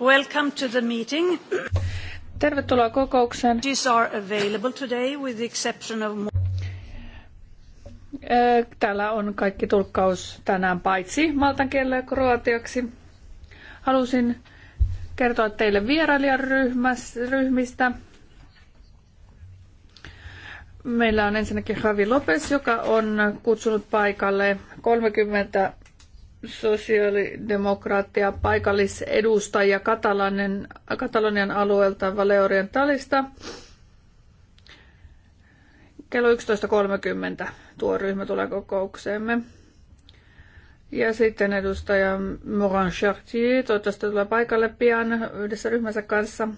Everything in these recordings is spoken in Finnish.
Welcome to the meeting. Tervetuloa kokoukseen. These are available today with the exception of... Täällä on kaikki tulkkaus tänään paitsi maltan kielellä ja kroatiaksi. Halusin kertoa teille vierailijaryhmistä. Meillä on ensinnäkin Javi Lopes, joka on kutsunut paikalle 30 sosiaalidemokraattia paikallisedustaja Katalanen, Katalonian alueelta Valeorian talista. Kello 11.30 tuo ryhmä tulee kokoukseemme. Ja sitten edustaja Moran Chartier, toivottavasti tulee paikalle pian yhdessä ryhmänsä kanssa.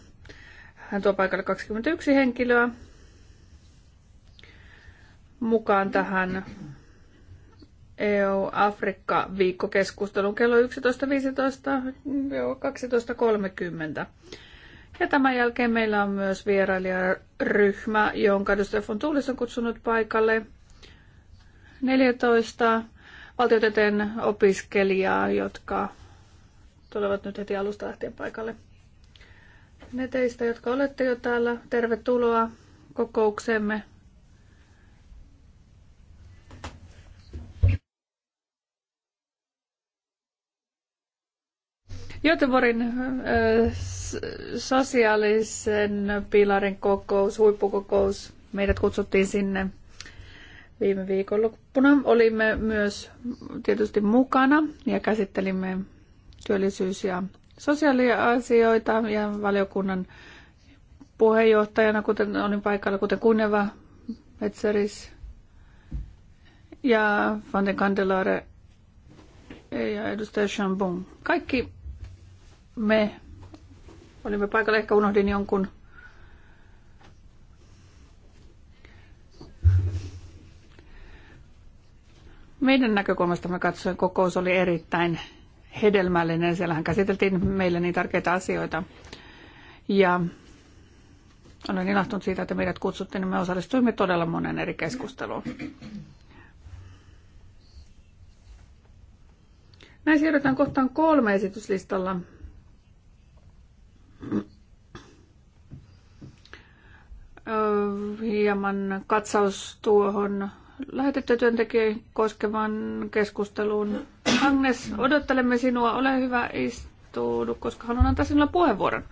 Hän tuo paikalle 21 henkilöä mukaan tähän EU-Afrikka-viikkokeskustelun kello 11.15-12.30. Ja tämän jälkeen meillä on myös vierailijaryhmä, jonka Stefan Tuulis on kutsunut paikalle. 14 valtioteteen opiskelijaa, jotka tulevat nyt heti alusta lähtien paikalle. Ne teistä, jotka olette jo täällä, tervetuloa kokoukseemme. Göteborgin sosiaalisen pilarin kokous, huippukokous, meidät kutsuttiin sinne viime viikonloppuna. Olimme myös tietysti mukana ja käsittelimme työllisyys- ja sosiaaliasioita ja valiokunnan puheenjohtajana, kuten olin paikalla, kuten Kuneva Metzeris ja Van den Candelare ja edustaja Chambon. Kaikki me olimme paikalla, ehkä unohdin jonkun. Meidän näkökulmastamme katsoen kokous oli erittäin hedelmällinen. Siellähän käsiteltiin meille niin tärkeitä asioita. Ja olen ilahtunut siitä, että meidät kutsuttiin, niin me osallistuimme todella monen eri keskusteluun. Näin siirrytään kohtaan kolme esityslistalla hieman katsaus tuohon lähetettötyöntekijöihin koskevan keskusteluun. Agnes, odottelemme sinua. Ole hyvä, istuudu, koska haluan antaa sinulle puheenvuoron.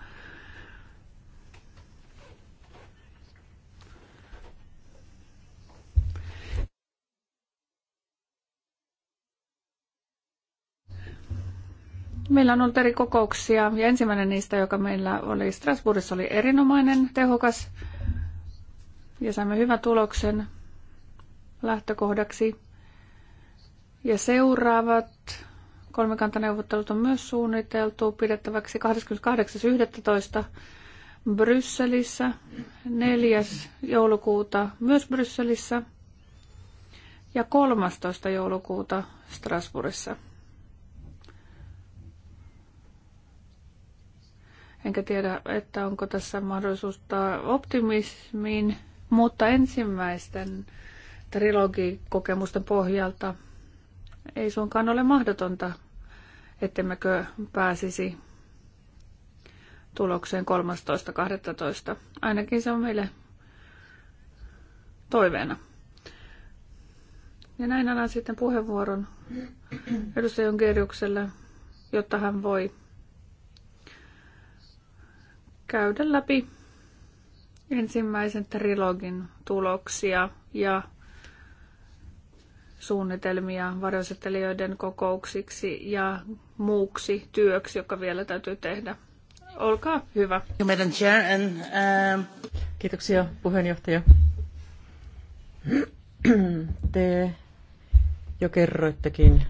Meillä on ollut eri kokouksia ja ensimmäinen niistä, joka meillä oli Strasbourgissa, oli erinomainen, tehokas ja saimme hyvän tuloksen lähtökohdaksi. Ja seuraavat kolmikantaneuvottelut on myös suunniteltu pidettäväksi 28.11. Brysselissä, 4. joulukuuta myös Brysselissä ja 13. joulukuuta Strasbourgissa. enkä tiedä, että onko tässä mahdollisuutta optimismiin, mutta ensimmäisten trilogikokemusten pohjalta ei suinkaan ole mahdotonta, ettemmekö pääsisi tulokseen 13.12. Ainakin se on meille toiveena. Ja näin annan sitten puheenvuoron edustajan geriukselle, jotta hän voi käydä läpi ensimmäisen trilogin tuloksia ja suunnitelmia varjosettelijoiden kokouksiksi ja muuksi työksi, joka vielä täytyy tehdä. Olkaa hyvä. Um, Kiitoksia puheenjohtaja. Te jo kerroittekin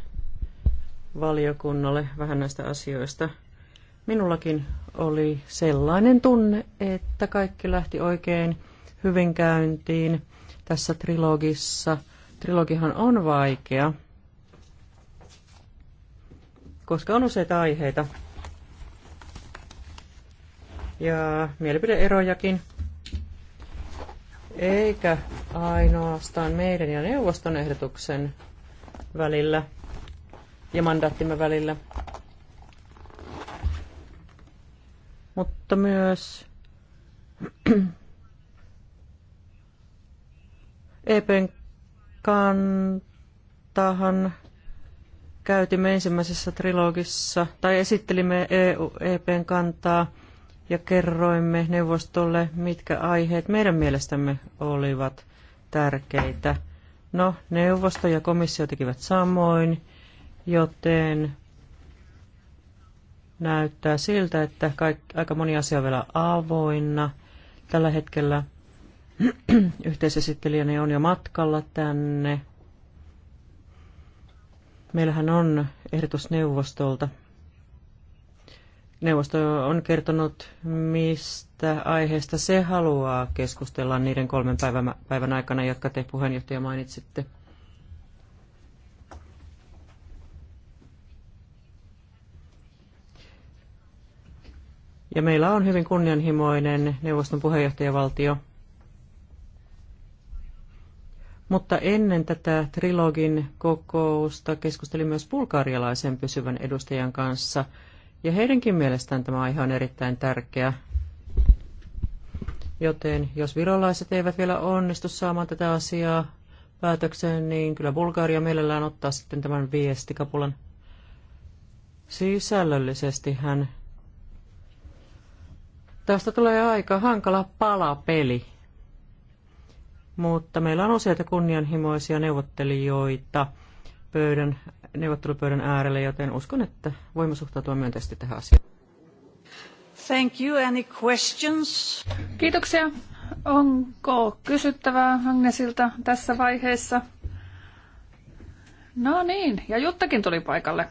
valiokunnalle vähän näistä asioista. Minullakin oli sellainen tunne, että kaikki lähti oikein hyvin käyntiin tässä trilogissa. Trilogihan on vaikea, koska on useita aiheita ja mielipideerojakin. Eikä ainoastaan meidän ja neuvoston ehdotuksen välillä ja mandaattimme välillä, mutta myös EPn kantahan käytimme ensimmäisessä trilogissa, tai esittelimme EU, EPn kantaa ja kerroimme neuvostolle, mitkä aiheet meidän mielestämme olivat tärkeitä. No, neuvosto ja komissio tekivät samoin, joten näyttää siltä, että kaik, aika moni asia on vielä avoinna. Tällä hetkellä yhteisesittelijäni on jo matkalla tänne. Meillähän on ehdotus neuvostolta. Neuvosto on kertonut, mistä aiheesta se haluaa keskustella niiden kolmen päivän, aikana, jotka te puheenjohtaja mainitsitte. Ja meillä on hyvin kunnianhimoinen neuvoston puheenjohtajavaltio. Mutta ennen tätä trilogin kokousta keskustelin myös bulgarialaisen pysyvän edustajan kanssa. Ja heidänkin mielestään tämä aihe on erittäin tärkeä. Joten jos virolaiset eivät vielä onnistu saamaan tätä asiaa päätökseen, niin kyllä Bulgaria mielellään ottaa sitten tämän viestikapulan. Sisällöllisesti hän Tästä tulee aika hankala palapeli. Mutta meillä on useita kunnianhimoisia neuvottelijoita pöydän, neuvottelupöydän äärelle, joten uskon, että voimme suhtautua myönteisesti tähän asiaan. Thank you. Any questions? Kiitoksia. Onko kysyttävää Agnesilta tässä vaiheessa? No niin, ja Juttakin tuli paikalle.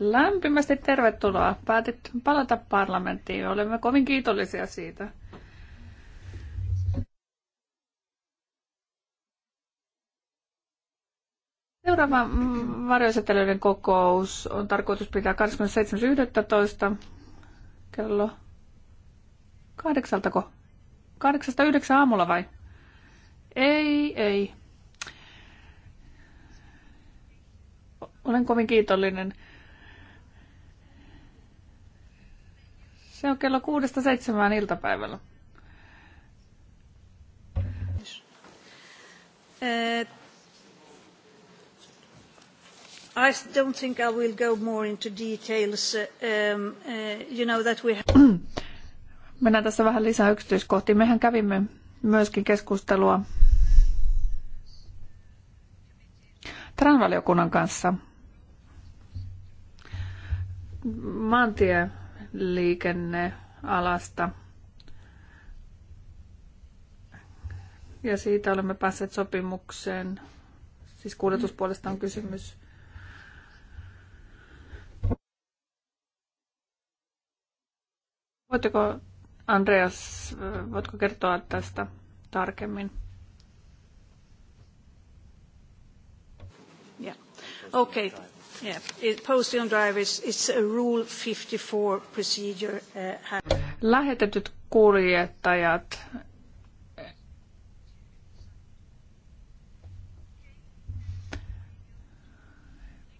Lämpimästi tervetuloa. Päätit palata parlamenttiin. Olemme kovin kiitollisia siitä. Seuraava mm, varjoisetelyiden kokous on tarkoitus pitää 27.11. kello kahdeksaltako? Kahdeksasta yhdeksän aamulla vai? Ei, ei. Olen kovin kiitollinen Se on kello kuudesta seitsemään iltapäivällä. Uh, I don't think I will go more into details. Uh, um, uh, you know that we have... Mennään tässä vähän lisää yksityiskohtiin. Mehän kävimme myöskin keskustelua tran kanssa maantie liikennealasta. Ja siitä olemme päässeet sopimukseen. Siis kuljetuspuolesta on kysymys. Voitteko, Andreas, voitko kertoa tästä tarkemmin? Okay, Posting drivers, it's a rule 54 procedure. Uh, Lähetetyt kuljettajat.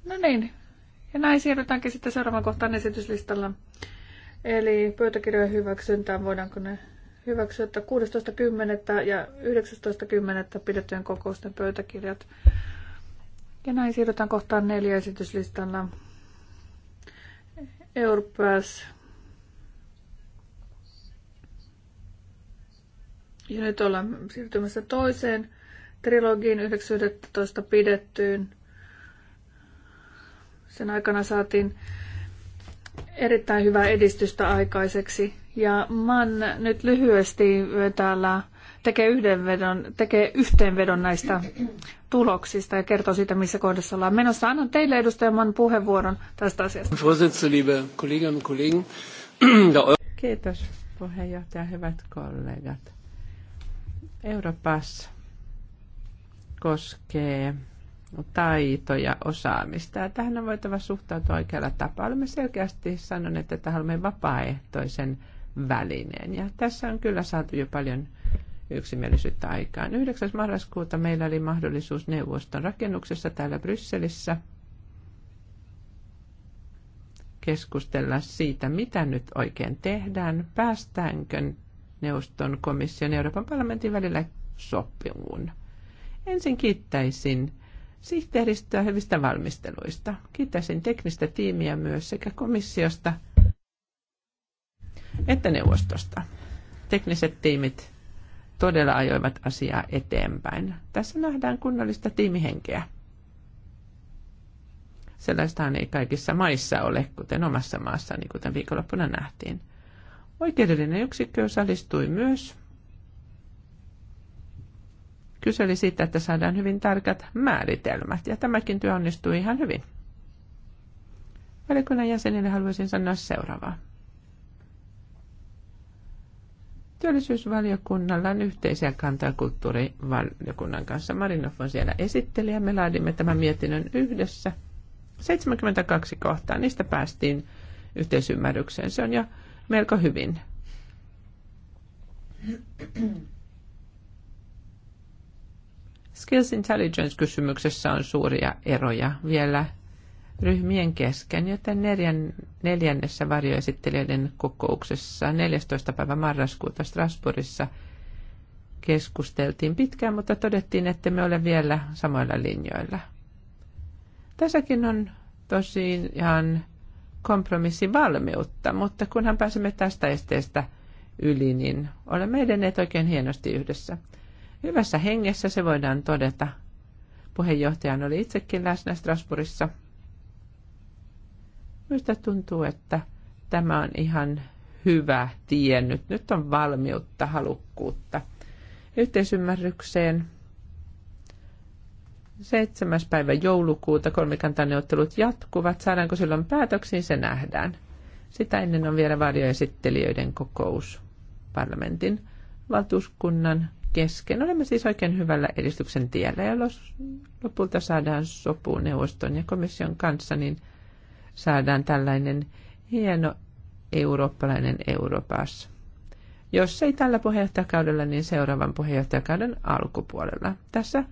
No niin, ja näin siirrytäänkin sitten seuraavaan kohtaan esityslistalla. Eli pöytäkirjojen hyväksyntään voidaanko ne hyväksyä, että 16.10. ja 19.10. pidettyjen kokousten pöytäkirjat ja näin siirrytään kohtaan neljä esityslistalla. Europass. Ja nyt ollaan siirtymässä toiseen trilogiin 19 pidettyyn. Sen aikana saatiin erittäin hyvää edistystä aikaiseksi. Ja mä oon nyt lyhyesti täällä tekee, yhdenvedon, tekee yhteenvedon näistä tuloksista ja kertoo siitä, missä kohdassa ollaan menossa. Annan teille edustajan puheenvuoron tästä asiasta. Kiitos puheenjohtaja, hyvät kollegat. Euroopassa koskee taitoja, osaamista. Ja tähän on voitava suhtautua oikealla tapaa. Olemme selkeästi sanoneet, että haluamme vapaaehtoisen välineen. Ja tässä on kyllä saatu jo paljon yksimielisyyttä aikaan. 9. marraskuuta meillä oli mahdollisuus neuvoston rakennuksessa täällä Brysselissä keskustella siitä, mitä nyt oikein tehdään, päästäänkö neuvoston komission ja Euroopan parlamentin välillä sopimuun. Ensin kiittäisin sihteeristöä hyvistä valmisteluista. Kiittäisin teknistä tiimiä myös sekä komissiosta että neuvostosta. Tekniset tiimit todella ajoivat asiaa eteenpäin. Tässä nähdään kunnollista tiimihenkeä. Sellaistahan ei kaikissa maissa ole, kuten omassa maassani, kuten viikonloppuna nähtiin. Oikeudellinen yksikkö osallistui myös. Kyseli siitä, että saadaan hyvin tarkat määritelmät, ja tämäkin työ onnistui ihan hyvin. Valiokunnan jäsenille haluaisin sanoa seuraavaa. Työllisyysvaliokunnalla on yhteisiä kantaa kulttuurivaliokunnan kanssa. Marinov on siellä esittelijä. Me laadimme tämän mietinnön yhdessä. 72 kohtaa, niistä päästiin yhteisymmärrykseen. Se on jo melko hyvin. Skills Intelligence-kysymyksessä on suuria eroja vielä ryhmien kesken, joten neljän, neljännessä varjoesittelijöiden kokouksessa 14. päivä marraskuuta Strasbourgissa keskusteltiin pitkään, mutta todettiin, että me ole vielä samoilla linjoilla. Tässäkin on tosiaan kompromissivalmiutta, mutta kunhan pääsemme tästä esteestä yli, niin olemme edenneet oikein hienosti yhdessä. Hyvässä hengessä se voidaan todeta. Puheenjohtajan oli itsekin läsnä Strasbourgissa – Minusta tuntuu, että tämä on ihan hyvä tie nyt. Nyt on valmiutta, halukkuutta yhteisymmärrykseen. 7. päivä joulukuuta kolmikantaneuvottelut jatkuvat. Saadaanko silloin päätöksiin, se nähdään. Sitä ennen on vielä varjoesittelijöiden kokous parlamentin valtuuskunnan kesken. Olemme siis oikein hyvällä edistyksen tiellä ja jos lopulta saadaan sopu neuvoston ja komission kanssa, niin saadaan tällainen hieno eurooppalainen Euroopassa. Jos ei tällä puheenjohtajakaudella, niin seuraavan puheenjohtajakauden alkupuolella. Tässä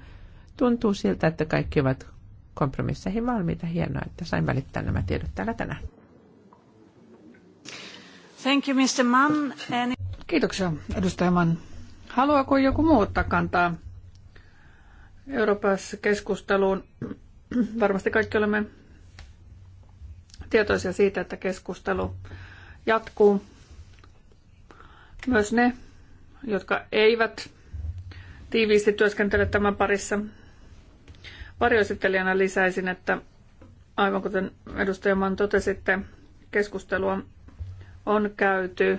tuntuu siltä, että kaikki ovat kompromisseihin valmiita. Hienoa, että sain välittää nämä tiedot täällä tänään. Thank you, Mr. Mann. And... Kiitoksia, edustaja Mann. Haluaako joku muu ottaa kantaa Euroopassa keskusteluun? Varmasti kaikki olemme tietoisia siitä, että keskustelu jatkuu. Myös ne, jotka eivät tiiviisti työskentele tämän parissa. Varjoesittelijänä lisäisin, että aivan kuten edustaja Man totesitte, keskustelua on käyty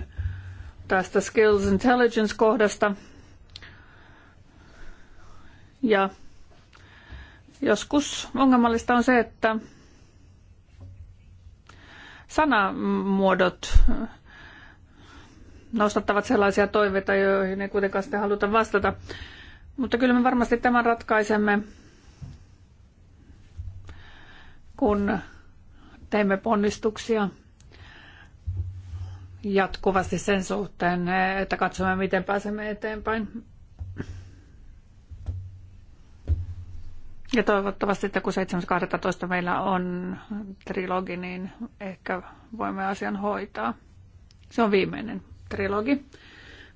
tästä Skills Intelligence-kohdasta. Ja joskus ongelmallista on se, että sanamuodot nostattavat sellaisia toiveita, joihin ei kuitenkaan sitten haluta vastata. Mutta kyllä me varmasti tämän ratkaisemme, kun teemme ponnistuksia jatkuvasti sen suhteen, että katsomme, miten pääsemme eteenpäin. Ja toivottavasti, että kun 7.12. meillä on trilogi, niin ehkä voimme asian hoitaa. Se on viimeinen trilogi.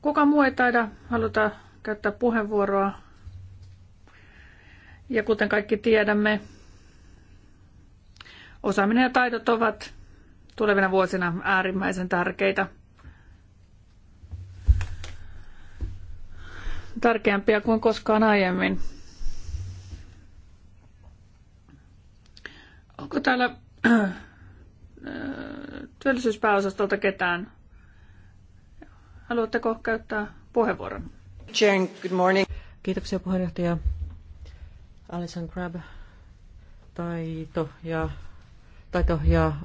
Kuka muu ei taida haluta käyttää puheenvuoroa. Ja kuten kaikki tiedämme, osaaminen ja taidot ovat tulevina vuosina äärimmäisen tärkeitä. Tärkeämpiä kuin koskaan aiemmin. Onko täällä äh, työllisyyspääosastolta ketään? Haluatteko käyttää puheenvuoron? Jane, good morning. Kiitoksia puheenjohtaja. Alison Crab, taito ja, taito ja äh,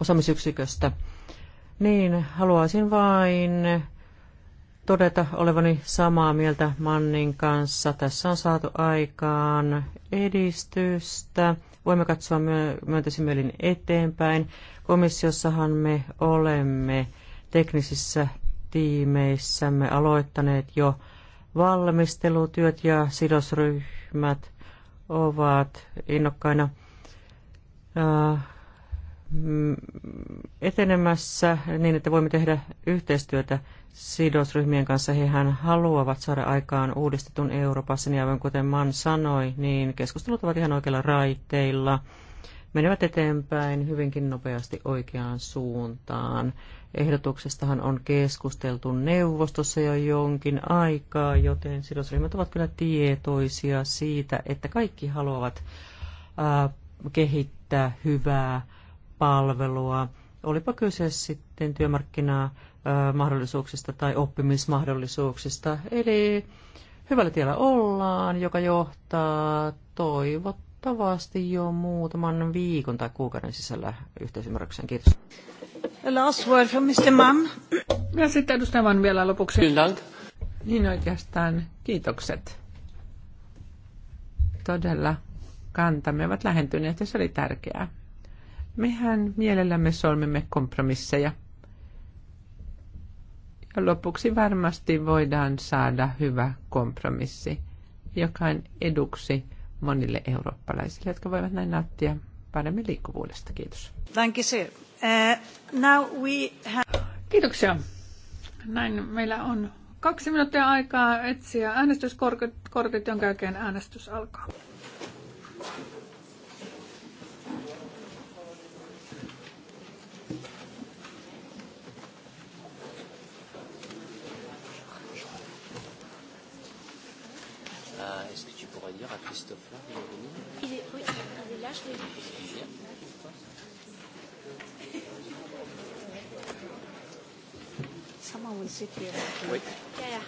osaamisyksiköstä. Niin, haluaisin vain todeta olevani samaa mieltä Mannin kanssa. Tässä on saatu aikaan edistystä voimme katsoa myönteisemmin eteenpäin. Komissiossahan me olemme teknisissä tiimeissämme aloittaneet jo valmistelutyöt ja sidosryhmät ovat innokkaina äh, etenemässä niin, että voimme tehdä yhteistyötä sidosryhmien kanssa. Hehän haluavat saada aikaan uudistetun Euroopassa, niin aivan kuten Man sanoi, niin keskustelut ovat ihan oikeilla raiteilla. Menevät eteenpäin hyvinkin nopeasti oikeaan suuntaan. Ehdotuksestahan on keskusteltu neuvostossa jo jonkin aikaa, joten sidosryhmät ovat kyllä tietoisia siitä, että kaikki haluavat äh, kehittää hyvää palvelua. Olipa kyse sitten työmarkkinaa mahdollisuuksista tai oppimismahdollisuuksista. Eli hyvällä tiellä ollaan, joka johtaa toivottavasti jo muutaman viikon tai kuukauden sisällä yhteisymmärrykseen. Kiitos. Last word from Mr. Mann. Ja sitten edustaja Mann vielä lopuksi. Kyllä. Niin oikeastaan kiitokset. Todella kantamme ovat lähentyneet ja se oli tärkeää. Mehän mielellämme solmimme kompromisseja – lopuksi varmasti voidaan saada hyvä kompromissi, joka on eduksi monille eurooppalaisille, jotka voivat näin nauttia paremmin liikkuvuudesta. Kiitos. Thank you, uh, now we have... Kiitoksia. Näin meillä on kaksi minuuttia aikaa etsiä äänestyskortit, jonka jälkeen äänestys alkaa. Someone will sit here. Wait. Yeah, yeah.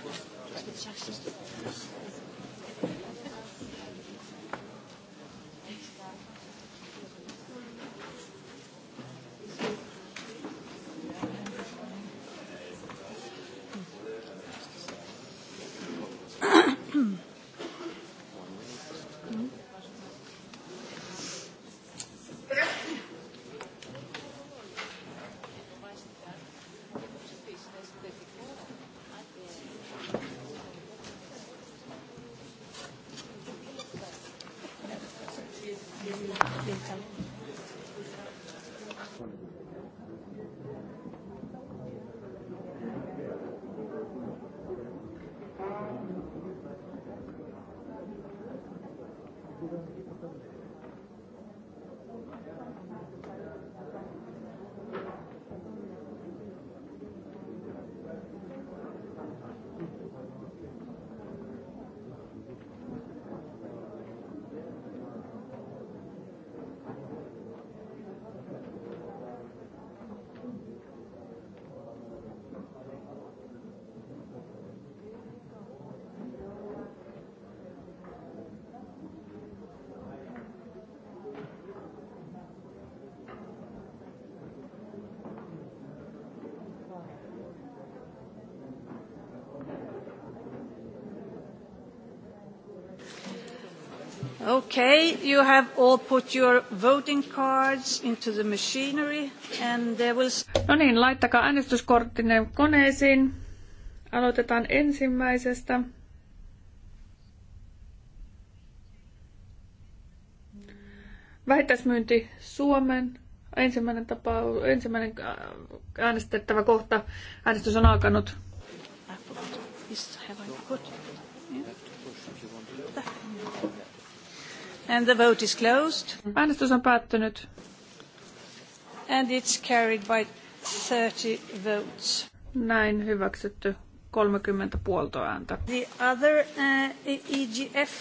Okay, you have all put your voting cards into the machinery and there will... No niin, laittakaa äänestyskorttinne koneisiin. Aloitetaan ensimmäisestä. Vähittäismyynti Suomen. Ensimmäinen, tapaus, ensimmäinen äh, äänestettävä kohta. Äänestys on alkanut. Have I And the vote is closed. Äänestys on päättynyt. And it's carried by 30 votes. Näin hyväksytty 30 puoltoääntä. The other uh, EGF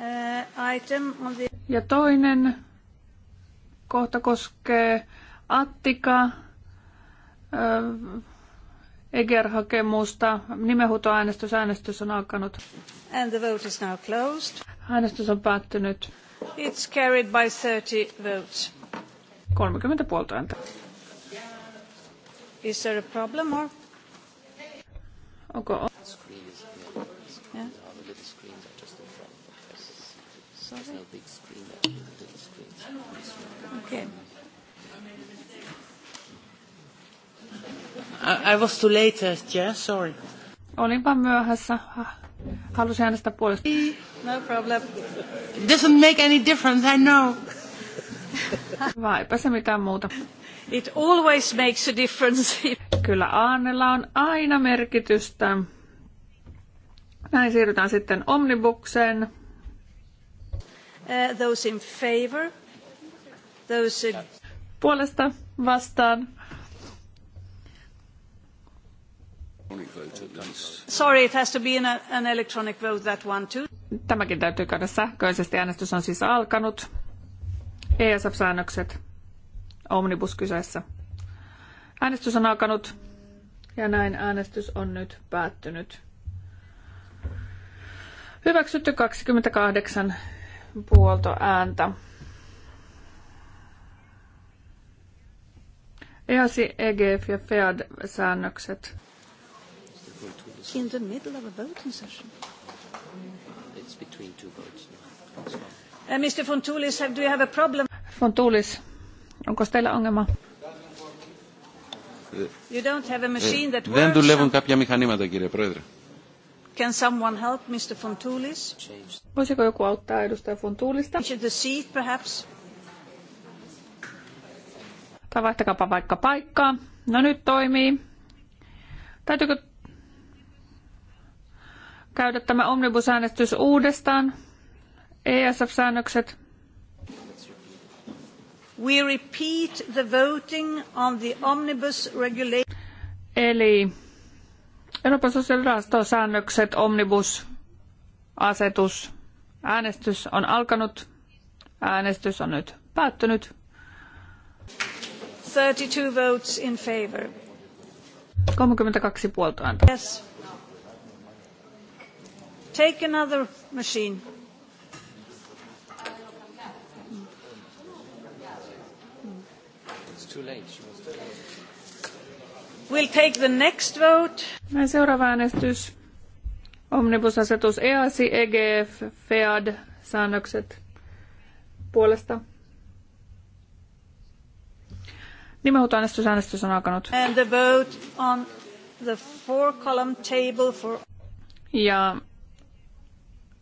e uh, item on the... Ja toinen kohta koskee Attika uh, Eger-hakemusta. Nimenhuutoäänestys, äänestys on alkanut. And the vote is now closed. Äänestys on päättynyt. It's carried by 30 votes. 30 puolta ääntä. Is there a problem or? Okay. Okay. I, I was too late, uh, yeah, sorry. Olinpa myöhässä. Halusin äänestää puolesta. No problem. Doesn't make any difference, I know. eipä se mitään muuta. It always makes a difference. Kyllä Aannella on aina merkitystä. Näin siirrytään sitten Omnibukseen. Uh, those in favor. Those in... Puolesta vastaan Sorry, it has to be an electronic vote that one too. Tämäkin täytyy käydä sähköisesti. Äänestys on siis alkanut. ESF-säännökset. Omnibus kyseessä. Äänestys on alkanut. Ja näin äänestys on nyt päättynyt. Hyväksytty 28 puolto ääntä. EASI, EGF ja FEAD-säännökset in the middle of a voting session. It's between two votes Uh, Mr. Fontoulis, have, do you have a problem? Fontoulis, onko teillä ongelma? You don't have a machine that works. Δεν δουλεύουν κάποια μηχανήματα, κύριε Πρόεδρε. Can someone help Mr. Fontoulis? Voisiko joku auttaa edustaja Fontoulista? Change the seat, perhaps. Tai vaihtakaapa vaikka paikkaa. No nyt toimii. Täytyykö käydä tämä omnibusäänestys uudestaan. ESF-säännökset. We repeat the voting on the omnibus regulation. Eli Euroopan sosiaalirahastosäännökset, omnibus, asetus, äänestys on alkanut. Äänestys on nyt päättynyt. 32 votes in favor. 32 puolta ääntä. Yes. Take another machine. It's too late. She was too late. We'll take the next vote. Näin seuraava äänestys. Omnibusasetus EASI, EGF, FEAD, säännökset puolesta. Nimenhuutoäänestys äänestys on alkanut. And the vote on the four column table for... Ja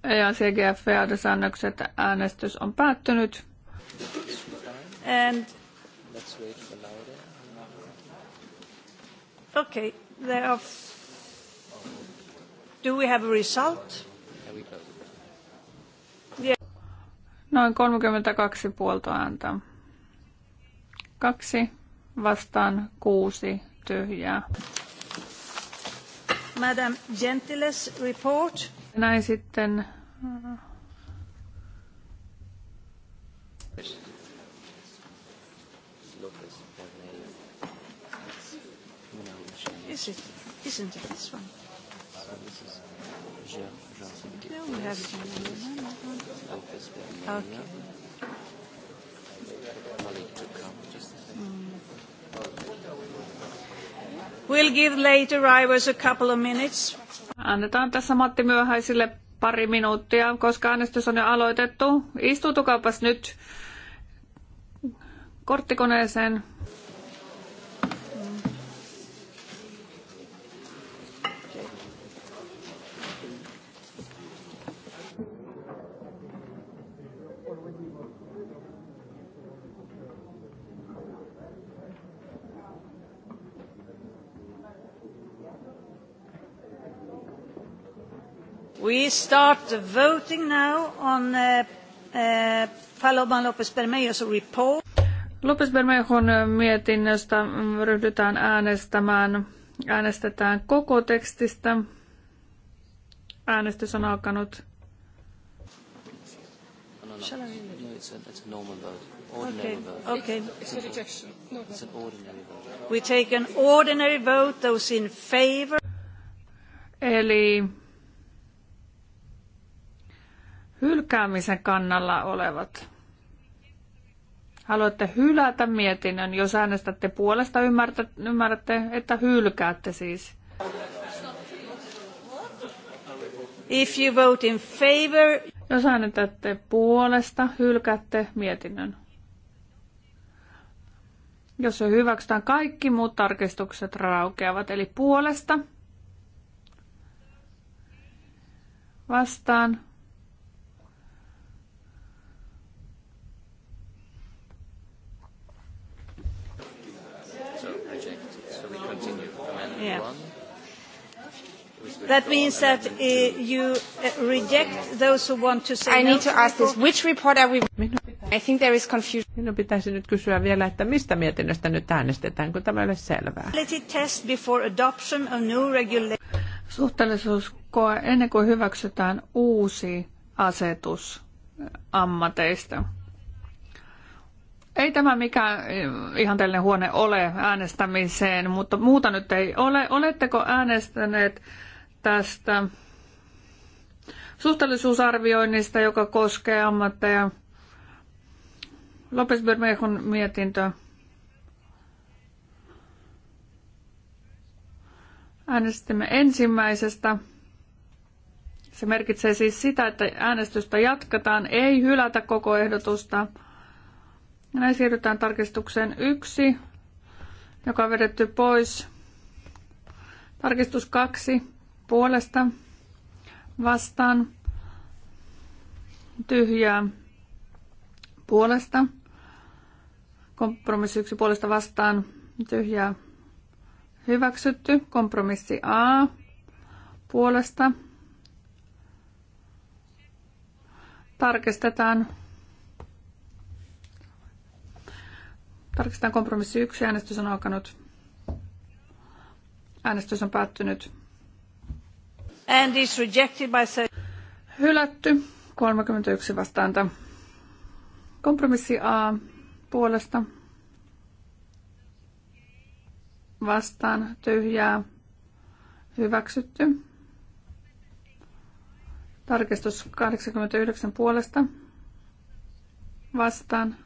ja e CGF e e säännökset äänestys on päättynyt. And Let's wait for Laura. Okay, there are Do we have a result? Yeah. Noin 32 puolta ääntä. Kaksi vastaan kuusi tyhjää. Madam Gentiles report. Näin sitten Is it? Isn't it this one? No, we have it in the Okay. We'll give late arrivals a couple of minutes. Annetaan tässä Matti Myöhäisille pari minuuttia, koska äänestys on jo aloitettu. Istutukaapas nyt korttikoneeseen. We start the voting now on uh, uh Paloma López Bermejo's report. López Bermejon mietinnöstä ryhdytään äänestämään. Äänestetään koko tekstistä. Äänestys on alkanut. Shall I read it? No, it's a, normal vote. Ordinary vote. Okay. It's, a rejection. No, no. It's an ordinary vote. We take an ordinary vote, those in favor. Eli hylkäämisen kannalla olevat. Haluatte hylätä mietinnön, jos äänestätte puolesta, ymmärrätte, että hylkäätte siis. If you vote in favor... Jos äänestätte puolesta, hylkäätte mietinnön. Jos se hyväksytään, kaikki muut tarkistukset raukeavat, eli puolesta, vastaan, Yeah. That means that uh, you uh, reject those who want to say I need no to ask this. Which report are we... I think there is confusion. Minun pitäisi nyt kysyä vielä, että mistä mietinnöstä nyt äänestetään, kun tämä ei ole selvää. Test before adoption of new regulation. Suhteellisuuskoe ennen kuin hyväksytään uusi asetus ammateista. Ei tämä mikään eh, ihanteellinen huone ole äänestämiseen, mutta muuta nyt ei ole. Oletteko äänestäneet tästä suhteellisuusarvioinnista, joka koskee ammatteja? Lopes Bermejon mietintö. Äänestimme ensimmäisestä. Se merkitsee siis sitä, että äänestystä jatketaan, ei hylätä koko ehdotusta näin siirrytään tarkistukseen yksi, joka on vedetty pois. Tarkistus kaksi puolesta vastaan tyhjää puolesta. Kompromissi yksi puolesta vastaan tyhjää hyväksytty. Kompromissi A puolesta tarkistetaan Tarkistetaan kompromissi 1. Äänestys on alkanut. Äänestys on päättynyt. And is rejected by... Hylätty. 31 vastaanta. Kompromissi A puolesta. Vastaan tyhjää. Hyväksytty. Tarkistus 89 puolesta. Vastaan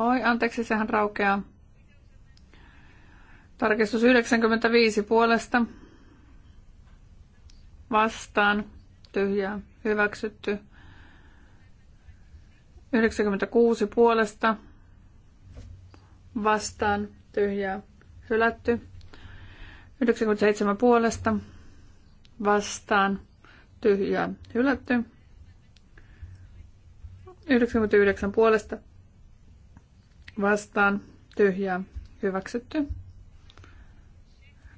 Oi, anteeksi, sehän raukeaa. Tarkistus 95 puolesta. Vastaan. Tyhjää. Hyväksytty. 96 puolesta. Vastaan. Tyhjää. Hylätty. 97 puolesta. Vastaan. Tyhjää. Hylätty. 99 puolesta vastaan tyhjää hyväksytty.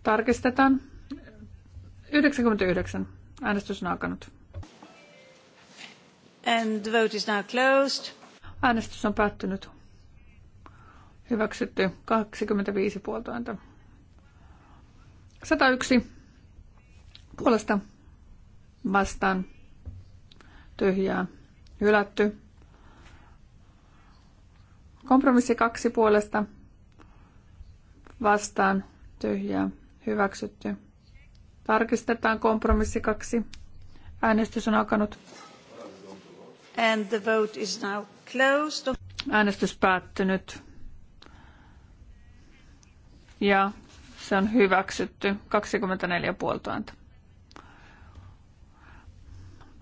Tarkistetaan. 99. Äänestys on alkanut. And the vote is now closed. Äänestys on päättynyt. Hyväksytty 25 puolta 101 puolesta vastaan tyhjää hylätty. Kompromissi kaksi puolesta vastaan tyhjää hyväksytty. Tarkistetaan kompromissi kaksi. Äänestys on alkanut. And the vote is now closed. Äänestys päättynyt. Ja se on hyväksytty. 24 puoltoa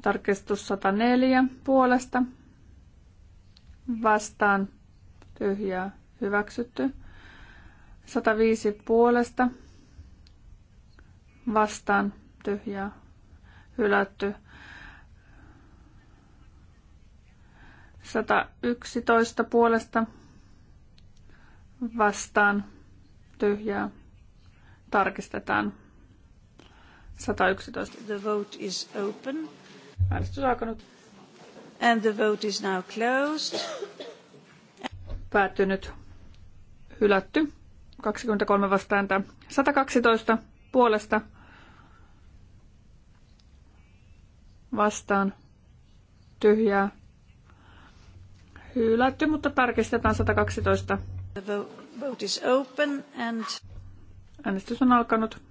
Tarkistus 104 puolesta. Vastaan tyhjää hyväksytty. 105 puolesta vastaan tyhjää hylätty. 111 puolesta vastaan tyhjää tarkistetaan. 111. The vote is open. Äänestys alkanut. And the vote is now closed. Päättynyt. Hylätty. 23 vastaanta. 112 puolesta vastaan tyhjää. Hylätty, mutta tarkistetaan 112. The vote is open and... Äänestys on alkanut.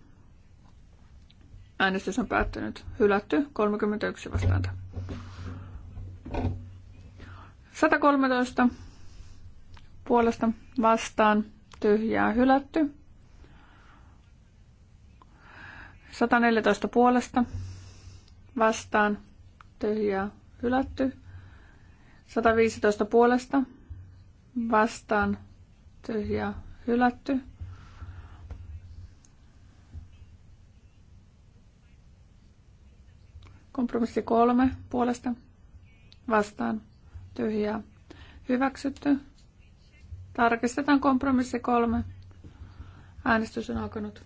Äänestys on päättynyt. Hylätty 31 vastaanta. 113 puolesta vastaan tyhjää hylätty. 114 puolesta vastaan tyhjää hylätty. 115 puolesta vastaan tyhjää hylätty. Kompromissi kolme puolesta vastaan tyhjää hyväksytty. Tarkistetaan kompromissi kolme. Äänestys on alkanut.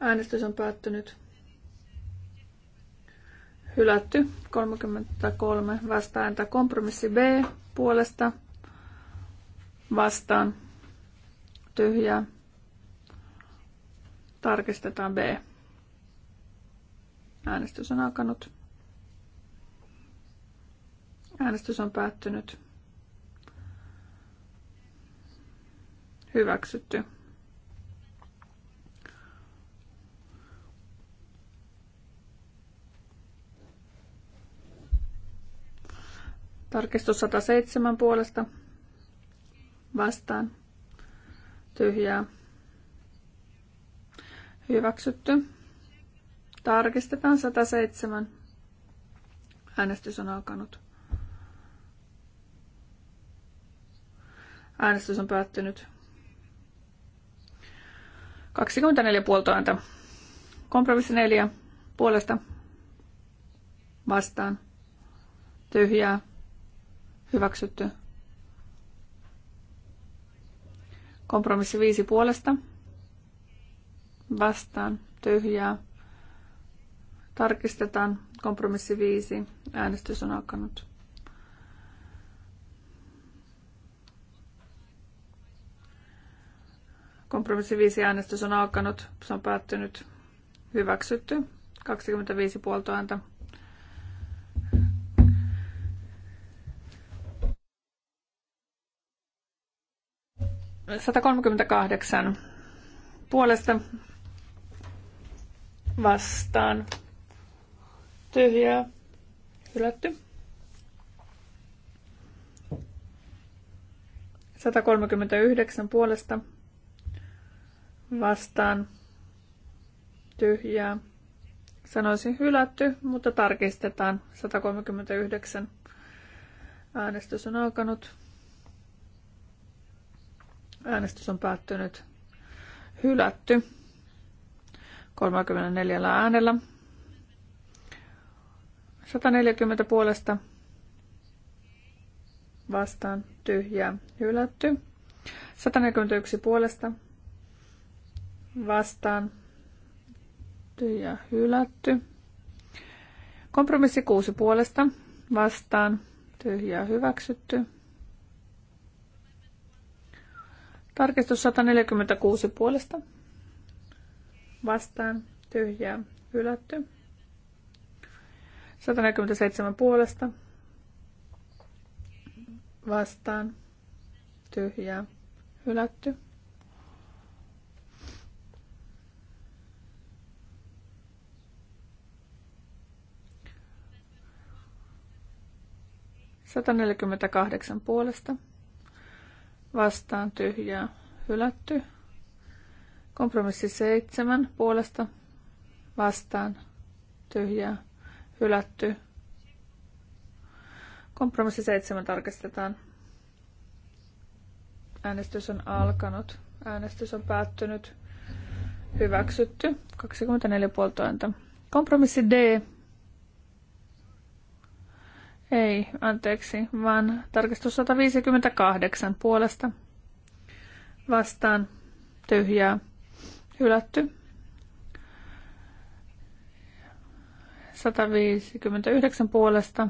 Äänestys on päättynyt. Hylätty 33 vastaääntä. Kompromissi B puolesta vastaan tyhjää. Tarkistetaan B. Äänestys on alkanut. Äänestys on päättynyt. Hyväksytty. Tarkistus 107 puolesta. Vastaan. Tyhjää. Hyväksytty. Tarkistetaan 107. Äänestys on alkanut. Äänestys on päättynyt. 24 puolta ääntä. Kompromissi 4 puolesta vastaan. Tyhjää. Hyväksytty. Kompromissi 5 puolesta vastaan. Tyhjää. Tarkistetaan. Kompromissi 5. Äänestys on alkanut. Kompromissi 5 äänestys on alkanut. Se on päättynyt. Hyväksytty. 25 puolta ääntä. kahdeksan puolesta vastaan tyhjää hylätty. 139 puolesta vastaan tyhjää. Sanoisin hylätty, mutta tarkistetaan. 139 äänestys on alkanut. Äänestys on päättynyt. Hylätty 34 äänellä. 140 puolesta vastaan tyhjää hylätty. 141 puolesta vastaan tyhjä hylätty. Kompromissi kuusi puolesta vastaan tyhjä hyväksytty. Tarkistus 146 puolesta vastaan tyhjää hylätty. 147 puolesta vastaan tyhjää hylätty. 148 puolesta vastaan tyhjää hylätty. Kompromissi 7 puolesta vastaan tyhjää hylätty. Kompromissi 7 tarkistetaan. Äänestys on alkanut. Äänestys on päättynyt. Hyväksytty. 24 puolta ääntä. Kompromissi D ei, anteeksi, vaan tarkistus 158 puolesta. Vastaan tyhjää, hylätty. 159 puolesta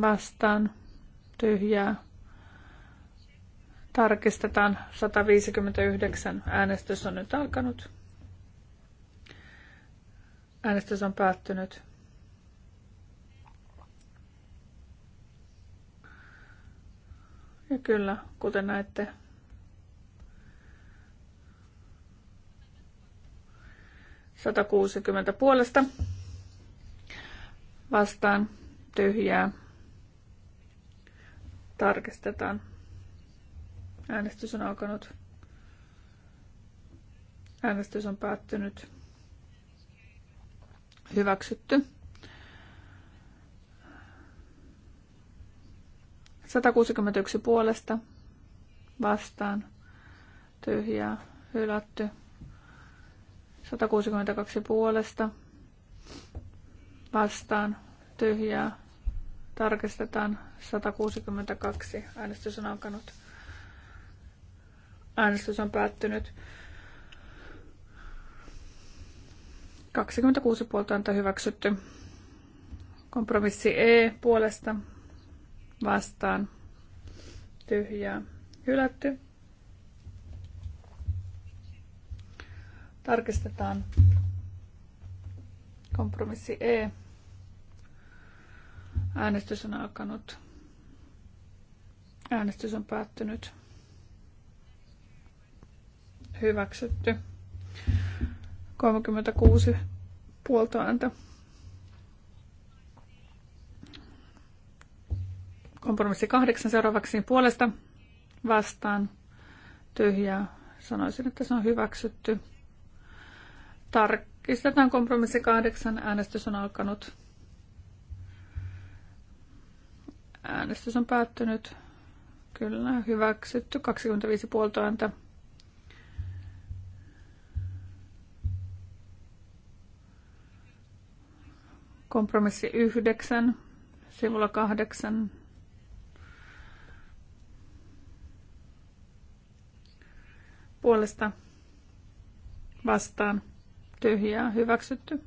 vastaan tyhjää. Tarkistetaan 159. Äänestys on nyt alkanut. Äänestys on päättynyt. Ja kyllä, kuten näette, satakuusikymmentä puolesta vastaan tyhjää. Tarkistetaan. Äänestys on alkanut. Äänestys on päättynyt. Hyväksytty. 161 puolesta vastaan tyhjää hylätty. 162 puolesta vastaan tyhjää tarkistetaan 162. Äänestys on alkanut. Äänestys on päättynyt. 26 puolta on hyväksytty. Kompromissi E puolesta vastaan tyhjää hylätty. Tarkistetaan kompromissi E. Äänestys on alkanut. Äänestys on päättynyt. Hyväksytty. 36 puolta ääntä. Kompromissi kahdeksan seuraavaksi puolesta vastaan tyhjää. Sanoisin, että se on hyväksytty. Tarkistetaan kompromissi kahdeksan. Äänestys on alkanut. Äänestys on päättynyt. Kyllä, hyväksytty. 25 puolta ääntä. Kompromissi 9, sivulla 8, puolesta vastaan tyhjää hyväksytty.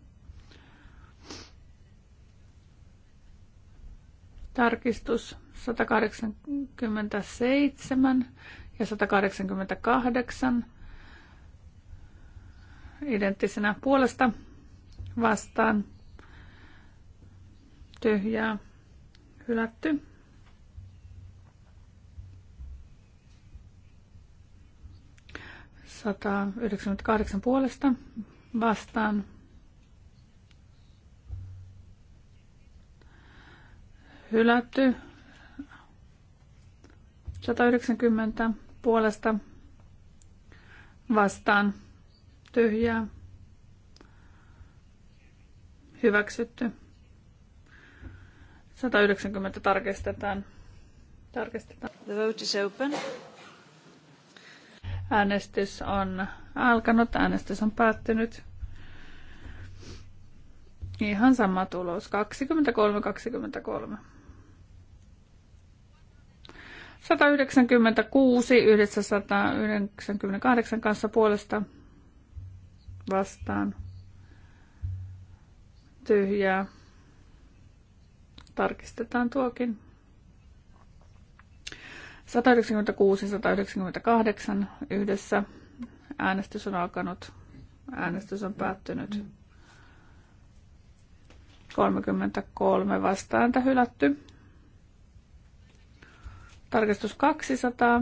Tarkistus 187 ja 188 identtisenä puolesta vastaan tyhjää hylätty. 198 puolesta vastaan. Hylätty. 190 puolesta vastaan. Tyhjää. Hyväksytty. 190 tarkistetaan. Tarkistetaan. The vote is open. Äänestys on alkanut, äänestys on päättynyt. Ihan sama tulos, 23-23. 196, 998 kanssa puolesta vastaan. Tyhjää. Tarkistetaan tuokin. 196 ja 198 yhdessä. Äänestys on alkanut. Äänestys on päättynyt. 33 vastaanta hylätty. Tarkistus 200.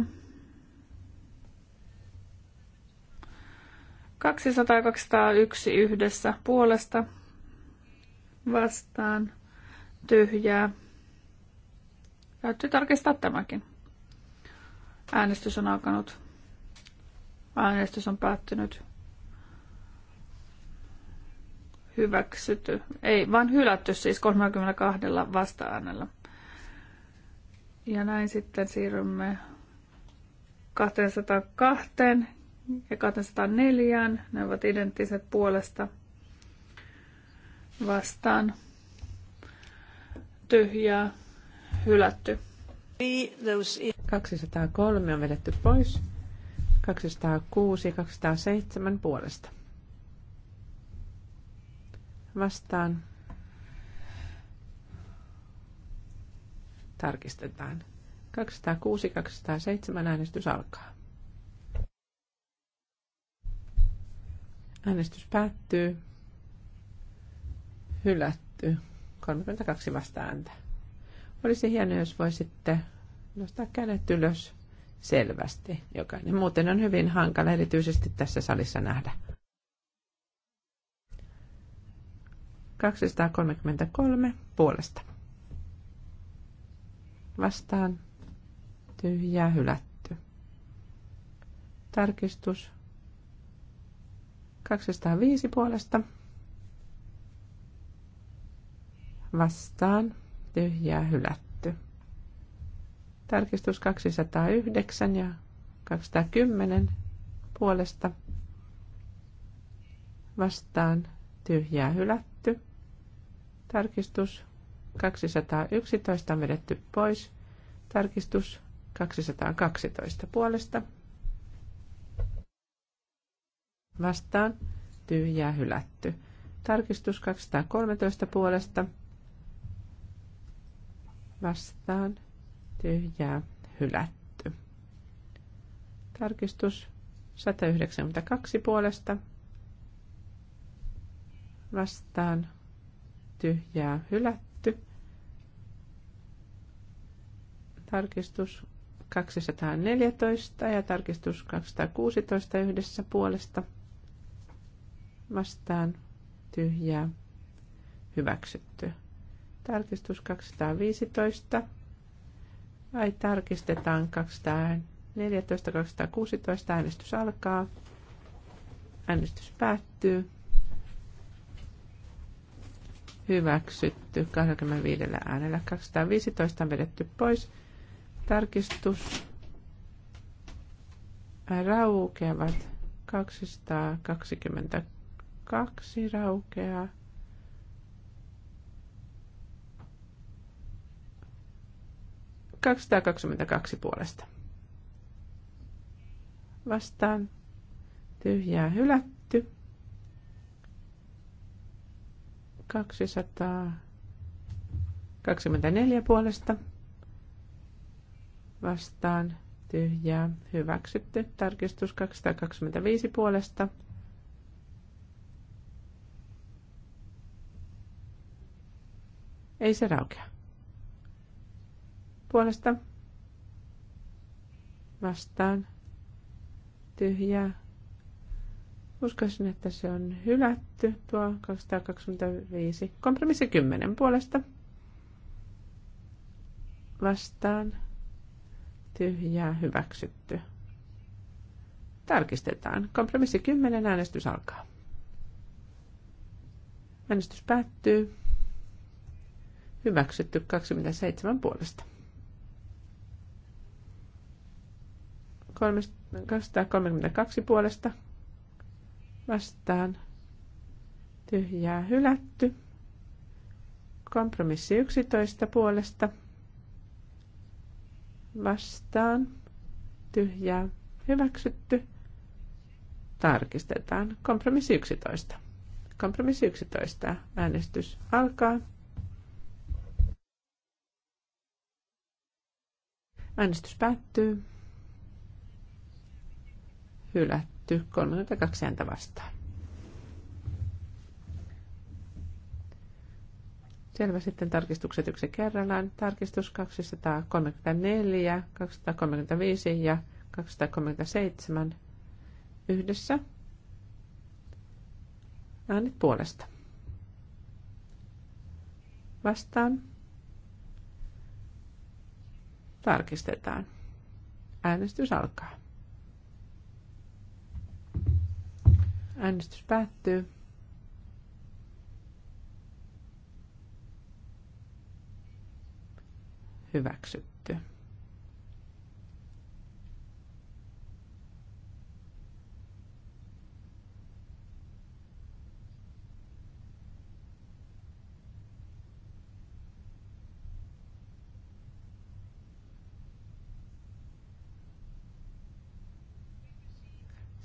200 ja 201 yhdessä puolesta vastaan tyhjää. Täytyy tarkistaa tämäkin. Äänestys on alkanut. Äänestys on päättynyt. Hyväksytty. Ei, vaan hylätty siis 32 vasta-äänellä. Ja näin sitten siirrymme 202 ja 204. Ne ovat identtiset puolesta vastaan. Tyhjää, hylätty. 203 on vedetty pois. 206 ja 207 puolesta. Vastaan. Tarkistetaan. 206 207 äänestys alkaa. Äänestys päättyy. Hylätty. 32 vasta ääntä. Olisi hienoa, jos voisitte nostaa kädet ylös selvästi jokainen. Muuten on hyvin hankala erityisesti tässä salissa nähdä. 233 puolesta. Vastaan tyhjää hylätty. Tarkistus 205 puolesta. Vastaan ja hylätty. Tarkistus 209 ja 210 puolesta vastaan tyhjää hylätty. Tarkistus 211 on vedetty pois. Tarkistus 212 puolesta vastaan tyhjää hylätty. Tarkistus 213 puolesta vastaan tyhjää hylätty. Tarkistus 192 puolesta vastaan tyhjää hylätty. Tarkistus 214 ja tarkistus 216 yhdessä puolesta vastaan tyhjää hyväksytty. Tarkistus 215. Ai tarkistetaan 214, 216. Äänestys alkaa. Äänestys päättyy. Hyväksytty 25 äänellä. 215 on vedetty pois. Tarkistus raukeavat 222 raukeaa. 222 puolesta. Vastaan tyhjää hylätty. 224 puolesta. Vastaan tyhjää hyväksytty. Tarkistus 225 puolesta. Ei se raukea puolesta vastaan tyhjää. Uskoisin, että se on hylätty tuo 225. Kompromissi 10 puolesta vastaan tyhjää hyväksytty. Tarkistetaan. Kompromissi 10 äänestys alkaa. Äänestys päättyy. Hyväksytty 27 puolesta. 232 puolesta vastaan tyhjää hylätty. Kompromissi 11 puolesta vastaan tyhjää hyväksytty. Tarkistetaan. Kompromissi 11. Kompromissi 11. Äänestys alkaa. Äänestys päättyy hylätty 32 ääntä vastaan. Selvä sitten tarkistukset yksi kerrallaan. Tarkistus 234, 235 ja 237 yhdessä. Äänet puolesta. Vastaan. Tarkistetaan. Äänestys alkaa. Äänestys päättyy. Hyväksytty.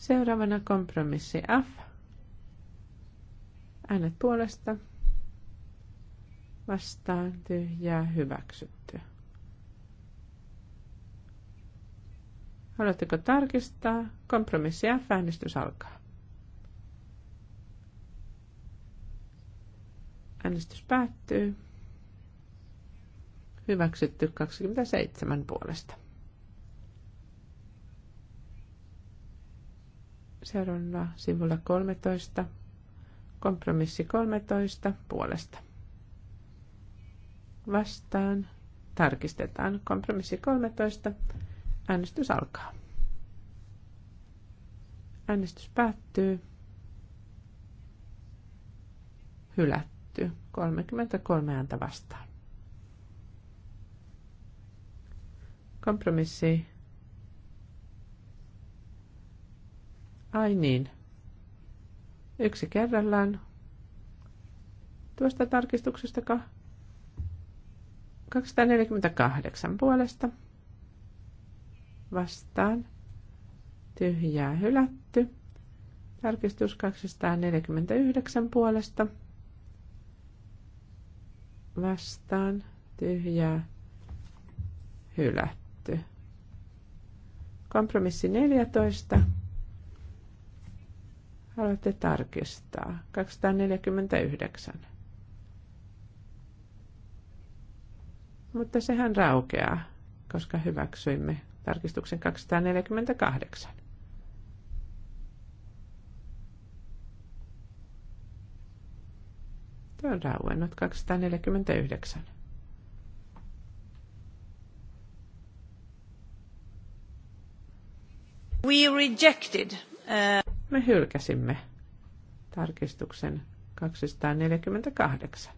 Seuraavana kompromissi F. Äänet puolesta. Vastaan tyhjää hyväksytty. Haluatteko tarkistaa? Kompromissi F. Äänestys alkaa. Äänestys päättyy. Hyväksytty 27 puolesta. Seuraavana sivulla 13. Kompromissi 13 puolesta. Vastaan. Tarkistetaan. Kompromissi 13. Äänestys alkaa. Äänestys päättyy. Hylätty. 33 ääntä vastaan. Kompromissi Ai niin. Yksi kerrallaan. Tuosta tarkistuksesta 248 puolesta. Vastaan. Tyhjää hylätty. Tarkistus 249 puolesta. Vastaan. Tyhjää hylätty. Kompromissi 14 Haluatte tarkistaa. 249. Mutta sehän raukeaa, koska hyväksyimme tarkistuksen 248. Tuo on rauennut 249. We rejected me hylkäsimme tarkistuksen 248.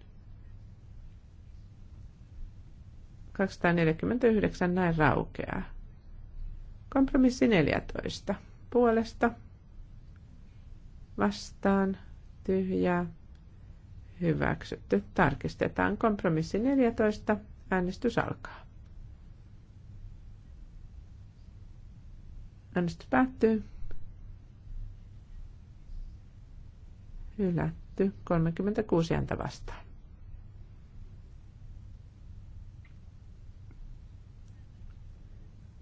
249 näin raukeaa. Kompromissi 14. Puolesta. Vastaan. Tyhjää. Hyväksytty. Tarkistetaan kompromissi 14. Äänestys alkaa. Äänestys päättyy. Hylätty. 36 ääntä vastaan.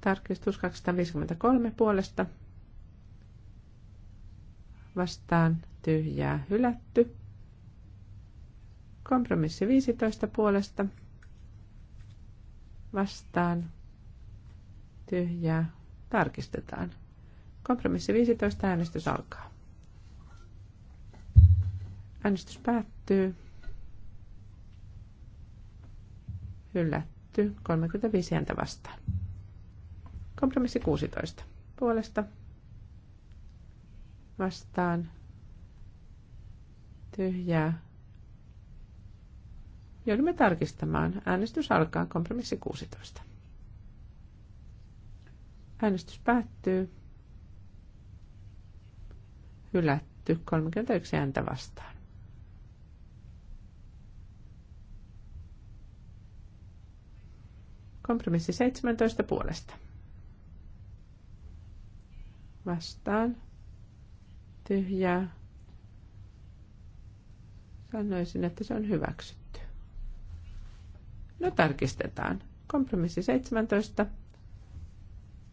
Tarkistus 253 puolesta. Vastaan tyhjää hylätty. Kompromissi 15 puolesta. Vastaan tyhjää tarkistetaan. Kompromissi 15 äänestys alkaa. Äänestys päättyy. Hylätty 35 ääntä vastaan. Kompromissi 16. Puolesta vastaan tyhjää. Joudumme tarkistamaan. Äänestys alkaa kompromissi 16. Äänestys päättyy. Hylätty 31 ääntä vastaan. Kompromissi 17 puolesta. Vastaan. Tyhjää. Sanoisin, että se on hyväksytty. No tarkistetaan. Kompromissi 17.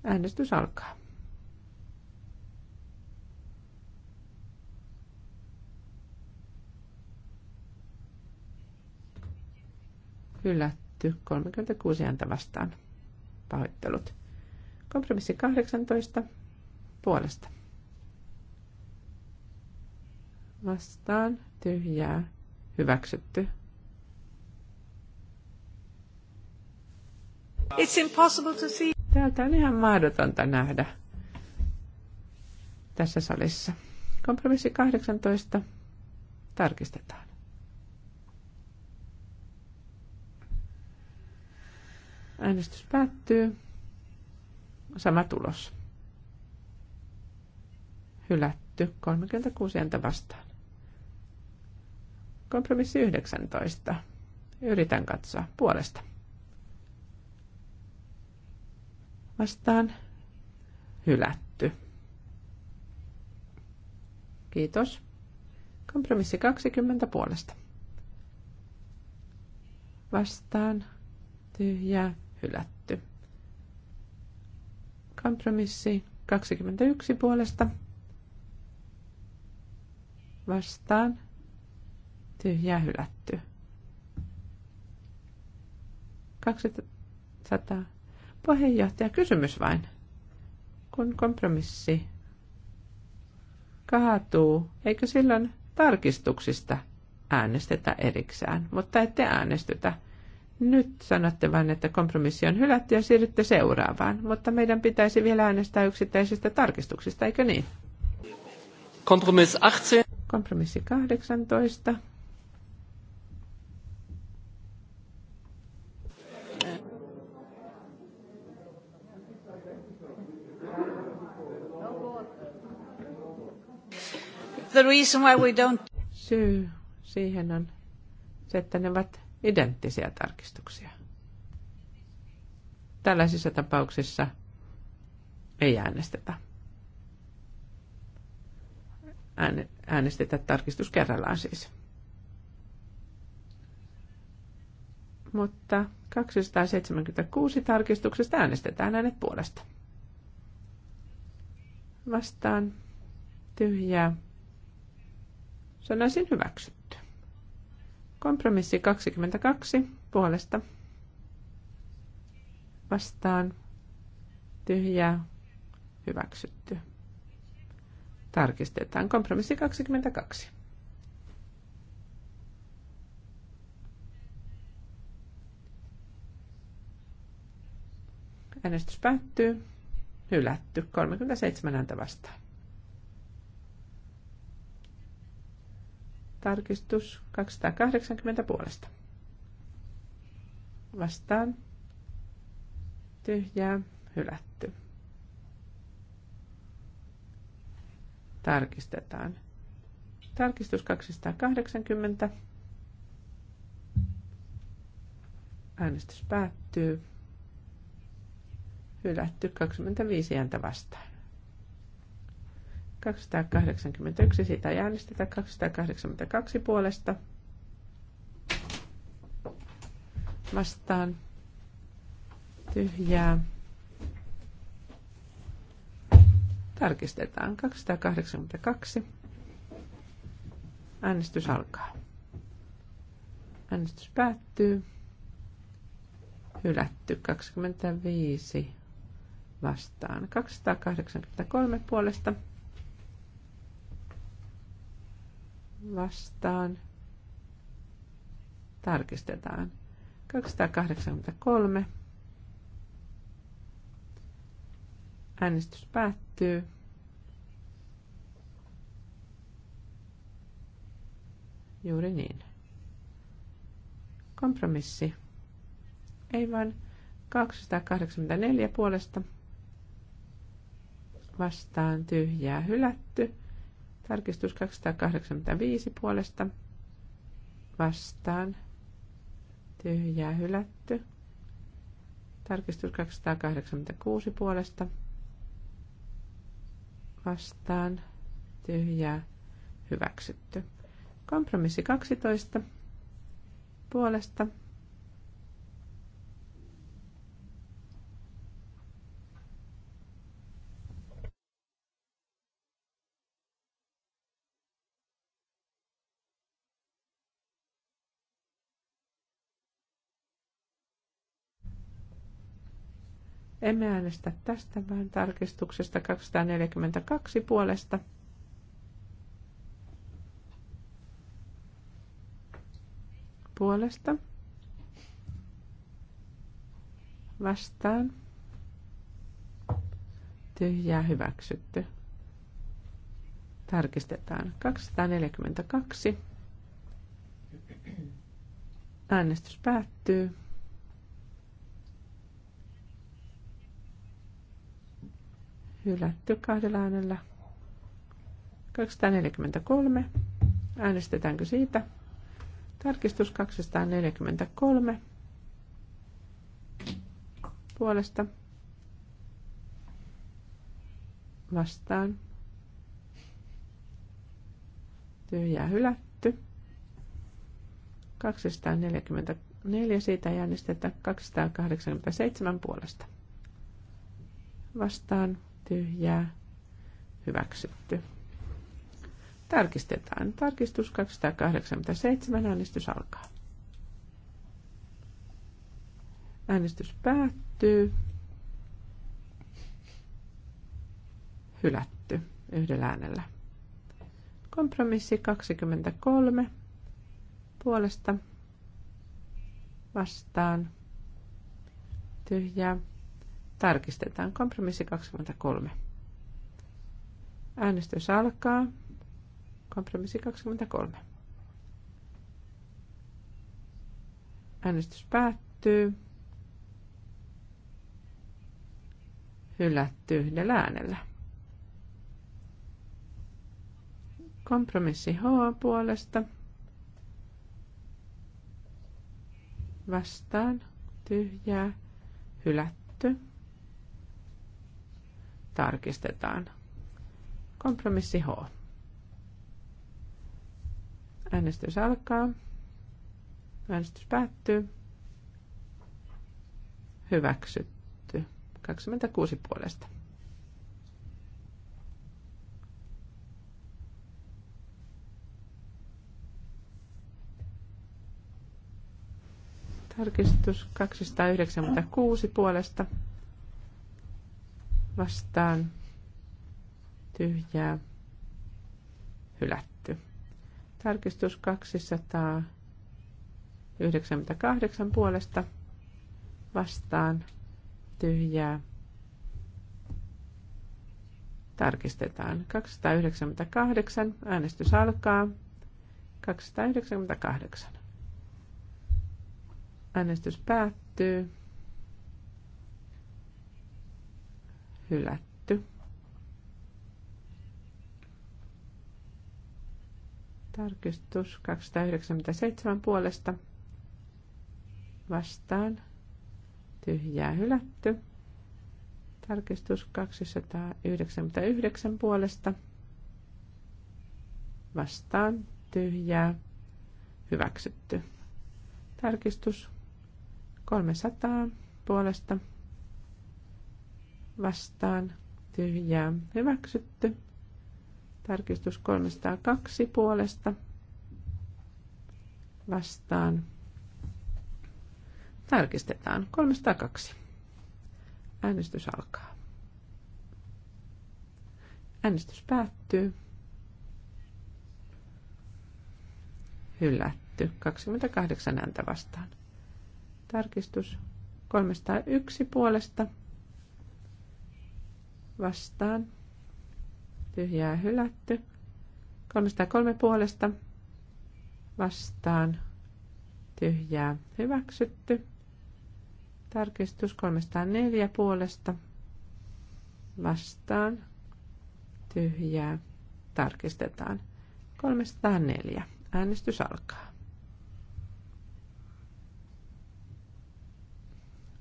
Äänestys alkaa. Hylätty hylätty, 36 ääntä vastaan. Pahoittelut. Kompromissi 18 puolesta. Vastaan tyhjää hyväksytty. It's impossible to see. Täältä on ihan mahdotonta nähdä tässä salissa. Kompromissi 18 tarkistetaan. Äänestys päättyy. Sama tulos. Hylätty 36 ääntä vastaan. Kompromissi 19. Yritän katsoa puolesta. Vastaan hylätty. Kiitos. Kompromissi 20 puolesta. Vastaan tyhjää hylätty. Kompromissi 21 puolesta vastaan tyhjä hylätty. 200. Puheenjohtaja, kysymys vain. Kun kompromissi kaatuu, eikö silloin tarkistuksista äänestetä erikseen, mutta ette äänestytä nyt sanotte vain, että kompromissi on hylätty ja siirrytte seuraavaan, mutta meidän pitäisi vielä äänestää yksittäisistä tarkistuksista, eikö niin? Kompromiss 18. Kompromissi 18. The reason why we don't... Syy siihen on se, että ne ovat identtisiä tarkistuksia. Tällaisissa tapauksissa ei äänestetä. Äänestetä tarkistus kerrallaan siis. Mutta 276 tarkistuksesta äänestetään äänet puolesta. Vastaan tyhjää. Sanoisin hyväksy. Kompromissi 22 puolesta vastaan tyhjää hyväksytty. Tarkistetaan kompromissi 22. Äänestys päättyy. Hylätty 37 ääntä vastaan. Tarkistus 280 puolesta. Vastaan. Tyhjää. Hylätty. Tarkistetaan. Tarkistus 280. Äänestys päättyy. Hylätty 25 ääntä vastaan. 281, sitä ei äänestetä. 282 puolesta. Vastaan. Tyhjää. Tarkistetaan. 282. Äänestys alkaa. Äänestys päättyy. Hylätty 25 vastaan. 283 puolesta vastaan. Tarkistetaan. 283. Äänestys päättyy. Juuri niin. Kompromissi. Ei vain 284 puolesta vastaan tyhjää hylätty. Tarkistus 285 puolesta vastaan. Tyhjää hylätty. Tarkistus 286 puolesta vastaan. Tyhjää hyväksytty. Kompromissi 12 puolesta Emme äänestä tästä, vaan tarkistuksesta 242 puolesta. Puolesta. Vastaan. Tyhjää hyväksytty. Tarkistetaan 242. Äänestys päättyy. Hylätty kahdella äänellä. 243. Äänestetäänkö siitä? Tarkistus 243 puolesta vastaan. Tyhjää hylätty. 244 siitä ei äänestetä 287 puolesta. Vastaan ja hyväksytty. Tarkistetaan. Tarkistus 287. Äänestys alkaa. Äänestys päättyy. Hylätty yhdellä äänellä. Kompromissi 23 puolesta vastaan tyhjää Tarkistetaan kompromissi 23. Äänestys alkaa. Kompromissi 23. Äänestys päättyy. Hylätty yhdellä äänellä. Kompromissi H puolesta. Vastaan. Tyhjää. Hylätty tarkistetaan. Kompromissi H. Äänestys alkaa. Äänestys päättyy. Hyväksytty. 26 puolesta. Tarkistus 296 puolesta vastaan tyhjää hylätty. Tarkistus 298 puolesta vastaan tyhjää tarkistetaan. 298 äänestys alkaa. 298. Äänestys päättyy. hylätty. Tarkistus 297 puolesta vastaan tyhjää hylätty. Tarkistus 299 puolesta vastaan tyhjää hyväksytty. Tarkistus 300 puolesta vastaan tyhjää hyväksytty. Tarkistus 302 puolesta vastaan. Tarkistetaan 302. Äänestys alkaa. Äänestys päättyy. Hylätty 28 ääntä vastaan. Tarkistus 301 puolesta vastaan. Tyhjää hylätty. 303 puolesta vastaan. Tyhjää hyväksytty. Tarkistus 304 puolesta vastaan. Tyhjää tarkistetaan. 304. Äänestys alkaa.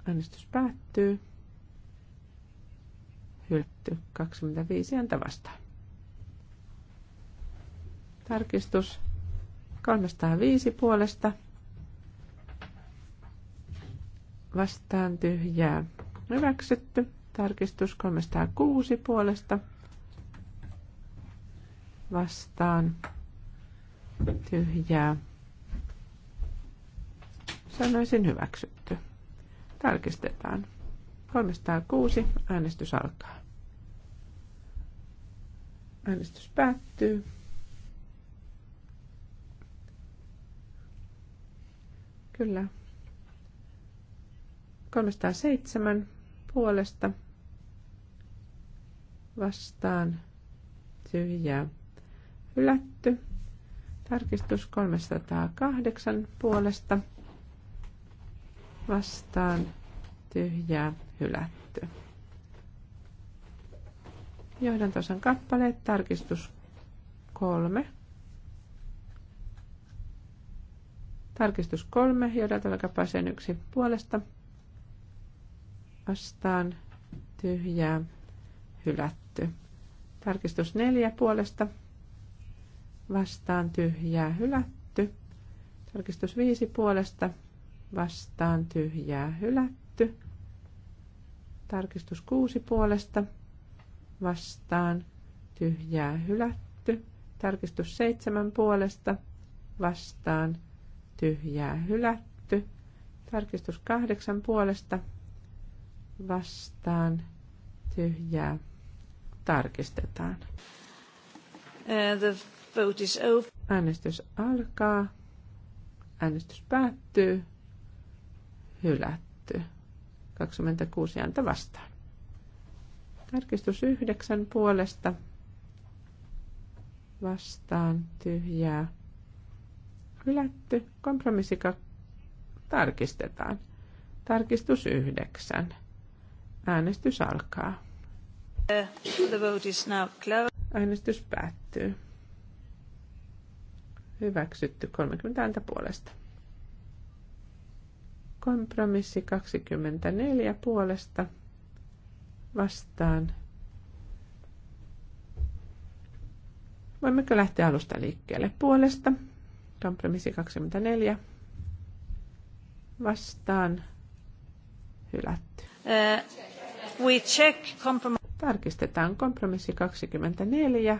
Äänestys päättyy hylätty 25 ääntä vastaan. Tarkistus 305 puolesta vastaan tyhjää hyväksytty. Tarkistus 306 puolesta vastaan tyhjää. Sanoisin hyväksytty. Tarkistetaan. 306. Äänestys alkaa. Äänestys päättyy. Kyllä. 307 puolesta vastaan tyhjää hylätty. Tarkistus 308 puolesta vastaan tyhjää hylätty. Johdantosan kappaleet, tarkistus kolme. Tarkistus kolme, johdantosan kappaleen yksi puolesta. Vastaan tyhjää, hylätty. Tarkistus neljä puolesta. Vastaan tyhjää, hylätty. Tarkistus viisi puolesta. Vastaan tyhjää, hylätty. Tarkistus kuusi puolesta vastaan tyhjää hylätty. Tarkistus seitsemän puolesta vastaan tyhjää hylätty. Tarkistus kahdeksan puolesta vastaan tyhjää tarkistetaan. Uh, Äänestys alkaa. Äänestys päättyy. Hylätty. 26 ääntä vastaan. Tarkistus yhdeksän puolesta vastaan tyhjää hylätty. kompromissika tarkistetaan. Tarkistus yhdeksän. Äänestys alkaa. The vote is now closed. Äänestys päättyy. Hyväksytty 30 ääntä puolesta. Kompromissi 24 puolesta vastaan. Voimmeko lähteä alusta liikkeelle puolesta? Kompromissi 24 vastaan hylätty. Uh, we check Tarkistetaan kompromissi 24.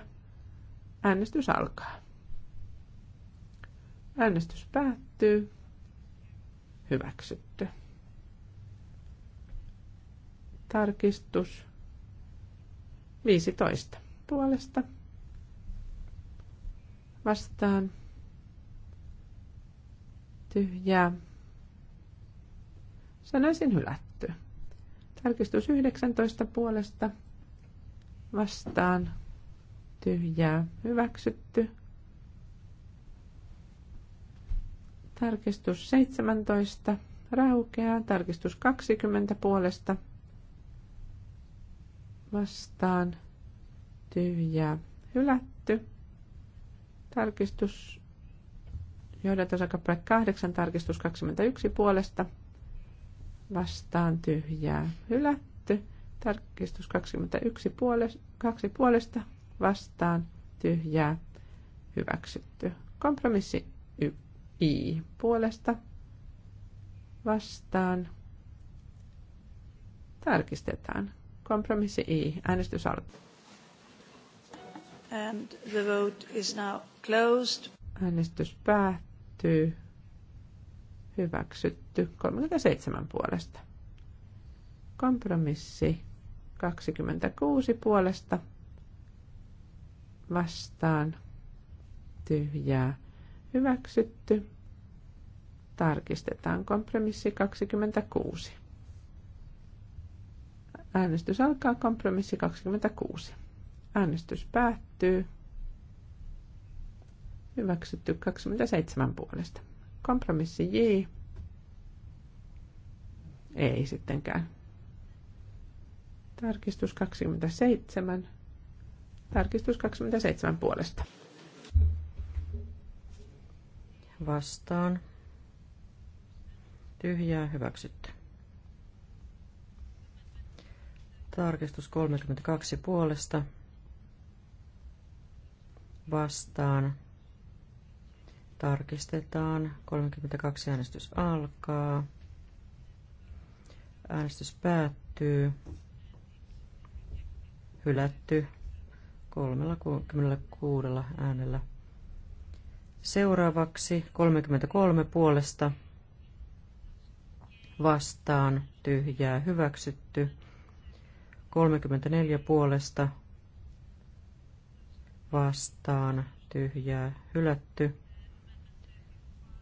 Äänestys alkaa. Äänestys päättyy. Hyväksytty. Tarkistus 15 puolesta. Vastaan. Tyhjää. Sanoisin hylätty. Tarkistus 19 puolesta. Vastaan. Tyhjää. Hyväksytty. Tarkistus 17 raukeaa. Tarkistus 20 puolesta vastaan tyhjää hylätty. Tarkistus johdatusakappale 8, tarkistus 21 puolesta vastaan tyhjää hylätty. Tarkistus 21 puolesta, 2 puolesta vastaan tyhjää hyväksytty. Kompromissi I puolesta vastaan. Tarkistetaan. Kompromissi I. Äänestys alkaa. And the vote is now closed. Äänestys päättyy. Hyväksytty 37 puolesta. Kompromissi 26 puolesta. Vastaan. Tyhjää Hyväksytty. Tarkistetaan kompromissi 26. Äänestys alkaa kompromissi 26. Äänestys päättyy. Hyväksytty 27 puolesta. Kompromissi J. Ei sittenkään. Tarkistus 27. Tarkistus 27 puolesta vastaan. Tyhjää hyväksytty. Tarkistus 32 puolesta vastaan. Tarkistetaan. 32 äänestys alkaa. Äänestys päättyy. Hylätty 36 äänellä Seuraavaksi 33 puolesta vastaan tyhjää hyväksytty. 34 puolesta vastaan tyhjää hylätty.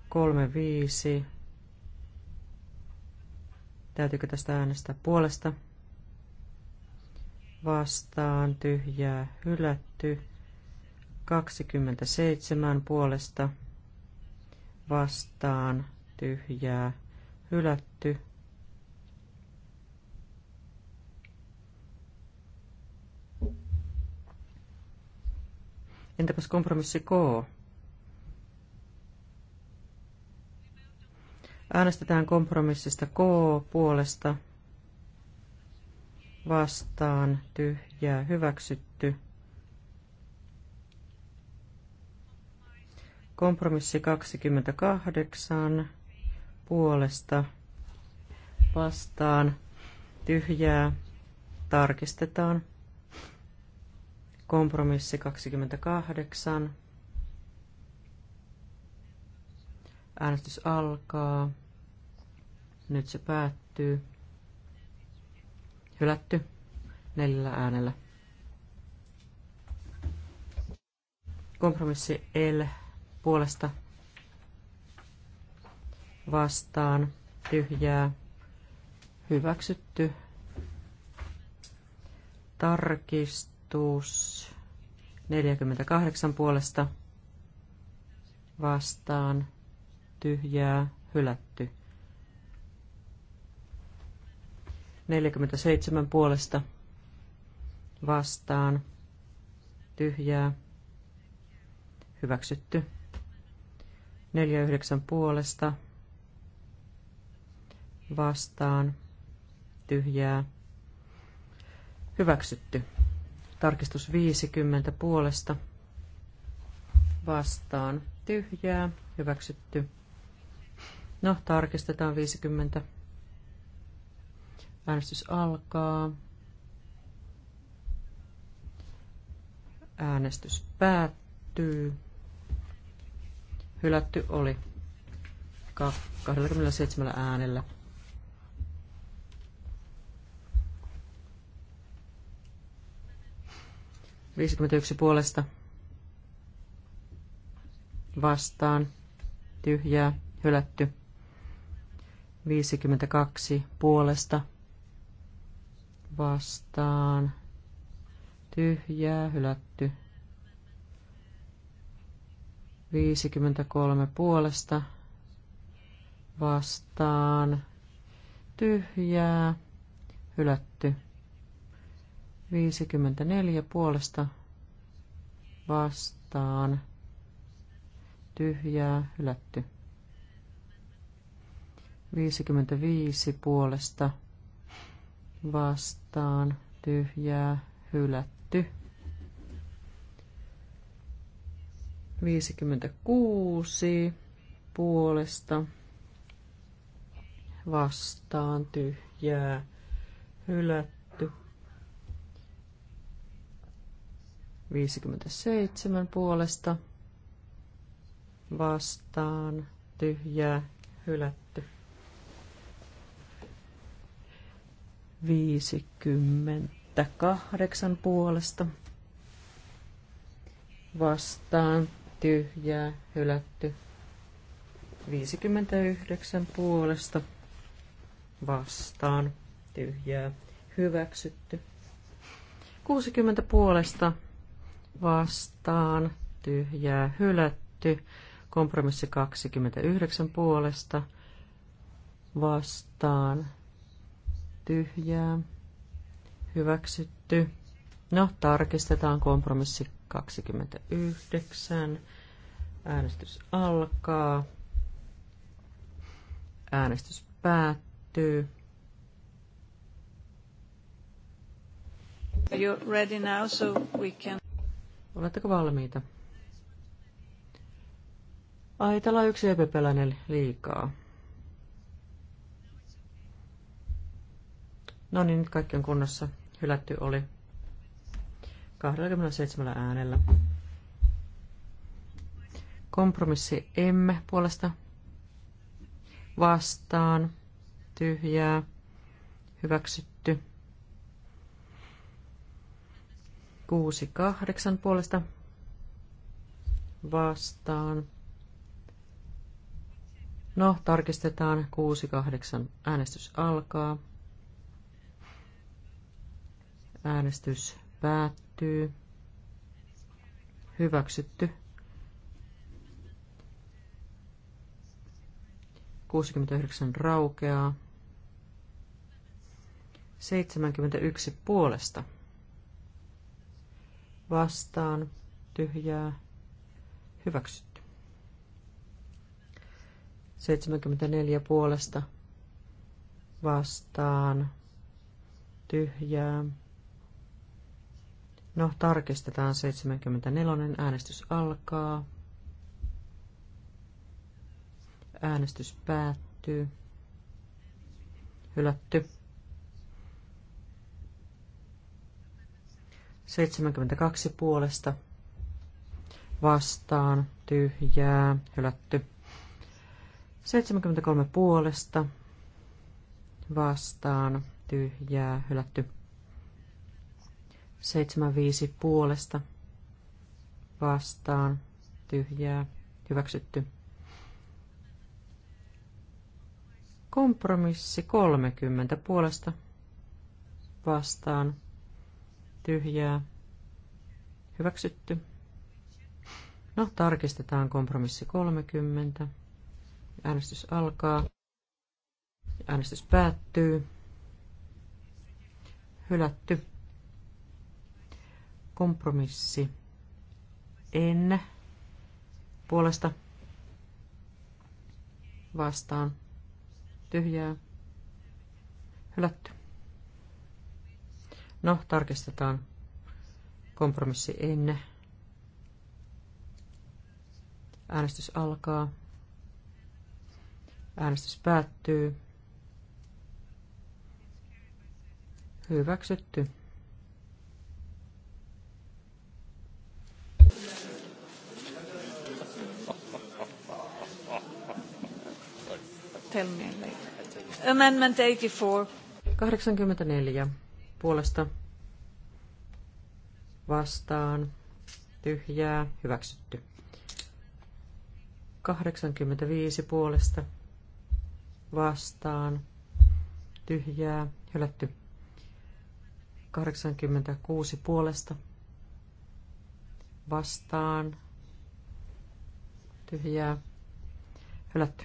35. Täytyykö tästä äänestää puolesta? Vastaan tyhjää hylätty. 27 puolesta vastaan tyhjää hylätty. Entäpäs kompromissi K? Äänestetään kompromissista K puolesta vastaan tyhjää hyväksytty. Kompromissi 28 puolesta vastaan tyhjää tarkistetaan. Kompromissi 28. Äänestys alkaa. Nyt se päättyy. Hylätty neljällä äänellä. Kompromissi L puolesta vastaan tyhjää hyväksytty tarkistus 48 puolesta vastaan tyhjää hylätty 47 puolesta vastaan tyhjää hyväksytty 49 puolesta vastaan tyhjää hyväksytty. Tarkistus 50 puolesta vastaan tyhjää hyväksytty. No, tarkistetaan 50. Äänestys alkaa. Äänestys päättyy hylätty oli 27 äänellä. Viisikymmentäyksi puolesta vastaan tyhjää hylätty. 52 puolesta vastaan tyhjää hylätty. 53 puolesta vastaan tyhjää, hylätty. 54 puolesta vastaan tyhjää, hylätty. 55 puolesta vastaan tyhjää, hylätty. 56 puolesta vastaan tyhjää hylätty. 57 puolesta vastaan tyhjää hylätty. 58 puolesta vastaan tyhjää, hylätty. 59 puolesta vastaan, tyhjää, hyväksytty. 60 puolesta vastaan, tyhjää, hylätty. Kompromissi 29 puolesta vastaan, tyhjää, hyväksytty. No, tarkistetaan kompromissi 29. Äänestys alkaa. Äänestys päättyy. Are you ready now so we can... Oletteko valmiita? Ai, täällä on yksi epäpeläinen liikaa. No niin, nyt kaikki on kunnossa. Hylätty oli 27 äänellä. Kompromissi emme puolesta vastaan tyhjää hyväksytty. 6 8 puolesta vastaan. No, tarkistetaan 6-8. Äänestys alkaa. Äänestys päättyy. Hyväksytty 69 raukeaa. 71 puolesta. Vastaan tyhjää hyväksytty. 74 puolesta vastaan tyhjää. No, tarkistetaan 74. Äänestys alkaa. Äänestys päättyy. Hylätty. 72 puolesta vastaan tyhjää, hylätty. 73 puolesta vastaan tyhjää, hylätty. 75 puolesta vastaan tyhjää, hyväksytty. Kompromissi 30 puolesta vastaan tyhjää hyväksytty. No, tarkistetaan kompromissi 30. Äänestys alkaa. Äänestys päättyy. Hylätty. Kompromissi en puolesta vastaan tyhjää, hylätty. No, tarkistetaan kompromissi ennen Äänestys alkaa. Äänestys päättyy. Hyväksytty. Tell me later. Amendment 84. 84 puolesta vastaan tyhjää hyväksytty. 85 puolesta vastaan tyhjää hylätty. 86 puolesta vastaan tyhjää hylätty.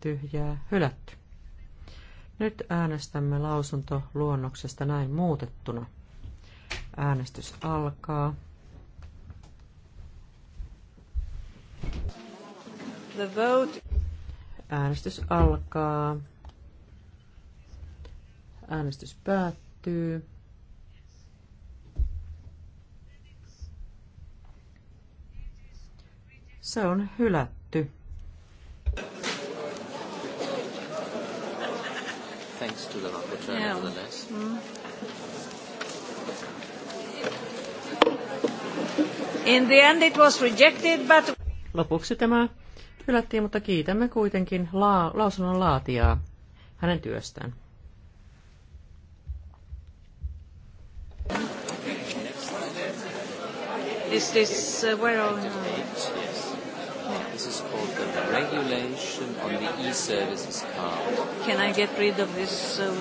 tyhjää, hylätty. Nyt äänestämme lausunto luonnoksesta näin muutettuna. Äänestys alkaa. The vote. Äänestys alkaa. Äänestys päättyy. Se on hylätty. thanks to the rapporteur, yeah. nevertheless. Mm. In the end it was rejected, but... Lopuksi tämä hylättiin, mutta kiitämme kuitenkin la- lausunnon laatijaa hänen työstään. Is this uh, where are we? This is called the regulation on the e-services card. Can I get rid of this? Uh...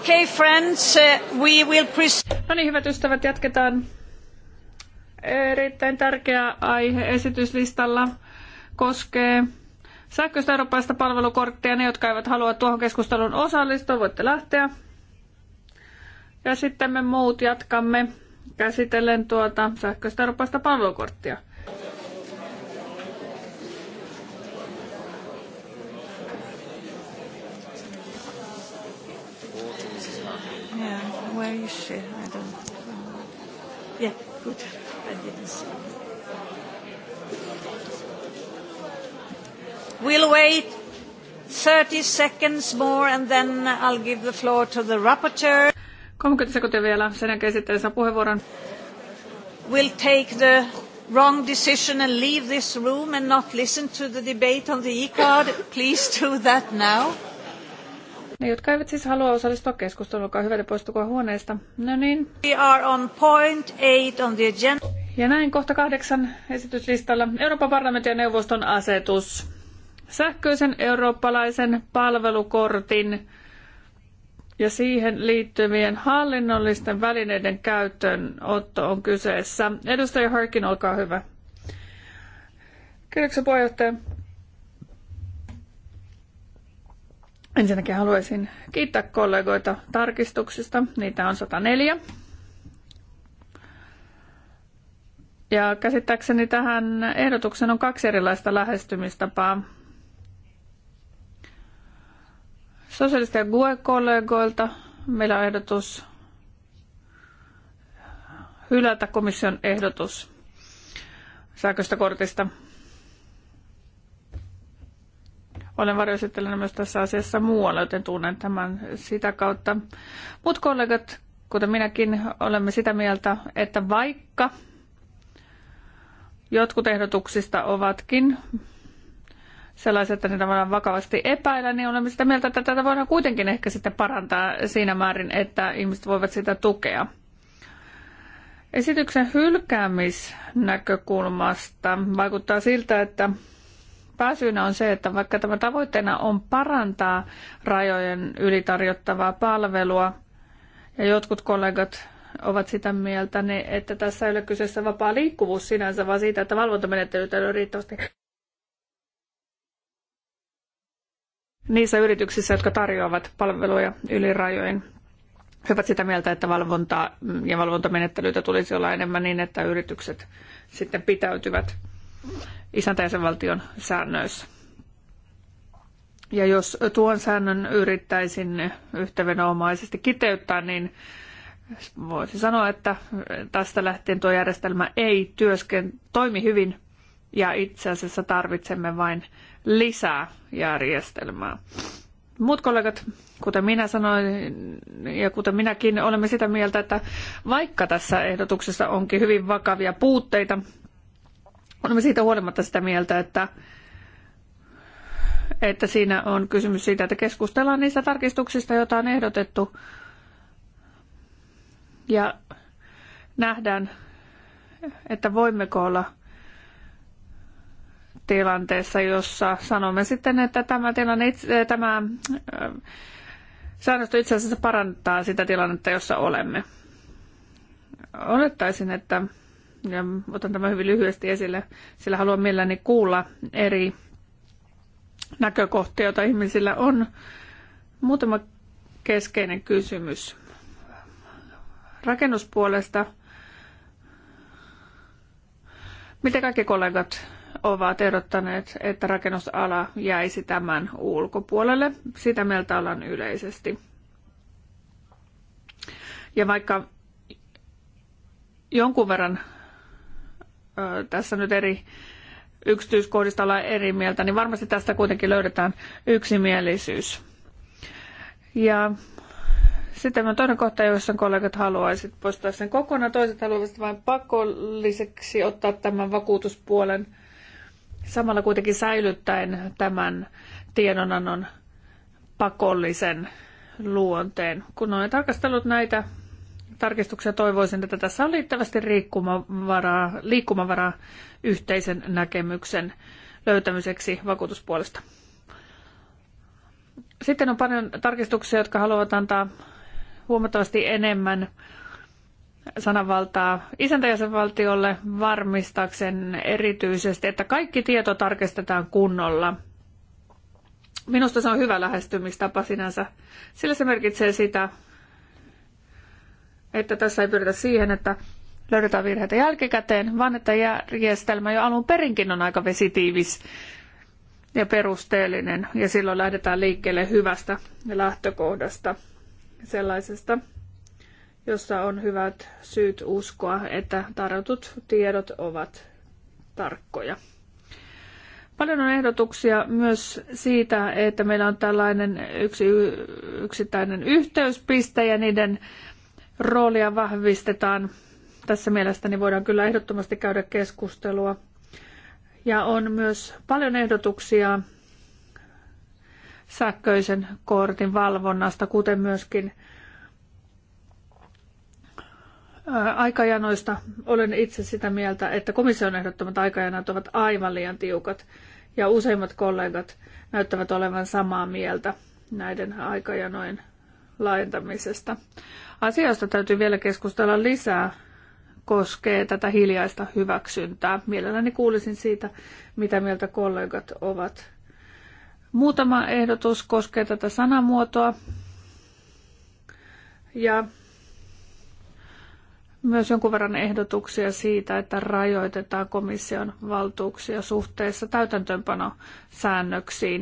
Okay, friends, uh, we will No niin, hyvät ystävät, jatketaan erittäin tärkeä aihe esityslistalla koskee sähköistä eurooppalaista palvelukorttia. Ne, jotka eivät halua tuohon keskusteluun osallistua, voitte lähteä. Ja sitten me muut jatkamme käsitellen tuota sähköistä eurooppalaista palvelukorttia. Are you sure? I don't know. Yeah, good. I didn't see. We'll wait 30 seconds more and then I'll give the floor to the rapporteur. 30 sekuntia vielä, sen jälkeen sitten saa puheenvuoron. We'll take the wrong decision and leave this room and not listen to the debate on the e-card. Please do that now. Ne, jotka eivät siis halua osallistua keskusteluun, olkaa hyvä, poistukaa huoneesta. No niin. We are on point eight on the agenda. Ja näin kohta kahdeksan esityslistalla Euroopan parlamentin ja neuvoston asetus. Sähköisen eurooppalaisen palvelukortin ja siihen liittyvien hallinnollisten välineiden käyttöönotto on kyseessä. Edustaja Harkin, olkaa hyvä. Kiitoksia puheenjohtaja. Ensinnäkin haluaisin kiittää kollegoita tarkistuksista. Niitä on 104. Ja käsittääkseni tähän ehdotukseen on kaksi erilaista lähestymistapaa. Sosiaalista ja GUE-kollegoilta meillä on ehdotus hylätä komission ehdotus sähköistä kortista. Olen varjoesittelijänä myös tässä asiassa muualla, joten tunnen tämän sitä kautta. Mutta kollegat, kuten minäkin, olemme sitä mieltä, että vaikka jotkut ehdotuksista ovatkin sellaiset, että niitä voidaan vakavasti epäillä, niin olemme sitä mieltä, että tätä voidaan kuitenkin ehkä sitten parantaa siinä määrin, että ihmiset voivat sitä tukea. Esityksen hylkäämisnäkökulmasta vaikuttaa siltä, että pääsyynä on se, että vaikka tämä tavoitteena on parantaa rajojen ylitarjottavaa palvelua, ja jotkut kollegat ovat sitä mieltä, niin että tässä ei ole kyseessä vapaa liikkuvuus sinänsä, vaan siitä, että valvontamenettelyt ei ole riittävästi niissä yrityksissä, jotka tarjoavat palveluja yli rajojen. He ovat sitä mieltä, että valvontaa ja valvontamenettelyitä tulisi olla enemmän niin, että yritykset sitten pitäytyvät isäntäisenvaltion säännöissä. Ja jos tuon säännön yrittäisin yhtävenomaisesti kiteyttää, niin voisi sanoa, että tästä lähtien tuo järjestelmä ei työsken, toimi hyvin ja itse asiassa tarvitsemme vain lisää järjestelmää. Muut kollegat, kuten minä sanoin ja kuten minäkin, olemme sitä mieltä, että vaikka tässä ehdotuksessa onkin hyvin vakavia puutteita, Olemme siitä huolimatta sitä mieltä, että, että siinä on kysymys siitä, että keskustellaan niistä tarkistuksista, joita on ehdotettu. Ja nähdään, että voimmeko olla tilanteessa, jossa sanomme sitten, että tämä, tilanne, itse, äh, tämä äh, säännöstö itse asiassa parantaa sitä tilannetta, jossa olemme. Olettaisin, että ja otan tämän hyvin lyhyesti esille, sillä haluan mielelläni kuulla eri näkökohtia, joita ihmisillä on. Muutama keskeinen kysymys. Rakennuspuolesta, miten kaikki kollegat ovat ehdottaneet, että rakennusala jäisi tämän ulkopuolelle. Sitä mieltä ollaan yleisesti. Ja vaikka jonkun verran tässä nyt eri yksityiskohdista ollaan eri mieltä, niin varmasti tästä kuitenkin löydetään yksimielisyys. Ja sitten on toinen kohta, jossa kollegat haluaisivat poistaa sen kokonaan. Toiset haluaisivat vain pakolliseksi ottaa tämän vakuutuspuolen samalla kuitenkin säilyttäen tämän tiedonannon pakollisen luonteen. Kun olen tarkastellut näitä tarkistuksia toivoisin, että tässä on riittävästi liikkumavaraa, liikkumavaraa yhteisen näkemyksen löytämiseksi vakuutuspuolesta. Sitten on paljon tarkistuksia, jotka haluavat antaa huomattavasti enemmän sananvaltaa isäntäjäsenvaltiolle varmistaakseen erityisesti, että kaikki tieto tarkistetaan kunnolla. Minusta se on hyvä lähestymistapa sinänsä, sillä se merkitsee sitä, että tässä ei pyritä siihen, että löydetään virheitä jälkikäteen, vaan että järjestelmä jo alun perinkin on aika vesitiivis ja perusteellinen, ja silloin lähdetään liikkeelle hyvästä lähtökohdasta, sellaisesta, jossa on hyvät syyt uskoa, että tarjotut tiedot ovat tarkkoja. Paljon on ehdotuksia myös siitä, että meillä on tällainen yksi yksittäinen yhteyspiste ja niiden roolia vahvistetaan. Tässä mielestäni voidaan kyllä ehdottomasti käydä keskustelua. Ja on myös paljon ehdotuksia sähköisen kortin valvonnasta, kuten myöskin aikajanoista. Olen itse sitä mieltä, että komission ehdottomat aikajanat ovat aivan liian tiukat ja useimmat kollegat näyttävät olevan samaa mieltä näiden aikajanojen laajentamisesta. Asioista täytyy vielä keskustella lisää koskee tätä hiljaista hyväksyntää. Mielelläni kuulisin siitä, mitä mieltä kollegat ovat. Muutama ehdotus koskee tätä sanamuotoa ja myös jonkun verran ehdotuksia siitä, että rajoitetaan komission valtuuksia suhteessa täytäntöönpanosäännöksiin.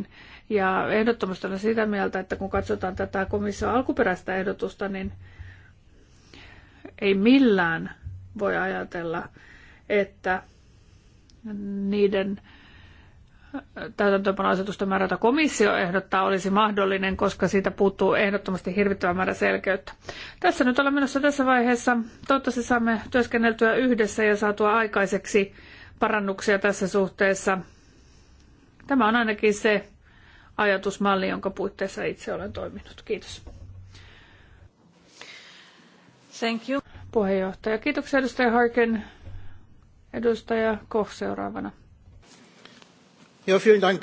säännöksiin ja ehdottomasti olen sitä mieltä, että kun katsotaan tätä komission alkuperäistä ehdotusta, niin ei millään voi ajatella, että niiden täytäntöönpanoasetusta määrätä komissio ehdottaa olisi mahdollinen, koska siitä puuttuu ehdottomasti hirvittävä määrä selkeyttä. Tässä nyt olemme menossa tässä vaiheessa. Toivottavasti saamme työskenneltyä yhdessä ja saatua aikaiseksi parannuksia tässä suhteessa. Tämä on ainakin se ajatusmalli, jonka puitteissa itse olen toiminut. Kiitos. Thank you. Puheenjohtaja. Kiitoksia edustaja Harken. Edustaja Koch seuraavana. Ja, vielen dank.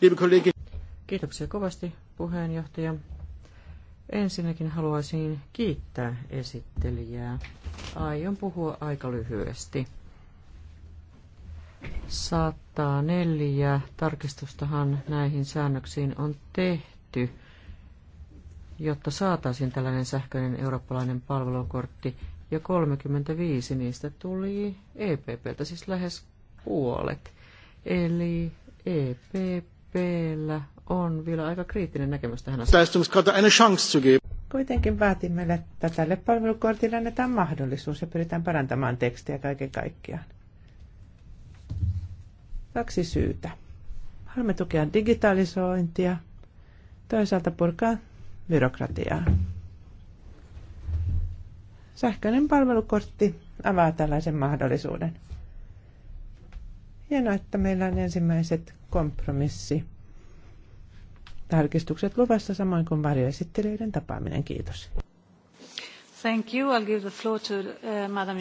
Liebe Kollegin. Kiitoksia kovasti puheenjohtaja. Ensinnäkin haluaisin kiittää esittelijää. Aion puhua aika lyhyesti. 104 tarkistustahan näihin säännöksiin on tehty, jotta saataisiin tällainen sähköinen eurooppalainen palvelukortti, ja 35 niistä tuli EPPltä, siis lähes puolet. Eli EPPllä on vielä aika kriittinen näkemys tähän asiaan. Kuitenkin päätimme, että tälle palvelukortille annetaan mahdollisuus ja pyritään parantamaan tekstiä kaiken kaikkiaan. Kaksi syytä. Haluamme tukea digitalisointia, toisaalta purkaa byrokratiaa. Sähköinen palvelukortti avaa tällaisen mahdollisuuden. Hienoa, että meillä on ensimmäiset kompromissi. Tarkistukset luvassa samoin kuin varjoesittelijöiden tapaaminen. Kiitos. Thank you. I'll give the floor to, uh, Madam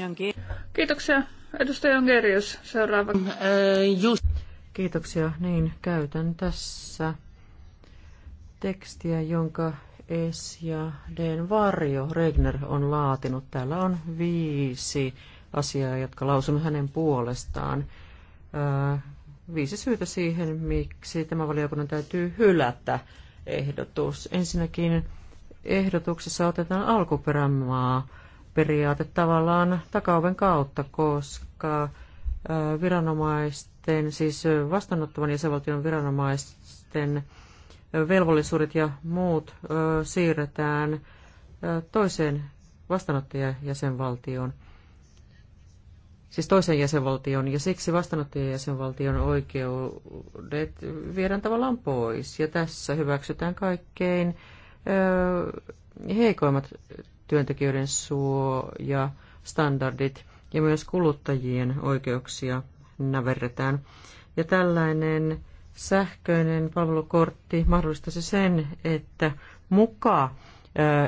Kiitoksia. Edustaja Ongerius, seuraava. Äh, Kiitoksia. Niin, käytän tässä tekstiä, jonka S ja Dn varjo Regner on laatinut. Täällä on viisi asiaa, jotka lausun hänen puolestaan. Öö, viisi syytä siihen, miksi tämä valiokunnan täytyy hylätä ehdotus. Ensinnäkin ehdotuksessa otetaan alkuperämaa periaate tavallaan takauven kautta, koska viranomaisten, siis vastaanottavan jäsenvaltion viranomaisten velvollisuudet ja muut siirretään toiseen vastaanottajajäsenvaltioon, siis toiseen jäsenvaltioon, ja siksi jäsenvaltion oikeudet viedään tavallaan pois. Ja tässä hyväksytään kaikkein heikoimmat työntekijöiden suoja, standardit ja myös kuluttajien oikeuksia näverretään. Ja tällainen sähköinen palvelukortti mahdollistaisi sen, että muka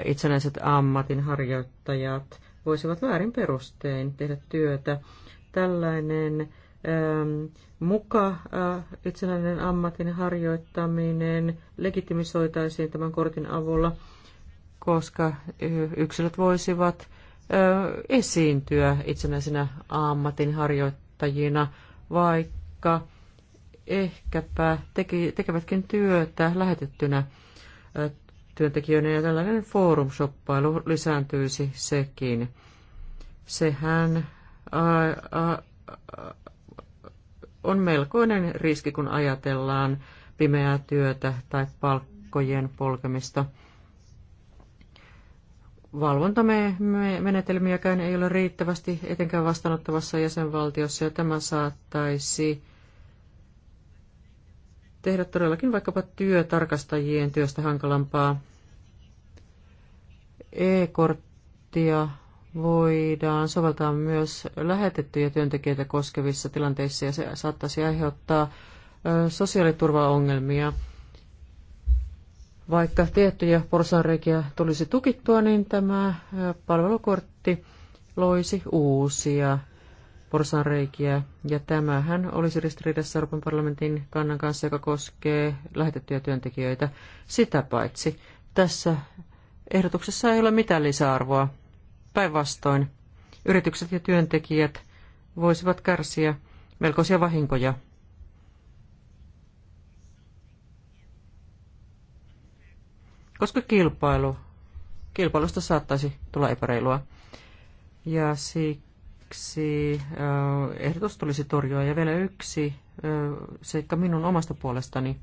itsenäiset ammatinharjoittajat voisivat väärin perustein tehdä työtä. Tällainen muka itsenäinen ammatin harjoittaminen legitimisoitaisiin tämän kortin avulla – koska yksilöt voisivat esiintyä itsenäisenä ammatinharjoittajina, vaikka ehkäpä teki, tekevätkin työtä lähetettynä työntekijöinä ja tällainen foorumshoppailu lisääntyisi sekin. Sehän a, a, a, on melkoinen riski, kun ajatellaan pimeää työtä tai palkkojen polkemista – valvontamenetelmiäkään ei ole riittävästi etenkään vastaanottavassa jäsenvaltiossa, ja tämä saattaisi tehdä todellakin vaikkapa työtarkastajien työstä hankalampaa. E-korttia voidaan soveltaa myös lähetettyjä työntekijöitä koskevissa tilanteissa ja se saattaisi aiheuttaa sosiaaliturvaongelmia. Vaikka tiettyjä porsanreikiä tulisi tukittua, niin tämä palvelukortti loisi uusia porsanreikiä. Ja tämähän olisi ristiriidassa Euroopan parlamentin kannan kanssa, joka koskee lähetettyjä työntekijöitä. Sitä paitsi tässä ehdotuksessa ei ole mitään lisäarvoa. Päinvastoin, yritykset ja työntekijät voisivat kärsiä melkoisia vahinkoja koska kilpailu, kilpailusta saattaisi tulla epäreilua. Ja siksi äh, ehdotus tulisi torjua. Ja vielä yksi äh, seikka minun omasta puolestani.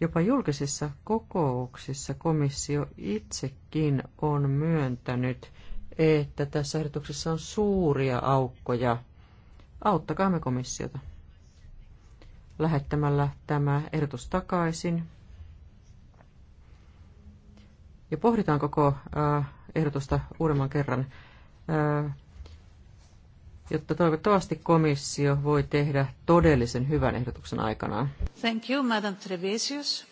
Jopa julkisissa kokouksissa komissio itsekin on myöntänyt, että tässä ehdotuksessa on suuria aukkoja. Auttakaamme komissiota lähettämällä tämä ehdotus takaisin ja pohditaan koko ehdotusta uudemman kerran, jotta toivottavasti komissio voi tehdä todellisen hyvän ehdotuksen aikanaan. Thank you, Madam Trebesius.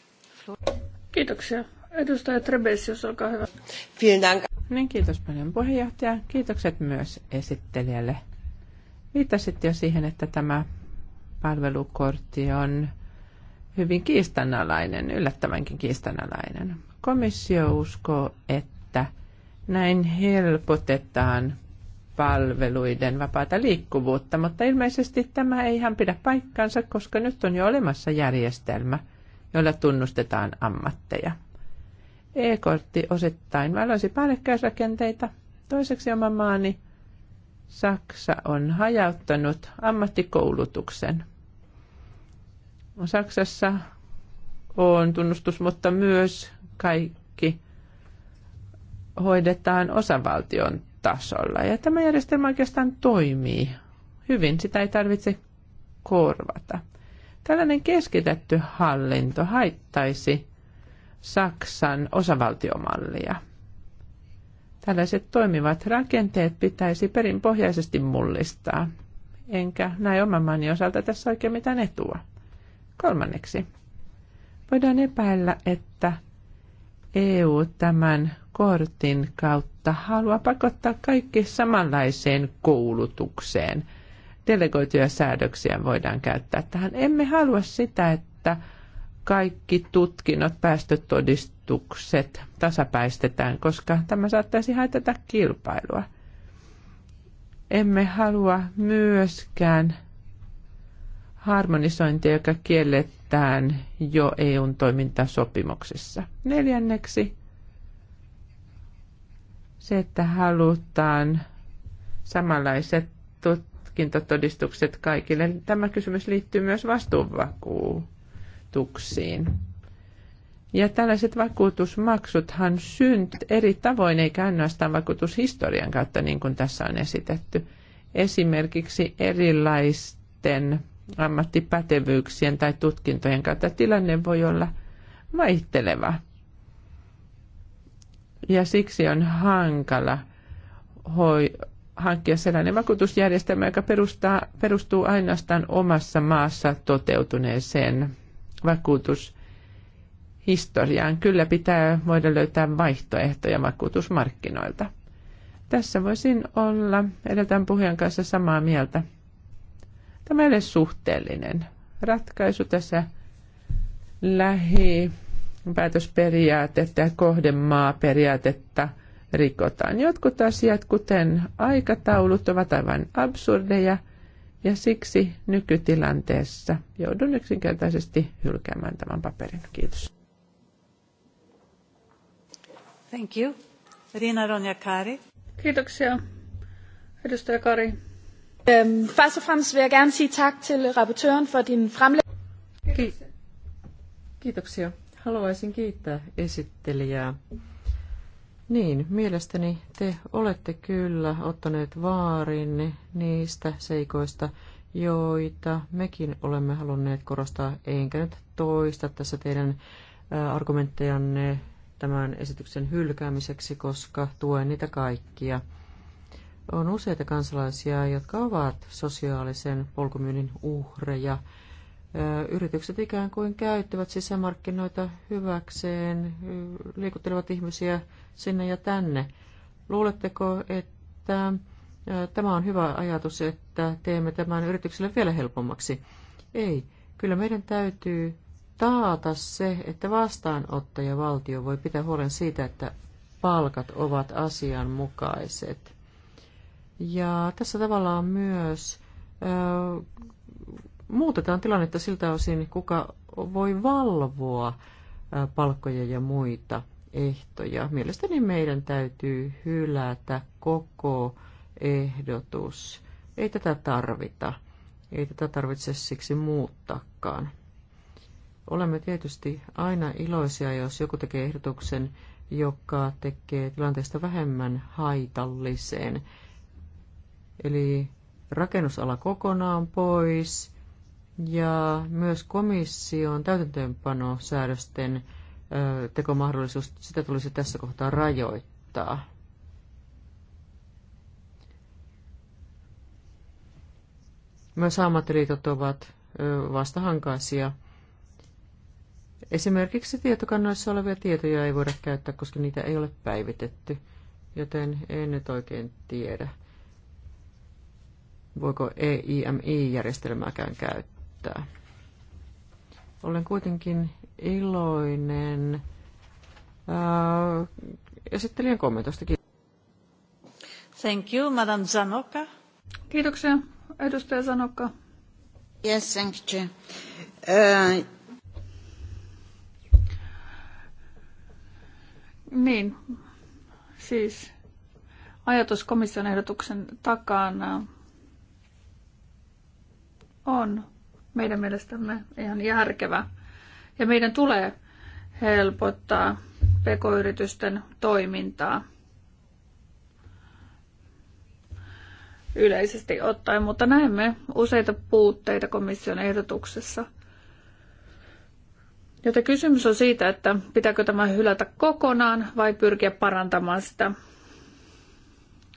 Kiitoksia. Edustaja Trebesius, olkaa hyvä. Vielen dank. Niin, kiitos paljon puheenjohtaja. Kiitokset myös esittelijälle. Viittasit jo siihen, että tämä palvelukortti on hyvin kiistanalainen, yllättävänkin kiistanalainen. Komissio uskoo, että näin helpotetaan palveluiden vapaata liikkuvuutta, mutta ilmeisesti tämä ei ihan pidä paikkaansa, koska nyt on jo olemassa järjestelmä, jolla tunnustetaan ammatteja. E-kortti osittain valoisi päällekkäisrakenteita. Toiseksi oma maani Saksa on hajauttanut ammattikoulutuksen. Saksassa on tunnustus, mutta myös kaikki hoidetaan osavaltion tasolla. Ja tämä järjestelmä oikeastaan toimii hyvin, sitä ei tarvitse korvata. Tällainen keskitetty hallinto haittaisi Saksan osavaltiomallia. Tällaiset toimivat rakenteet pitäisi perinpohjaisesti mullistaa, enkä näe oman maani osalta tässä oikein mitään etua. Kolmanneksi, voidaan epäillä, että EU tämän kortin kautta haluaa pakottaa kaikki samanlaiseen koulutukseen. Delegoituja säädöksiä voidaan käyttää tähän. Emme halua sitä, että kaikki tutkinnot, päästötodistukset tasapäistetään, koska tämä saattaisi haitata kilpailua. Emme halua myöskään harmonisointia, joka kielletään jo EUn toimintasopimuksessa. Neljänneksi se, että halutaan samanlaiset tutkintotodistukset kaikille. Tämä kysymys liittyy myös vastuunvakuutuksiin. Ja tällaiset vakuutusmaksuthan syntyvät eri tavoin, eikä ainoastaan vakuutushistorian kautta, niin kuin tässä on esitetty. Esimerkiksi erilaisten ammattipätevyyksien tai tutkintojen kautta. Tilanne voi olla vaihteleva. Ja siksi on hankala hoi, hankkia sellainen vakuutusjärjestelmä, joka perustaa, perustuu ainoastaan omassa maassa toteutuneeseen vakuutushistoriaan. Kyllä pitää voida löytää vaihtoehtoja vakuutusmarkkinoilta. Tässä voisin olla edeltään puhujan kanssa samaa mieltä. Tämä ei ole suhteellinen ratkaisu tässä lähi päätösperiaatetta ja kohdemaaperiaatetta rikotaan. Jotkut asiat, kuten aikataulut, ovat aivan absurdeja ja siksi nykytilanteessa joudun yksinkertaisesti hylkäämään tämän paperin. Kiitos. Thank you. Riina Ronja Kari. Kiitoksia. Edustaja Kari. Øhm, først og fremmest vil jeg gerne sige tak til rapportøren for din fremlæggelse. Kiitoksia. Haluaisin kiittää esittelijää. Niin, mielestäni te olette kyllä ottaneet vaarin niistä seikoista, joita mekin olemme halunneet korostaa, enkä nyt toista tässä teidän argumenttejanne tämän esityksen hylkäämiseksi, koska tuen niitä kaikkia. On useita kansalaisia, jotka ovat sosiaalisen polkumyynnin uhreja. Yritykset ikään kuin käyttävät sisämarkkinoita hyväkseen, liikuttelevat ihmisiä sinne ja tänne. Luuletteko, että tämä on hyvä ajatus, että teemme tämän yritykselle vielä helpommaksi? Ei. Kyllä meidän täytyy taata se, että vastaanottajavaltio voi pitää huolen siitä, että palkat ovat asianmukaiset. Ja tässä tavallaan myös ö, muutetaan tilannetta siltä osin, kuka voi valvoa ö, palkkoja ja muita ehtoja. Mielestäni meidän täytyy hylätä koko ehdotus. Ei tätä tarvita. Ei tätä tarvitse siksi muuttaakaan. Olemme tietysti aina iloisia, jos joku tekee ehdotuksen, joka tekee tilanteesta vähemmän haitalliseen eli rakennusala kokonaan pois ja myös komission täytäntöönpanosäädösten tekomahdollisuus, sitä tulisi tässä kohtaa rajoittaa. Myös ammattiliitot ovat vastahankaisia. Esimerkiksi tietokannoissa olevia tietoja ei voida käyttää, koska niitä ei ole päivitetty, joten en nyt oikein tiedä voiko EIMI-järjestelmääkään käyttää. Olen kuitenkin iloinen äh, esittelijän kommentoista. Thank you, Madam Zanoka. Kiitoksia, edustaja Zanoka. Yes, thank you. Uh... Niin, siis ajatus komission ehdotuksen takana on meidän mielestämme ihan järkevä. Ja meidän tulee helpottaa pekoyritysten toimintaa yleisesti ottaen, mutta näemme useita puutteita komission ehdotuksessa. Joten kysymys on siitä, että pitääkö tämä hylätä kokonaan vai pyrkiä parantamaan sitä.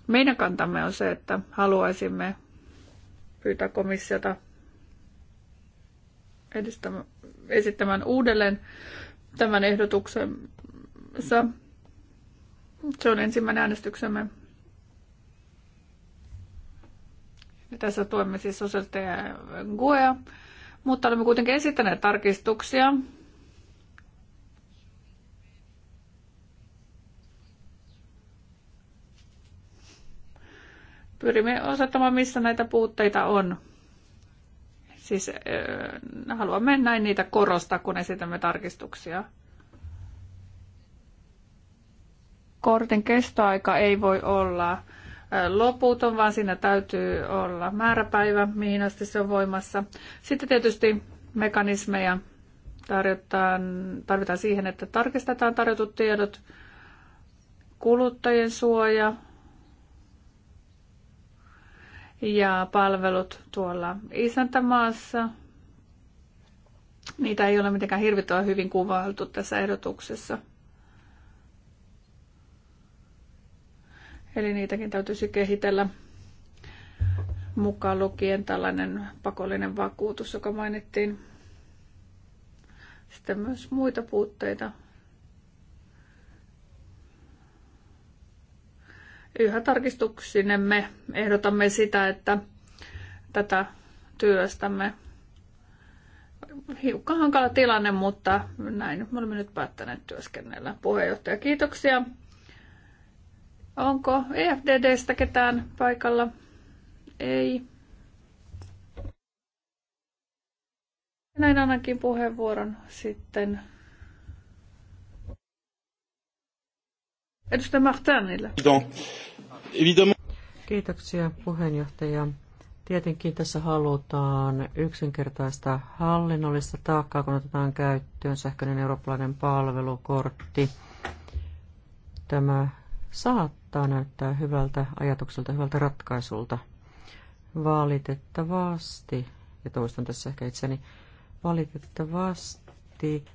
Meidän kantamme on se, että haluaisimme pyytää komissiota esittämään uudelleen tämän ehdotuksensa. Se on ensimmäinen äänestyksemme. Ja tässä tuemme siis sosiaalisteja GUEA, mutta olemme kuitenkin esittäneet tarkistuksia. Pyrimme osoittamaan, missä näitä puutteita on. Siis äh, haluamme näin niitä korostaa, kun esitämme tarkistuksia. Kortin kestoaika ei voi olla loputon, vaan siinä täytyy olla määräpäivä, mihin asti se on voimassa. Sitten tietysti mekanismeja tarjotaan, tarvitaan siihen, että tarkistetaan tarjotut tiedot, kuluttajien suoja, ja palvelut tuolla isäntämaassa. Niitä ei ole mitenkään hirvittävän hyvin kuvailtu tässä ehdotuksessa. Eli niitäkin täytyisi kehitellä mukaan lukien tällainen pakollinen vakuutus, joka mainittiin. Sitten myös muita puutteita yhä tarkistuksinemme ehdotamme sitä, että tätä työstämme. Hiukan hankala tilanne, mutta näin me olemme nyt päättäneet työskennellä. Puheenjohtaja, kiitoksia. Onko EFDDstä ketään paikalla? Ei. Näin annankin puheenvuoron sitten Edustaja Martinille. Kiitoksia puheenjohtaja. Tietenkin tässä halutaan yksinkertaista hallinnollista taakkaa, kun otetaan käyttöön sähköinen eurooppalainen palvelukortti. Tämä saattaa näyttää hyvältä ajatukselta, hyvältä ratkaisulta. Valitettavasti, ja toistan tässä ehkä itseni, valitettavasti,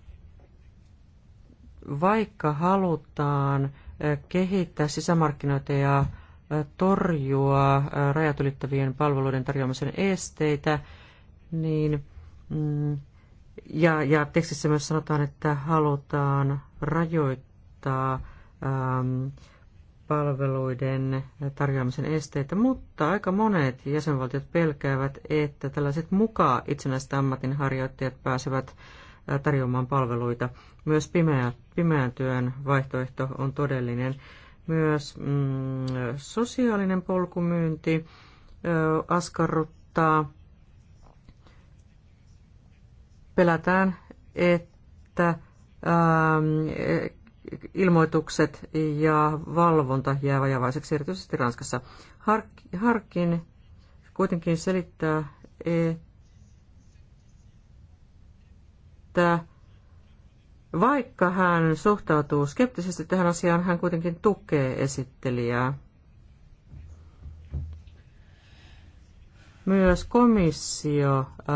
vaikka halutaan kehittää sisämarkkinoita ja torjua rajat ylittävien palveluiden tarjoamisen esteitä, niin mm, ja, ja tekstissä myös sanotaan, että halutaan rajoittaa äm, palveluiden tarjoamisen esteitä, mutta aika monet jäsenvaltiot pelkäävät, että tällaiset mukaan itsenäiset ammatinharjoittajat pääsevät tarjoamaan palveluita myös pimeät pimeän työn vaihtoehto on todellinen. Myös mm, sosiaalinen polkumyynti ö, askarruttaa. Pelätään, että ö, e, ilmoitukset ja valvonta jää vajavaiseksi, erityisesti Ranskassa. Harkin kuitenkin selittää, että vaikka hän suhtautuu skeptisesti tähän asiaan, hän kuitenkin tukee esittelijää. Myös komissio äh,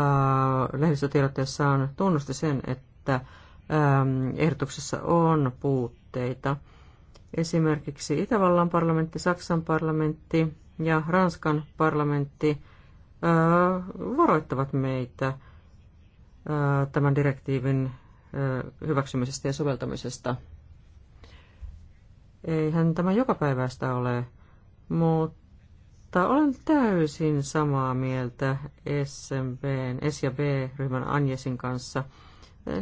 lehdistötiedotteessaan tunnusti sen, että ähm, ehdotuksessa on puutteita. Esimerkiksi Itävallan parlamentti, Saksan parlamentti ja Ranskan parlamentti äh, varoittavat meitä äh, tämän direktiivin hyväksymisestä ja soveltamisesta. Eihän tämä joka päivästä ole, mutta olen täysin samaa mieltä SMBn, S- ja B-ryhmän Anjesin kanssa.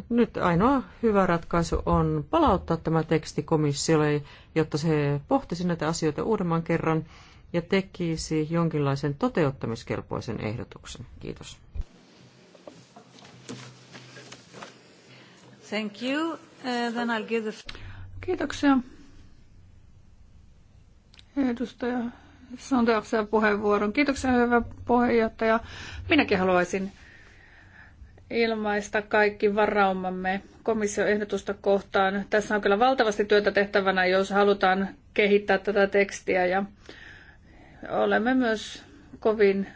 Nyt ainoa hyvä ratkaisu on palauttaa tämä teksti komissiolle, jotta se pohtisi näitä asioita uudemman kerran ja tekisi jonkinlaisen toteuttamiskelpoisen ehdotuksen. Kiitos. Thank you. Uh, then I'll give the... Kiitoksia. Edustaja Sander saa puheenvuoron. Kiitoksia hyvä puheenjohtaja. Minäkin haluaisin ilmaista kaikki varaumamme komission ehdotusta kohtaan. Tässä on kyllä valtavasti työtä tehtävänä, jos halutaan kehittää tätä tekstiä ja olemme myös kovin,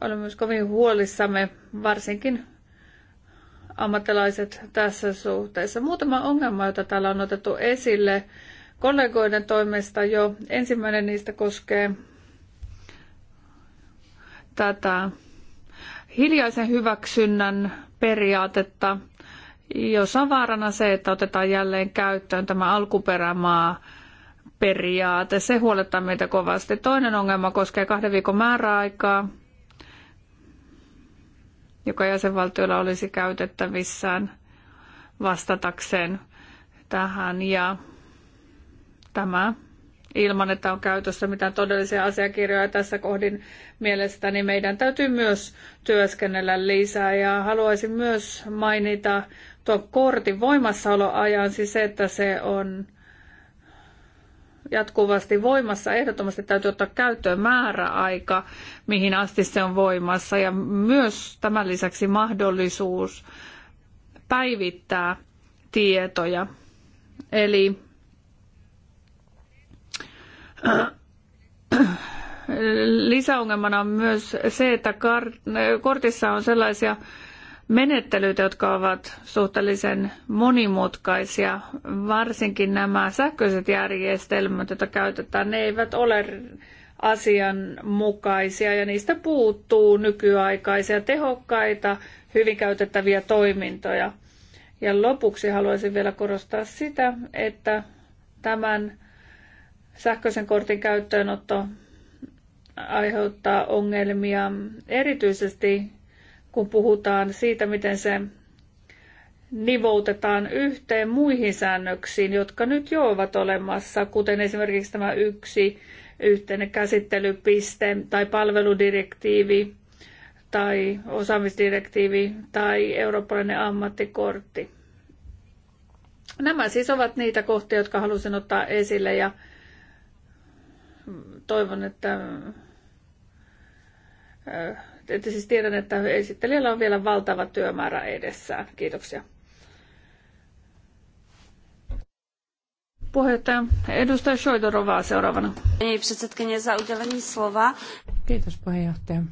olemme myös kovin huolissamme, varsinkin ammattilaiset tässä suhteessa. Muutama ongelma, jota täällä on otettu esille kollegoiden toimesta jo. Ensimmäinen niistä koskee tätä hiljaisen hyväksynnän periaatetta, jossa on vaarana se, että otetaan jälleen käyttöön tämä alkuperämaa periaate. Se huolettaa meitä kovasti. Toinen ongelma koskee kahden viikon määräaikaa joka jäsenvaltiolla olisi käytettävissään vastatakseen tähän. Ja tämä ilman, että on käytössä mitään todellisia asiakirjoja tässä kohdin mielestäni, niin meidän täytyy myös työskennellä lisää. Ja haluaisin myös mainita tuon kortin voimassaoloajan, siis se, että se on jatkuvasti voimassa. Ehdottomasti täytyy ottaa käyttöön määräaika, mihin asti se on voimassa ja myös tämän lisäksi mahdollisuus päivittää tietoja. Eli lisäongelmana on myös se, että kortissa on sellaisia menettelyt, jotka ovat suhteellisen monimutkaisia. Varsinkin nämä sähköiset järjestelmät, joita käytetään, ne eivät ole asianmukaisia ja niistä puuttuu nykyaikaisia, tehokkaita, hyvin käytettäviä toimintoja. Ja lopuksi haluaisin vielä korostaa sitä, että tämän sähköisen kortin käyttöönotto aiheuttaa ongelmia erityisesti kun puhutaan siitä, miten se nivoutetaan yhteen muihin säännöksiin, jotka nyt jo ovat olemassa, kuten esimerkiksi tämä yksi yhteinen käsittelypiste tai palveludirektiivi tai osaamisdirektiivi tai eurooppalainen ammattikortti. Nämä siis ovat niitä kohtia, jotka halusin ottaa esille ja toivon, että että siis tiedän, että esittelijällä on vielä valtava työmäärä edessään. Kiitoksia. Puheenjohtaja, edustaja Shoidorovaa seuraavana. slova. Kiitos puheenjohtaja.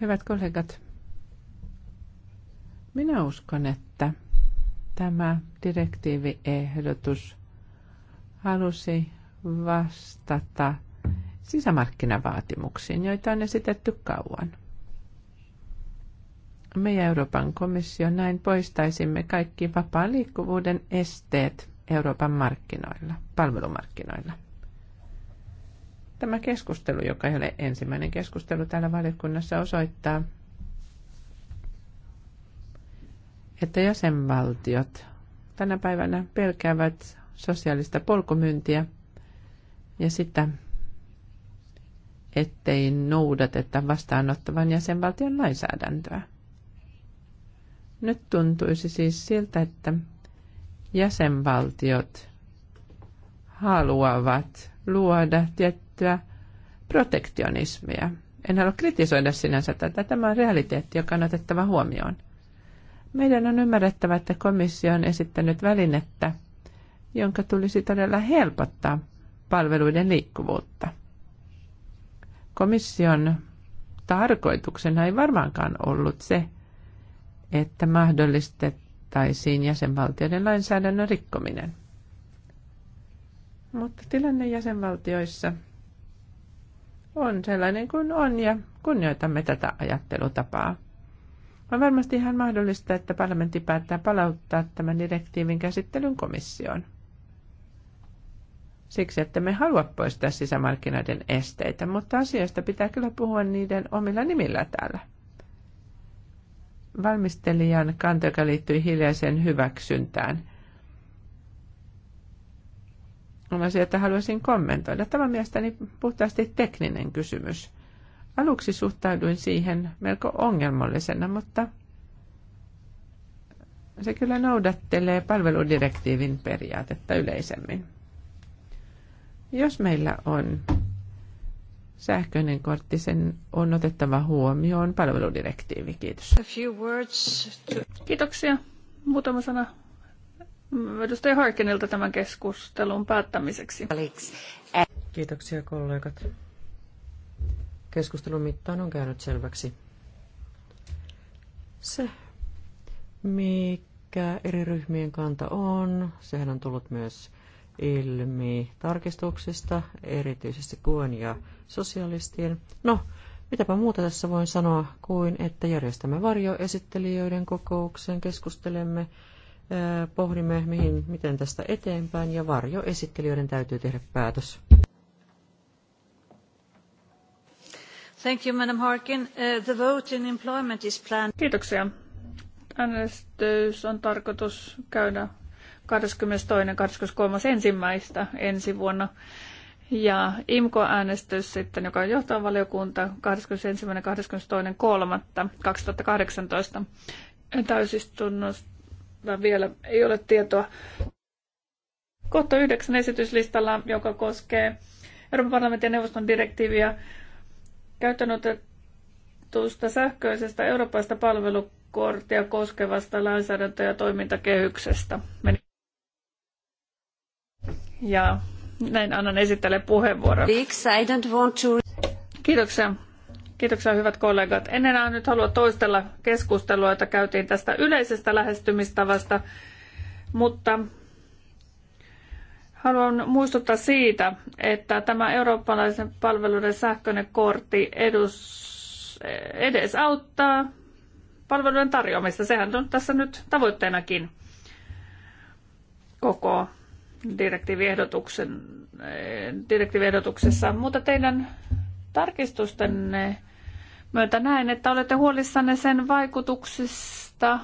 Hyvät kollegat, minä uskon, että tämä direktiiviehdotus halusi vastata – sisämarkkinavaatimuksiin, joita on esitetty kauan. Me ja Euroopan komissio näin poistaisimme kaikki vapaan liikkuvuuden esteet Euroopan markkinoilla, palvelumarkkinoilla. Tämä keskustelu, joka ei ole ensimmäinen keskustelu täällä valiokunnassa, osoittaa, että jäsenvaltiot tänä päivänä pelkäävät sosiaalista polkumyyntiä ja sitä, ettei noudateta vastaanottavan jäsenvaltion lainsäädäntöä. Nyt tuntuisi siis siltä, että jäsenvaltiot haluavat luoda tiettyä protektionismia. En halua kritisoida sinänsä tätä. Tämä on realiteetti, joka on otettava huomioon. Meidän on ymmärrettävä, että komissio on esittänyt välinettä, jonka tulisi todella helpottaa palveluiden liikkuvuutta – Komission tarkoituksena ei varmaankaan ollut se, että mahdollistettaisiin jäsenvaltioiden lainsäädännön rikkominen. Mutta tilanne jäsenvaltioissa on sellainen kuin on ja kunnioitamme tätä ajattelutapaa. On varmasti ihan mahdollista, että parlamentti päättää palauttaa tämän direktiivin käsittelyn komissioon siksi, että me halua poistaa sisämarkkinoiden esteitä, mutta asioista pitää kyllä puhua niiden omilla nimillä täällä. Valmistelijan kanta, joka liittyi hiljaiseen hyväksyntään, on asia, että haluaisin kommentoida. Tämä on mielestäni puhtaasti tekninen kysymys. Aluksi suhtauduin siihen melko ongelmallisena, mutta se kyllä noudattelee palveludirektiivin periaatetta yleisemmin. Jos meillä on sähköinen kortti, sen on otettava huomioon palveludirektiivi. Kiitos. A few words to... Kiitoksia. Muutama sana edustaja Harkinilta tämän keskustelun päättämiseksi. Eh- Kiitoksia kollegat. Keskustelun mittaan on käynyt selväksi se, mikä eri ryhmien kanta on. Sehän on tullut myös ilmi tarkistuksista, erityisesti kuen ja sosialistien. No, mitäpä muuta tässä voin sanoa kuin, että järjestämme varjoesittelijöiden kokouksen, keskustelemme, pohdimme, mihin, miten tästä eteenpäin, ja varjoesittelijöiden täytyy tehdä päätös. Thank you, Madam Harkin. Uh, the vote in employment is planned. Kiitoksia. Äänestys on tarkoitus käydä 22.–23.1. ensi vuonna. Ja IMKO-äänestys sitten, joka on johtovaliokunta 21.–22.3.2018 täysistunnosta vielä ei ole tietoa. Kohta yhdeksän esityslistalla, joka koskee Euroopan parlamentin ja neuvoston direktiiviä käyttöönotetusta sähköisestä eurooppalaista palvelukorttia koskevasta lainsäädäntö- ja toimintakehyksestä. Meni ja näin annan esittele puheenvuoron. Kiitoksia. Kiitoksia hyvät kollegat. En enää nyt halua toistella keskustelua, jota käytiin tästä yleisestä lähestymistavasta, mutta haluan muistuttaa siitä, että tämä eurooppalaisen palveluiden sähköinen kortti edes edesauttaa palveluiden tarjoamista. Sehän on tässä nyt tavoitteenakin koko direktiiviehdotuksen, direktiiviehdotuksessa, mutta teidän tarkistustenne myötä näen, että olette huolissanne sen vaikutuksista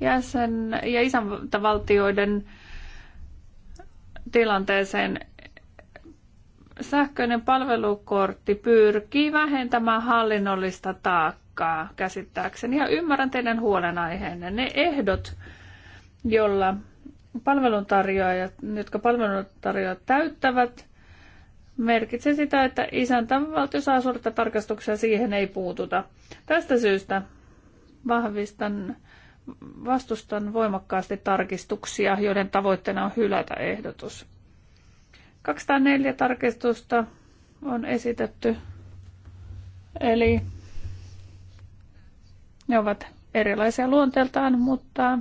jäsen- ja isäntävaltioiden tilanteeseen. Sähköinen palvelukortti pyrkii vähentämään hallinnollista taakkaa käsittääkseni ja ymmärrän teidän huolenaiheenne. Ne ehdot, jolla palveluntarjoajat, jotka palveluntarjoajat täyttävät, merkitsee sitä, että isäntävaltio saa suorittaa tarkastuksia siihen ei puututa. Tästä syystä vahvistan, vastustan voimakkaasti tarkistuksia, joiden tavoitteena on hylätä ehdotus. 204 tarkistusta on esitetty, eli ne ovat erilaisia luonteeltaan, mutta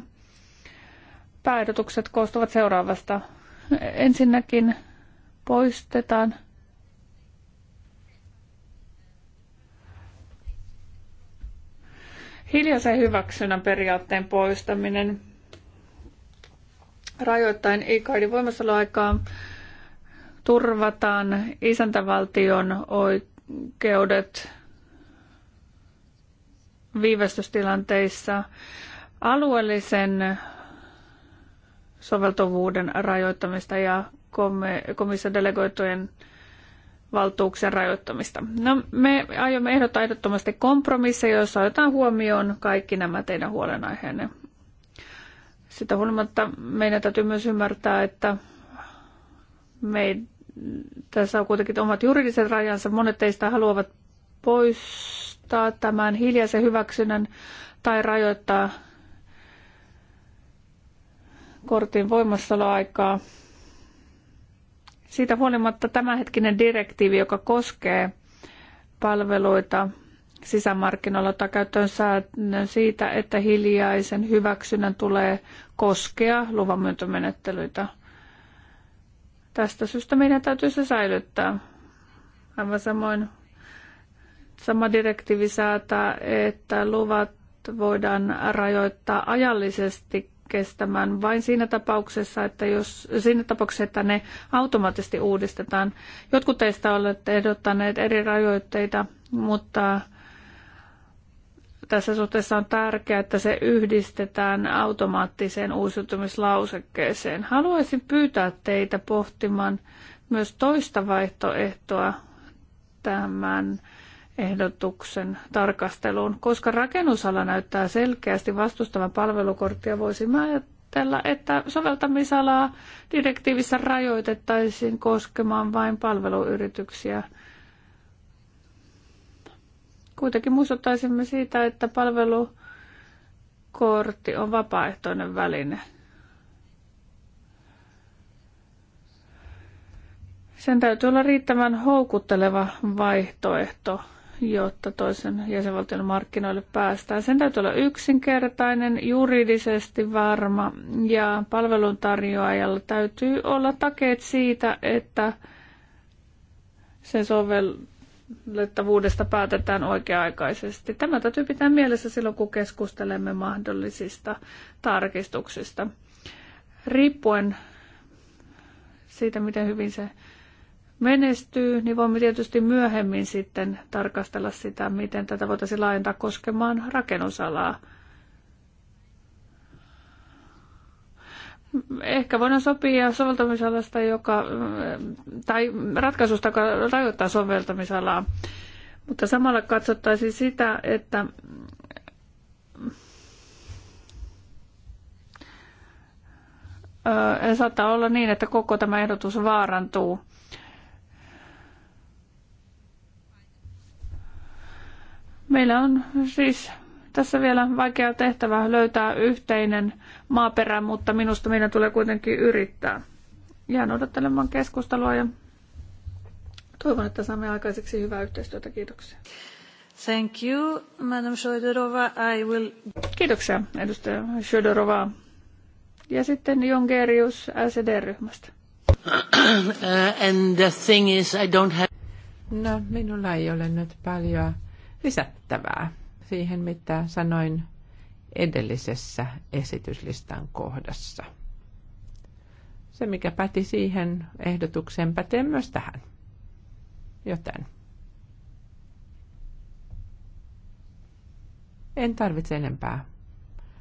pääehdotukset koostuvat seuraavasta. Ensinnäkin poistetaan hiljaisen hyväksynnän periaatteen poistaminen rajoittain ikaidin voimassaoloaikaa turvataan isäntävaltion oikeudet viivästystilanteissa alueellisen soveltuvuuden rajoittamista ja komission delegoitujen valtuuksien rajoittamista. No, me aiomme ehdottaa ehdottomasti kompromisseja, joissa otetaan huomioon kaikki nämä teidän huolenaiheenne. Sitä huolimatta meidän täytyy myös ymmärtää, että me, tässä on kuitenkin omat juridiset rajansa. Monet teistä haluavat poistaa tämän hiljaisen hyväksynnän tai rajoittaa kortin voimassaoloaikaa. Siitä huolimatta tämänhetkinen direktiivi, joka koskee palveluita sisämarkkinoilla, ottaa käyttöön säännön siitä, että hiljaisen hyväksynnän tulee koskea luvanmyöntömenettelyitä. Tästä syystä meidän täytyy se säilyttää. Aivan samoin sama direktiivi säätää, että luvat voidaan rajoittaa ajallisesti kestämään vain siinä tapauksessa, että jos, siinä tapauksessa, että ne automaattisesti uudistetaan. Jotkut teistä olette ehdottaneet eri rajoitteita, mutta tässä suhteessa on tärkeää, että se yhdistetään automaattiseen uusiutumislausekkeeseen. Haluaisin pyytää teitä pohtimaan myös toista vaihtoehtoa tämän ehdotuksen tarkasteluun, koska rakennusala näyttää selkeästi vastustavan palvelukorttia, voisimme ajatella, että soveltamisalaa direktiivissä rajoitettaisiin koskemaan vain palveluyrityksiä. Kuitenkin muistuttaisimme siitä, että palvelukortti on vapaaehtoinen väline. Sen täytyy olla riittävän houkutteleva vaihtoehto jotta toisen jäsenvaltion markkinoille päästään. Sen täytyy olla yksinkertainen, juridisesti varma ja palveluntarjoajalla täytyy olla takeet siitä, että sen sovellettavuudesta päätetään oikea-aikaisesti. Tämä täytyy pitää mielessä silloin, kun keskustelemme mahdollisista tarkistuksista. Riippuen siitä, miten hyvin se menestyy, niin voimme tietysti myöhemmin sitten tarkastella sitä, miten tätä voitaisiin laajentaa koskemaan rakennusalaa. Ehkä voidaan sopia soveltamisalasta, joka, tai ratkaisusta, joka rajoittaa soveltamisalaa, mutta samalla katsottaisiin sitä, että saattaa olla niin, että koko tämä ehdotus vaarantuu – Meillä on siis tässä vielä vaikea tehtävä löytää yhteinen maaperä, mutta minusta meidän tulee kuitenkin yrittää. Jään odottelemaan keskustelua ja toivon, että saamme aikaiseksi hyvää yhteistyötä. Kiitoksia. Thank you, Madam Shodorova. I will... Kiitoksia, edustaja Shodorova. Ja sitten Jongerius SED-ryhmästä. And the thing is, I don't have... No, minulla ei ole nyt paljon lisättävää siihen, mitä sanoin edellisessä esityslistan kohdassa. Se, mikä päti siihen ehdotukseen, pätee myös tähän. Joten en tarvitse enempää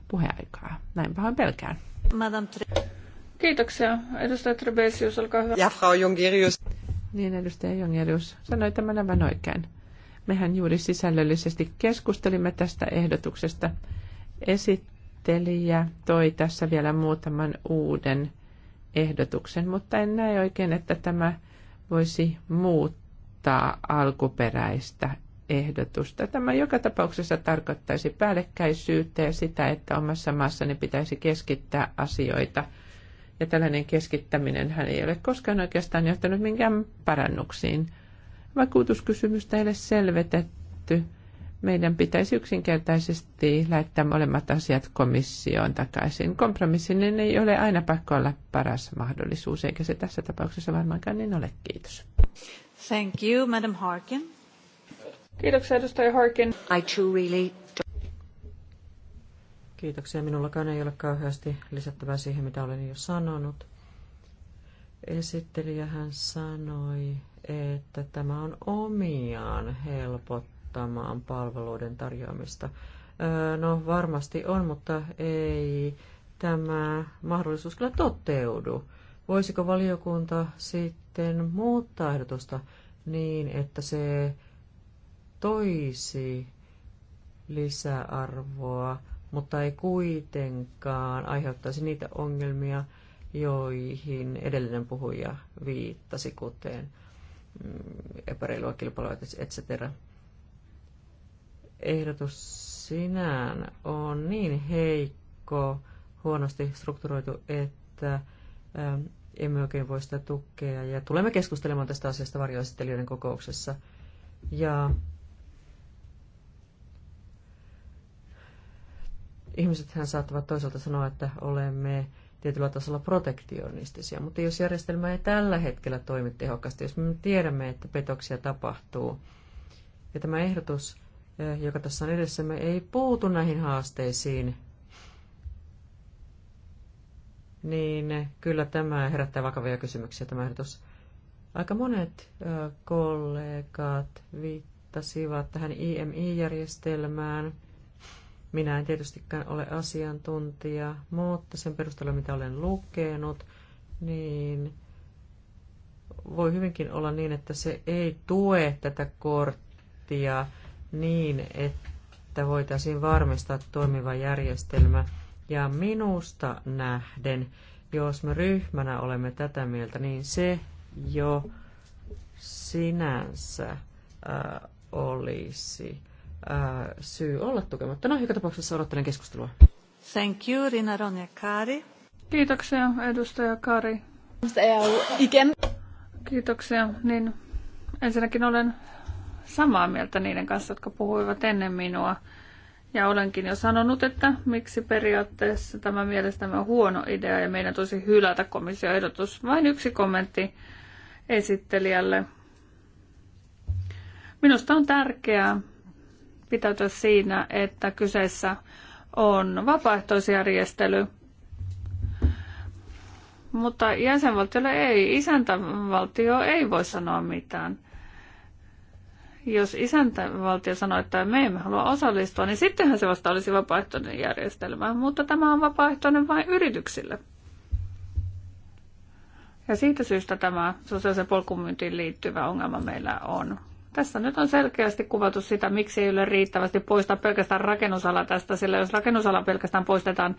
puheaikaa. Näin pahoin pelkään. Madame Kiitoksia. Edustaja Trebesius, olkaa hyvä. Ja Frau Jongerius. Niin, edustaja Jongerius sanoi tämän aivan oikein. Mehän juuri sisällöllisesti keskustelimme tästä ehdotuksesta. Esittelijä toi tässä vielä muutaman uuden ehdotuksen, mutta en näe oikein, että tämä voisi muuttaa alkuperäistä ehdotusta. Tämä joka tapauksessa tarkoittaisi päällekkäisyyttä ja sitä, että omassa maassani pitäisi keskittää asioita. Ja tällainen keskittäminen hän ei ole koskaan oikeastaan johtanut minkään parannuksiin vakuutuskysymystä ei ole selvetetty. Meidän pitäisi yksinkertaisesti lähettää molemmat asiat komissioon takaisin. niin ei ole aina pakko olla paras mahdollisuus, eikä se tässä tapauksessa varmaankaan niin ole. Kiitos. Thank you, Madam Harkin. Kiitoksia, edustaja Harkin. I too really Kiitoksia. Minullakaan ei ole kauheasti lisättävää siihen, mitä olen jo sanonut. Esittelijähän sanoi, että tämä on omiaan helpottamaan palveluiden tarjoamista. No varmasti on, mutta ei tämä mahdollisuus kyllä toteudu. Voisiko valiokunta sitten muuttaa ehdotusta niin, että se toisi lisäarvoa, mutta ei kuitenkaan aiheuttaisi niitä ongelmia, joihin edellinen puhuja viittasi, kuten Mm, epäreilua kilpailua, etc. Ehdotus sinään on niin heikko, huonosti strukturoitu, että ähm, emme oikein voi sitä tukea. Ja tulemme keskustelemaan tästä asiasta varjoesittelijöiden kokouksessa. Ja ihmisethän saattavat toisaalta sanoa, että olemme tietyllä tasolla protektionistisia. Mutta jos järjestelmä ei tällä hetkellä toimi tehokkaasti, jos me tiedämme, että petoksia tapahtuu, ja tämä ehdotus, eh, joka tässä on edessämme, ei puutu näihin haasteisiin, niin kyllä tämä herättää vakavia kysymyksiä tämä ehdotus. Aika monet eh, kollegat viittasivat tähän IMI-järjestelmään – minä en tietystikään ole asiantuntija, mutta sen perusteella, mitä olen lukenut, niin voi hyvinkin olla niin, että se ei tue tätä korttia niin, että voitaisiin varmistaa toimiva järjestelmä. Ja minusta nähden, jos me ryhmänä olemme tätä mieltä, niin se jo sinänsä äh, olisi Äh, syy olla tukematta. No, joka tapauksessa odottelen keskustelua. Thank you, Rina Ronja Kari. Kiitoksia, edustaja Kari. Igen. Kiitoksia. Niin, ensinnäkin olen samaa mieltä niiden kanssa, jotka puhuivat ennen minua. Ja olenkin jo sanonut, että miksi periaatteessa tämä mielestämme on huono idea ja meidän tulisi hylätä komission ehdotus. Vain yksi kommentti esittelijälle. Minusta on tärkeää, pitäytyä siinä, että kyseessä on vapaaehtoisjärjestely, mutta jäsenvaltiolle ei, isäntävaltio ei voi sanoa mitään. Jos isäntävaltio sanoo, että me emme halua osallistua, niin sittenhän se vasta olisi vapaaehtoinen järjestelmä, mutta tämä on vapaaehtoinen vain yrityksille. Ja siitä syystä tämä sosiaalisen polkumyyntiin liittyvä ongelma meillä on. Tässä nyt on selkeästi kuvattu sitä, miksi ei ole riittävästi poistaa pelkästään rakennusala tästä, sillä jos rakennusala pelkästään poistetaan,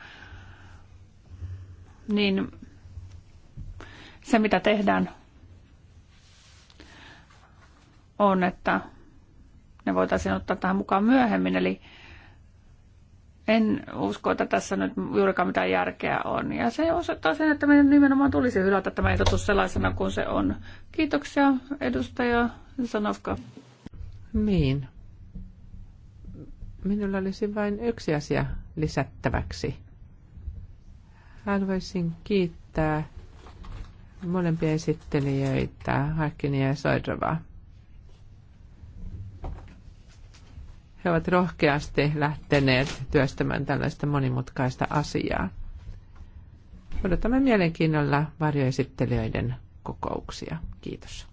niin se mitä tehdään on, että ne voitaisiin ottaa tähän mukaan myöhemmin. Eli en usko, että tässä nyt juurikaan mitään järkeä on. Ja se osoittaa sen, että meidän nimenomaan tulisi hylätä tämä ehdotus sellaisena kuin se on. Kiitoksia edustaja Sanovka. Niin. Minulla olisi vain yksi asia lisättäväksi. Haluaisin kiittää molempia esittelijöitä, Harkinia ja Soidrovaa. He ovat rohkeasti lähteneet työstämään tällaista monimutkaista asiaa. Odotamme mielenkiinnolla varjoesittelijöiden kokouksia. Kiitos.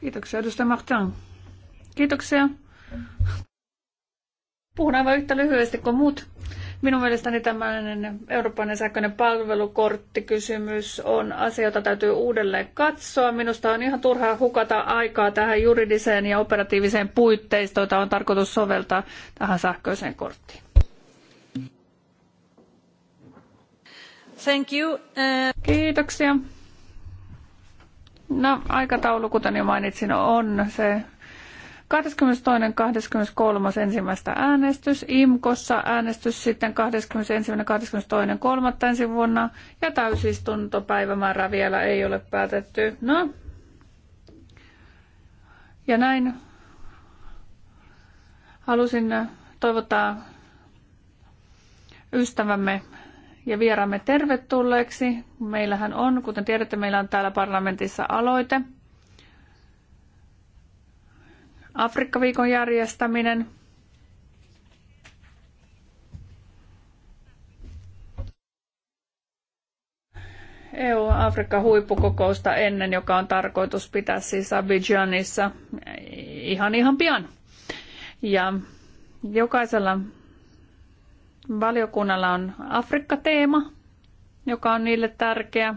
Kiitoksia, edustaja Martin. Kiitoksia. Puhun aivan yhtä lyhyesti kuin muut. Minun mielestäni tämmöinen eurooppalainen sähköinen palvelukorttikysymys on asia, jota täytyy uudelleen katsoa. Minusta on ihan turhaa hukata aikaa tähän juridiseen ja operatiiviseen puitteistoon, jota on tarkoitus soveltaa tähän sähköiseen korttiin. Thank you. Uh, Kiitoksia. No, aikataulu, kuten jo mainitsin, on se 22.23. ensimmäistä äänestys, IMKossa äänestys sitten 21.22.3. ensi vuonna ja täysistuntopäivämäärää vielä ei ole päätetty. No. Ja näin halusin toivottaa ystävämme ja vieraamme tervetulleeksi. Meillähän on, kuten tiedätte, meillä on täällä parlamentissa aloite. Afrikka-viikon järjestäminen. EU-Afrikka-huippukokousta ennen, joka on tarkoitus pitää siis Abidjanissa ihan ihan pian. Ja jokaisella Valiokunnalla on Afrikka-teema, joka on niille tärkeä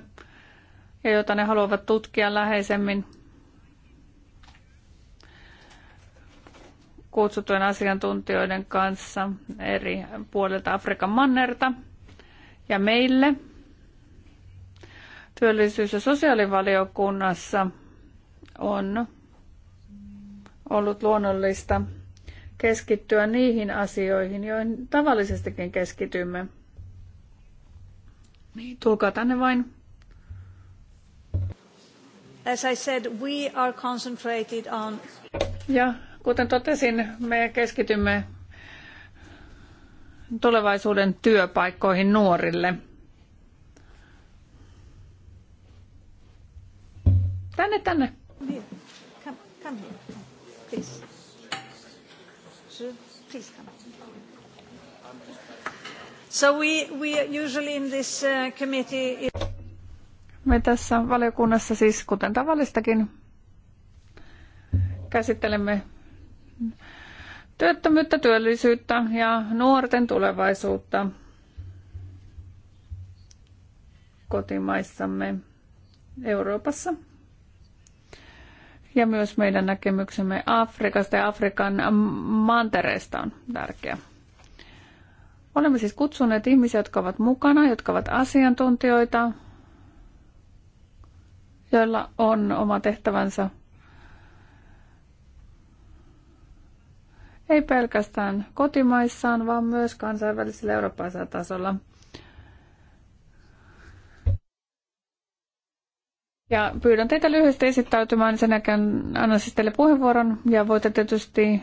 ja jota ne haluavat tutkia läheisemmin kutsuttujen asiantuntijoiden kanssa eri puolilta Afrikan mannerta ja meille työllisyys- ja sosiaalivaliokunnassa on ollut luonnollista keskittyä niihin asioihin, joihin tavallisestikin keskitymme. Niin, tulkaa tänne vain. As I said, we are concentrated on... Ja kuten totesin, me keskitymme tulevaisuuden työpaikkoihin nuorille. Tänne, tänne. Come, come here, please. Me tässä valiokunnassa siis, kuten tavallistakin, käsittelemme työttömyyttä, työllisyyttä ja nuorten tulevaisuutta kotimaissamme Euroopassa ja myös meidän näkemyksemme Afrikasta ja Afrikan mantereesta on tärkeä. Olemme siis kutsuneet ihmisiä, jotka ovat mukana, jotka ovat asiantuntijoita, joilla on oma tehtävänsä. Ei pelkästään kotimaissaan, vaan myös kansainvälisellä eurooppalaisella tasolla – Ja pyydän teitä lyhyesti esittäytymään, niin sen jälkeen annan siis teille puheenvuoron ja voitte tietysti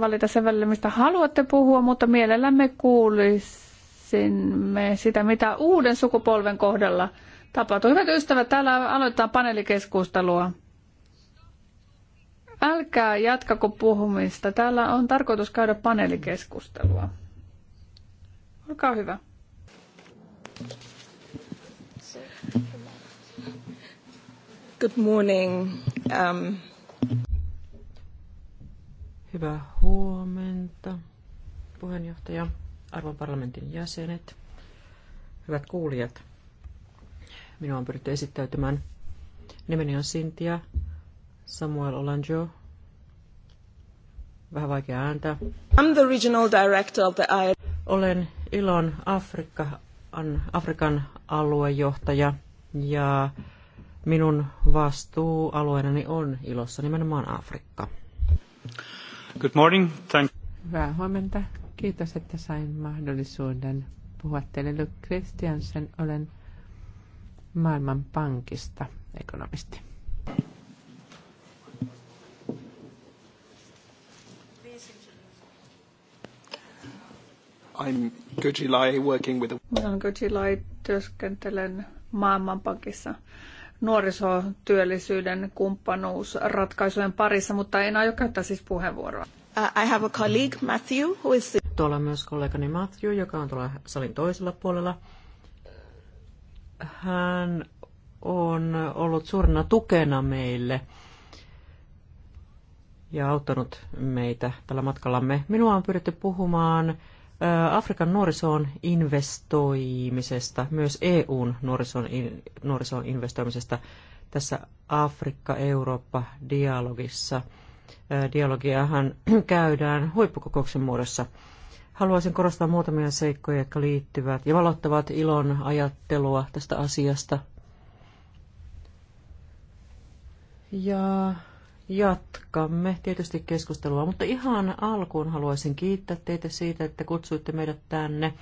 valita sen välillä, mistä haluatte puhua, mutta mielellämme kuulisimme sitä, mitä uuden sukupolven kohdalla tapahtuu. Hyvät ystävät, täällä aloitetaan paneelikeskustelua. Älkää jatkako puhumista. Täällä on tarkoitus käydä paneelikeskustelua. Olkaa hyvä. Good morning. Um... Hyvää huomenta, puheenjohtaja, arvon parlamentin jäsenet, hyvät kuulijat. Minua on pyritty esittäytymään. Nimeni on Sintia Samuel Olanjo. Vähän vaikea ääntä. I'm the regional director of the I... Olen Ilon Afrikka, Afrikan aluejohtaja ja minun vastuualueenani on ilossa nimenomaan Afrikka. Good morning. Thank Hyvää huomenta. Kiitos, että sain mahdollisuuden puhua teille. Kristiansen, olen Maailmanpankista ekonomisti. I'm Gujilai working with... Minä olen Gujilai, työskentelen Maailmanpankissa nuorisotyöllisyyden kumppanuusratkaisujen parissa, mutta en aio käyttää siis puheenvuoroa. Uh, I have a colleague, Matthew, who is... Tuolla on myös kollegani Matthew, joka on tuolla salin toisella puolella. Hän on ollut suurena tukena meille ja auttanut meitä tällä matkallamme. Minua on pyritty puhumaan Afrikan nuorisoon investoimisesta, myös EUn nuorisoon, nuorisoon investoimisesta tässä Afrikka-Eurooppa-dialogissa. Dialogiahan käydään huippukokouksen muodossa. Haluaisin korostaa muutamia seikkoja, jotka liittyvät ja valottavat ilon ajattelua tästä asiasta. Ja Jatkamme tietysti keskustelua, mutta ihan alkuun haluaisin kiittää teitä siitä, että kutsuitte meidät tänne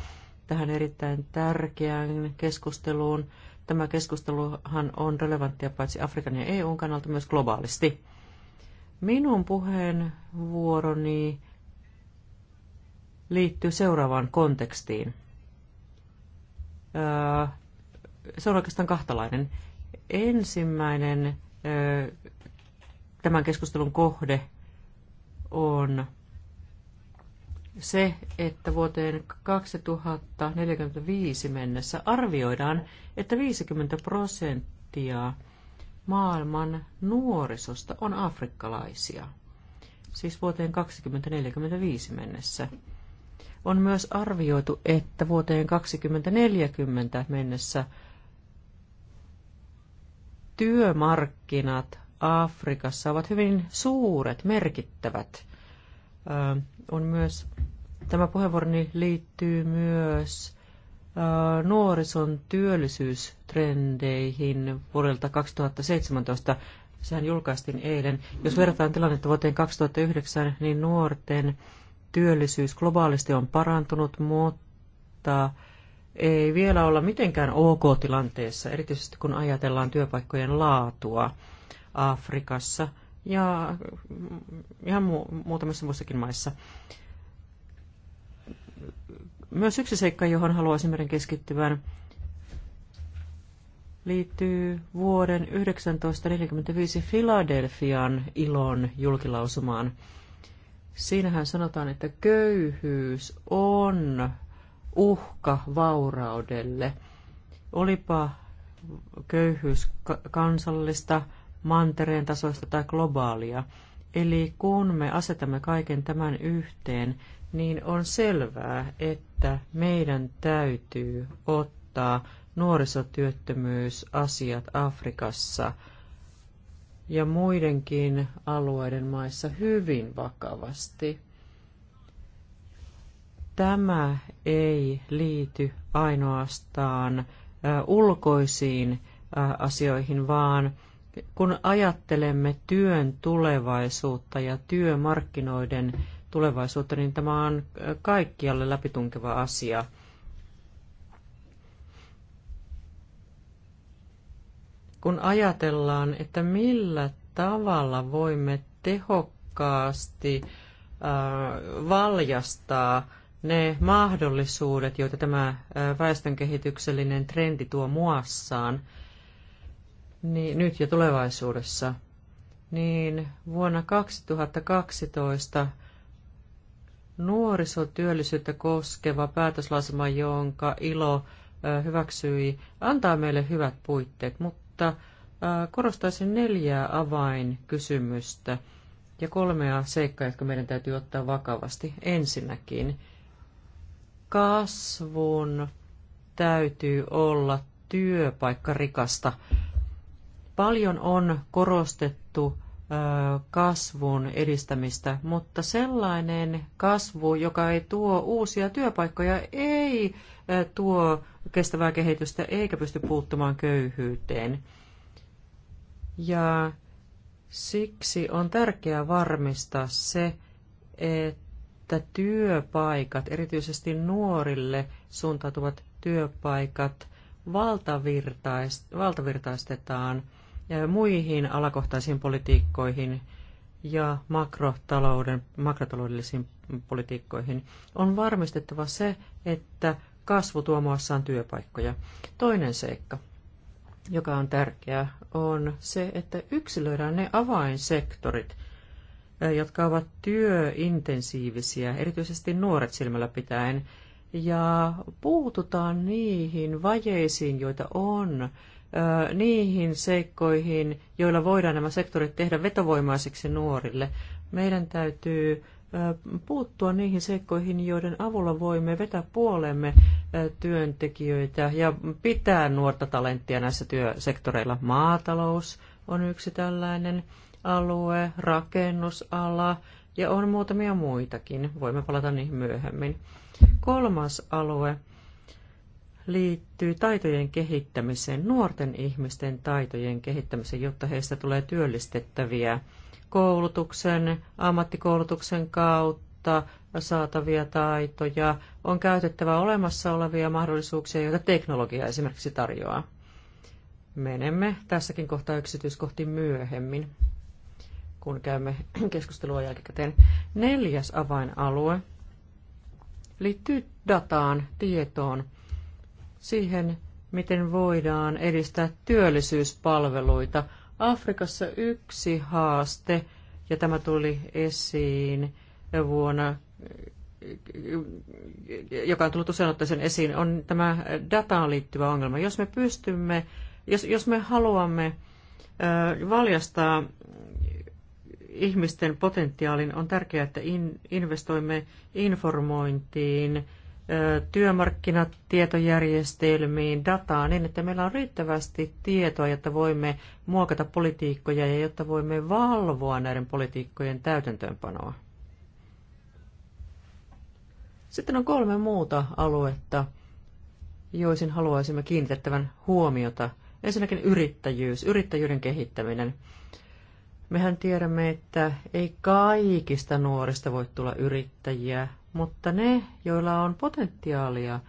tähän erittäin tärkeään keskusteluun. Tämä keskusteluhan on relevanttia paitsi Afrikan ja EUn kannalta myös globaalisti. Minun puheenvuoroni liittyy seuraavaan kontekstiin. Öö, se on oikeastaan kahtalainen. Ensimmäinen öö, tämän keskustelun kohde on se, että vuoteen 2045 mennessä arvioidaan, että 50 prosenttia maailman nuorisosta on afrikkalaisia. Siis vuoteen 2045 mennessä. On myös arvioitu, että vuoteen 2040 mennessä työmarkkinat Afrikassa ovat hyvin suuret, merkittävät. On myös, tämä puheenvuoroni liittyy myös nuorison työllisyystrendeihin vuodelta 2017. Sehän julkaistiin eilen. Jos verrataan tilannetta vuoteen 2009, niin nuorten työllisyys globaalisti on parantunut, mutta ei vielä olla mitenkään ok-tilanteessa, erityisesti kun ajatellaan työpaikkojen laatua. Afrikassa ja ihan mu- muutamissa muissakin maissa. Myös yksi seikka, johon haluaisin meidän keskittyvän, liittyy vuoden 1945 Filadelfian ilon julkilausumaan. Siinähän sanotaan, että köyhyys on uhka vauraudelle. Olipa köyhyys kansallista, mantereen tasoista tai globaalia. Eli kun me asetamme kaiken tämän yhteen, niin on selvää, että meidän täytyy ottaa nuorisotyöttömyysasiat Afrikassa ja muidenkin alueiden maissa hyvin vakavasti. Tämä ei liity ainoastaan ulkoisiin asioihin, vaan kun ajattelemme työn tulevaisuutta ja työmarkkinoiden tulevaisuutta, niin tämä on kaikkialle läpitunkeva asia. Kun ajatellaan, että millä tavalla voimme tehokkaasti valjastaa ne mahdollisuudet, joita tämä väestönkehityksellinen trendi tuo muassaan, niin nyt ja tulevaisuudessa, niin vuonna 2012 nuorisotyöllisyyttä koskeva päätöslausuma, jonka ILO hyväksyi, antaa meille hyvät puitteet, mutta korostaisin neljää avainkysymystä ja kolmea seikkaa, jotka meidän täytyy ottaa vakavasti. Ensinnäkin, kasvun täytyy olla työpaikkarikasta. Paljon on korostettu kasvun edistämistä, mutta sellainen kasvu, joka ei tuo uusia työpaikkoja, ei tuo kestävää kehitystä eikä pysty puuttumaan köyhyyteen. Ja siksi on tärkeää varmistaa se, että työpaikat, erityisesti nuorille suuntautuvat työpaikat, valtavirtaistetaan – muihin alakohtaisiin politiikkoihin ja makrotalouden, makrotaloudellisiin politiikkoihin, on varmistettava se, että kasvu tuo muassaan työpaikkoja. Toinen seikka, joka on tärkeää, on se, että yksilöidään ne avainsektorit, eh, jotka ovat työintensiivisiä, erityisesti nuoret silmällä pitäen, ja puututaan niihin vajeisiin, joita on niihin seikkoihin, joilla voidaan nämä sektorit tehdä vetovoimaisiksi nuorille. Meidän täytyy puuttua niihin seikkoihin, joiden avulla voimme vetää puolemme työntekijöitä ja pitää nuorta talenttia näissä työsektoreilla. Maatalous on yksi tällainen alue, rakennusala ja on muutamia muitakin. Voimme palata niihin myöhemmin. Kolmas alue liittyy taitojen kehittämiseen, nuorten ihmisten taitojen kehittämiseen, jotta heistä tulee työllistettäviä koulutuksen, ammattikoulutuksen kautta saatavia taitoja. On käytettävä olemassa olevia mahdollisuuksia, joita teknologia esimerkiksi tarjoaa. Menemme tässäkin kohtaa yksityiskohtiin myöhemmin, kun käymme keskustelua jälkikäteen. Neljäs avainalue liittyy dataan, tietoon siihen, miten voidaan edistää työllisyyspalveluita. Afrikassa yksi haaste, ja tämä tuli esiin vuonna, joka on tullut usein ottaisen esiin, on tämä dataan liittyvä ongelma. Jos me pystymme, jos, jos me haluamme valjastaa ihmisten potentiaalin, on tärkeää, että in, investoimme informointiin, työmarkkinatietojärjestelmiin, dataan, niin, että meillä on riittävästi tietoa, jotta voimme muokata politiikkoja ja jotta voimme valvoa näiden politiikkojen täytäntöönpanoa. Sitten on kolme muuta aluetta, joihin haluaisimme kiinnitettävän huomiota. Ensinnäkin yrittäjyys, yrittäjyyden kehittäminen. Mehän tiedämme, että ei kaikista nuorista voi tulla yrittäjiä, mutta ne, joilla on potentiaalia,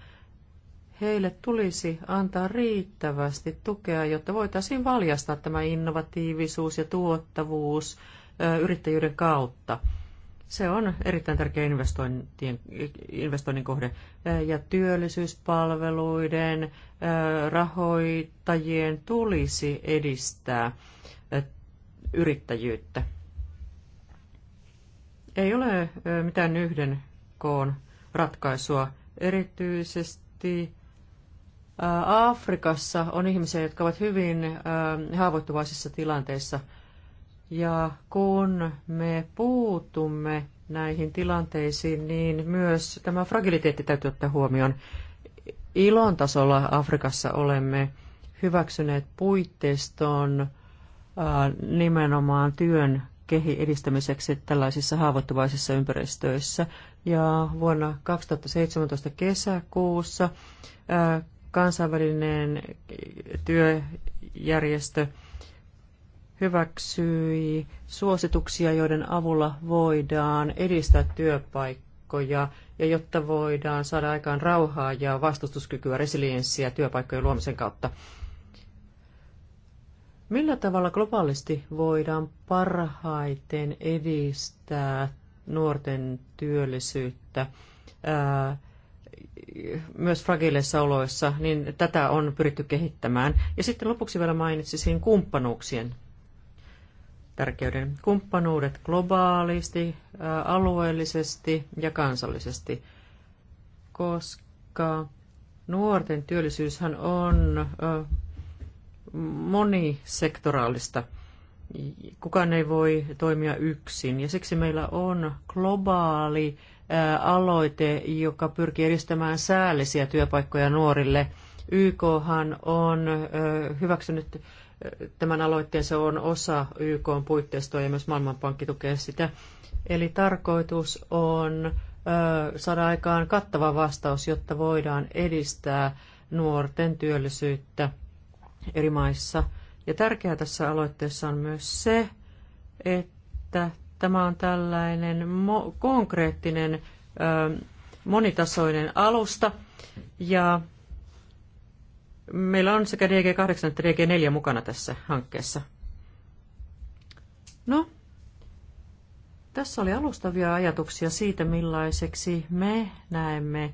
heille tulisi antaa riittävästi tukea, jotta voitaisiin valjastaa tämä innovatiivisuus ja tuottavuus yrittäjyyden kautta. Se on erittäin tärkeä investointien, investoinnin kohde. Ja työllisyyspalveluiden rahoittajien tulisi edistää yrittäjyyttä. Ei ole mitään yhden ennakkoon ratkaisua. Erityisesti äh, Afrikassa on ihmisiä, jotka ovat hyvin äh, haavoittuvaisissa tilanteissa. Ja kun me puutumme näihin tilanteisiin, niin myös tämä fragiliteetti täytyy ottaa huomioon. Ilon tasolla Afrikassa olemme hyväksyneet puitteiston äh, nimenomaan työn kehi edistämiseksi tällaisissa haavoittuvaisissa ympäristöissä ja vuonna 2017 kesäkuussa kansainvälinen työjärjestö hyväksyi suosituksia, joiden avulla voidaan edistää työpaikkoja ja jotta voidaan saada aikaan rauhaa ja vastustuskykyä, resilienssiä työpaikkojen luomisen kautta. Millä tavalla globaalisti voidaan parhaiten edistää nuorten työllisyyttä myös fragileissa oloissa, niin tätä on pyritty kehittämään. Ja sitten lopuksi vielä mainitsisin kumppanuuksien tärkeyden. Kumppanuudet globaalisti, alueellisesti ja kansallisesti, koska nuorten työllisyyshän on monisektoraalista – kukaan ei voi toimia yksin. Ja siksi meillä on globaali aloite, joka pyrkii edistämään säällisiä työpaikkoja nuorille. YKhan on hyväksynyt tämän aloitteen, se on osa YK puitteistoa ja myös Maailmanpankki tukee sitä. Eli tarkoitus on saada aikaan kattava vastaus, jotta voidaan edistää nuorten työllisyyttä eri maissa – ja tärkeää tässä aloitteessa on myös se, että tämä on tällainen konkreettinen monitasoinen alusta. Ja meillä on sekä DG8 että DG4 mukana tässä hankkeessa. No, tässä oli alustavia ajatuksia siitä, millaiseksi me näemme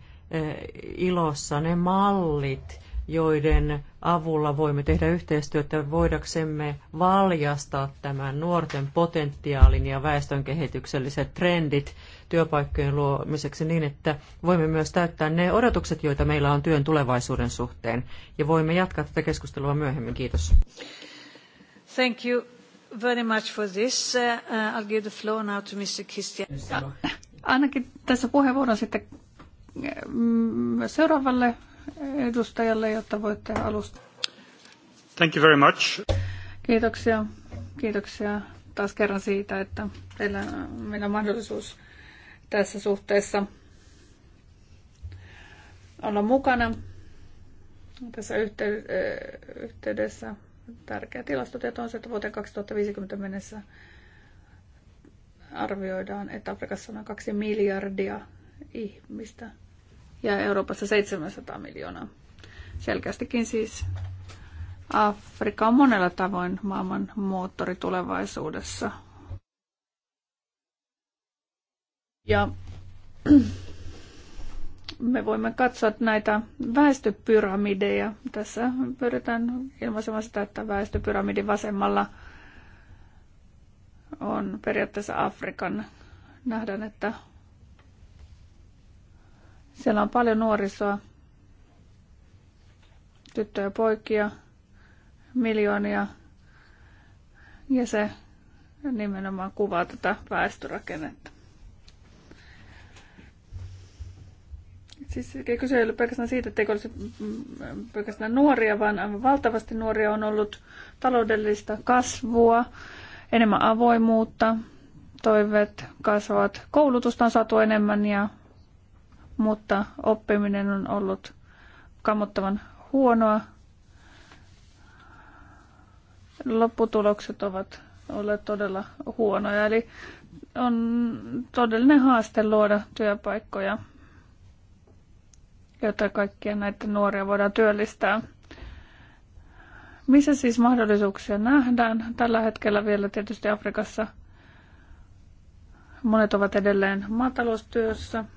ilossa ne mallit, joiden avulla voimme tehdä yhteistyötä voidaksemme valjastaa tämän nuorten potentiaalin ja väestön kehitykselliset trendit työpaikkojen luomiseksi niin, että voimme myös täyttää ne odotukset, joita meillä on työn tulevaisuuden suhteen. Ja voimme jatkaa tätä keskustelua myöhemmin. Kiitos. Thank you very much for this. Uh, I'll give the floor now to Mr. Christian. Ainakin tässä puheenvuoron sitten mm, seuraavalle edustajalle, jotta voitte alusta. Thank you very much. Kiitoksia. Kiitoksia taas kerran siitä, että teillä, meillä on mahdollisuus tässä suhteessa olla mukana tässä eh, yhteydessä. Tärkeä tilastotieto on se, että vuoteen 2050 mennessä arvioidaan, että Afrikassa on noin kaksi miljardia ihmistä ja Euroopassa 700 miljoonaa. Selkeästikin siis Afrikka on monella tavoin maailman moottori tulevaisuudessa. Ja me voimme katsoa näitä väestöpyramideja. Tässä pyritään ilmaisemaan sitä, että väestöpyramidin vasemmalla on periaatteessa Afrikan. Nähdään, että siellä on paljon nuorisoa, tyttöjä ja poikia, miljoonia. Ja se nimenomaan kuvaa tätä väestörakennetta. Siis kyse ei ole pelkästään siitä, että olisi pelkästään nuoria, vaan valtavasti nuoria on ollut taloudellista kasvua, enemmän avoimuutta, toiveet kasvavat, koulutusta on saatu enemmän ja mutta oppiminen on ollut kamottavan huonoa. Lopputulokset ovat olleet todella huonoja, eli on todellinen haaste luoda työpaikkoja, jotta kaikkia näitä nuoria voidaan työllistää. Missä siis mahdollisuuksia nähdään? Tällä hetkellä vielä tietysti Afrikassa monet ovat edelleen maataloustyössä –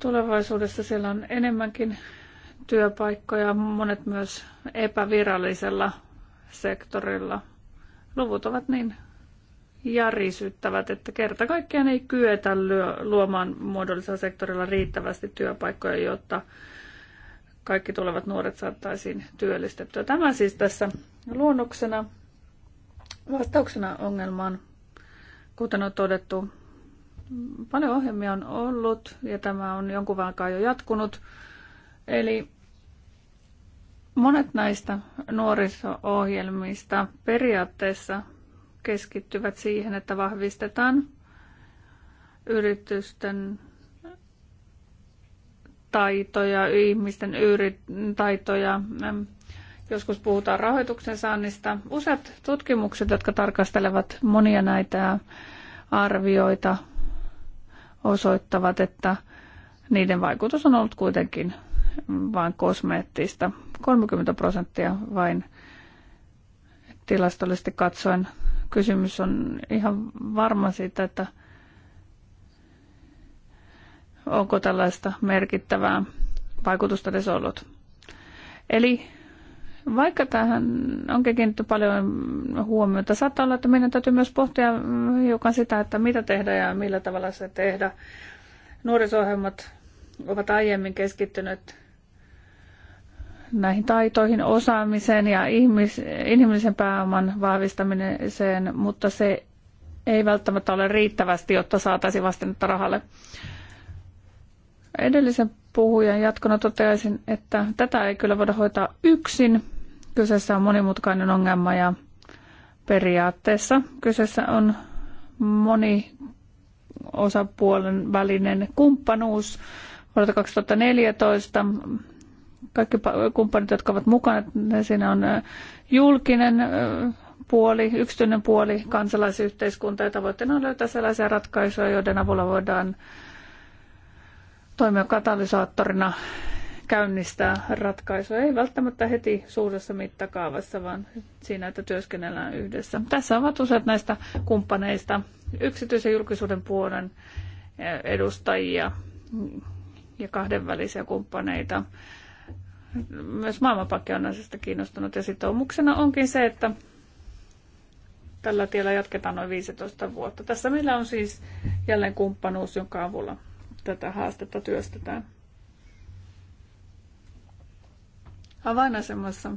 Tulevaisuudessa siellä on enemmänkin työpaikkoja, monet myös epävirallisella sektorilla. Luvut ovat niin järisyttävät, että kerta kaikkiaan ei kyetä luomaan muodollisella sektorilla riittävästi työpaikkoja, jotta kaikki tulevat nuoret saattaisiin työllistettyä. Tämä siis tässä luonnoksena vastauksena ongelmaan, kuten on todettu, Paljon ohjelmia on ollut ja tämä on jonkun aikaa jo jatkunut. Eli monet näistä nuoriso-ohjelmista periaatteessa keskittyvät siihen, että vahvistetaan yritysten taitoja, ihmisten yri- taitoja. Joskus puhutaan rahoituksen saannista. Useat tutkimukset, jotka tarkastelevat monia näitä arvioita, osoittavat, että niiden vaikutus on ollut kuitenkin vain kosmeettista. 30 prosenttia vain tilastollisesti katsoen. Kysymys on ihan varma siitä, että onko tällaista merkittävää vaikutusta edes ollut. Eli vaikka tähän on kiinnitetty paljon huomiota, saattaa olla, että meidän täytyy myös pohtia hiukan sitä, että mitä tehdä ja millä tavalla se tehdä. Nuorisohjelmat ovat aiemmin keskittyneet näihin taitoihin, osaamiseen ja ihmis, inhimillisen pääoman vahvistamiseen, mutta se ei välttämättä ole riittävästi, jotta saataisiin vastennetta rahalle. Edellisen puhujan jatkona toteaisin, että tätä ei kyllä voida hoitaa yksin. Kyseessä on monimutkainen ongelma ja periaatteessa kyseessä on moni osapuolen välinen kumppanuus vuodelta 2014. Kaikki kumppanit, jotka ovat mukana, siinä on julkinen puoli, yksityinen puoli, kansalaisyhteiskunta ja tavoitteena on löytää sellaisia ratkaisuja, joiden avulla voidaan toimia katalysaattorina käynnistää ratkaisuja. Ei välttämättä heti suuressa mittakaavassa, vaan siinä, että työskennellään yhdessä. Tässä ovat useat näistä kumppaneista yksityisen julkisuuden puolen eh, edustajia ja kahdenvälisiä kumppaneita. Myös Maailmanpankki on asiasta kiinnostunut ja sitoumuksena onkin se, että tällä tiellä jatketaan noin 15 vuotta. Tässä meillä on siis jälleen kumppanuus, jonka avulla tätä haastetta työstetään. avainasemassa,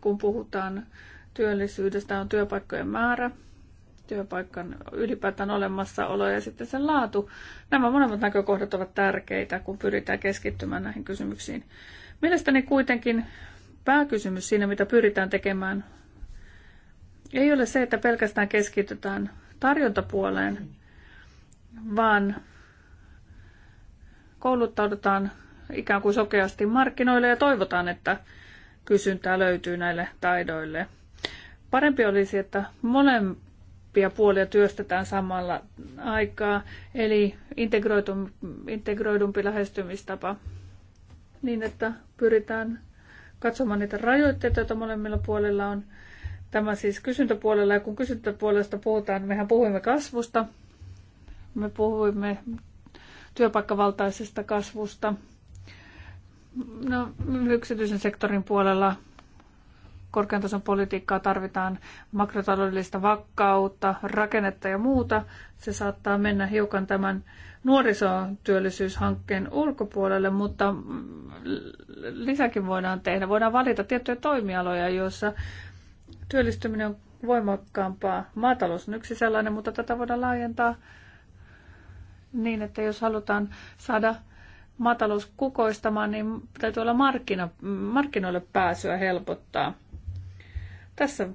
kun puhutaan työllisyydestä, on työpaikkojen määrä, työpaikan ylipäätään olemassaolo ja sitten sen laatu. Nämä molemmat näkökohdat ovat tärkeitä, kun pyritään keskittymään näihin kysymyksiin. Mielestäni kuitenkin pääkysymys siinä, mitä pyritään tekemään, ei ole se, että pelkästään keskitytään tarjontapuoleen, vaan kouluttaudutaan ikään kuin sokeasti markkinoille ja toivotaan, että kysyntää löytyy näille taidoille. Parempi olisi, että molempia puolia työstetään samalla aikaa, eli integroidumpi lähestymistapa niin, että pyritään katsomaan niitä rajoitteita, joita molemmilla puolilla on. Tämä siis kysyntäpuolella, ja kun kysyntäpuolesta puhutaan, mehän puhuimme kasvusta, me puhuimme työpaikkavaltaisesta kasvusta, No, yksityisen sektorin puolella korkean tason politiikkaa tarvitaan, makrotaloudellista vakkautta, rakennetta ja muuta. Se saattaa mennä hiukan tämän nuorisotyöllisyyshankkeen ulkopuolelle, mutta lisäkin voidaan tehdä. Voidaan valita tiettyjä toimialoja, joissa työllistyminen on voimakkaampaa. Maatalous on yksi sellainen, mutta tätä voidaan laajentaa niin, että jos halutaan saada maatalous kukoistamaan, niin täytyy olla markkino, markkinoille pääsyä helpottaa. Tässä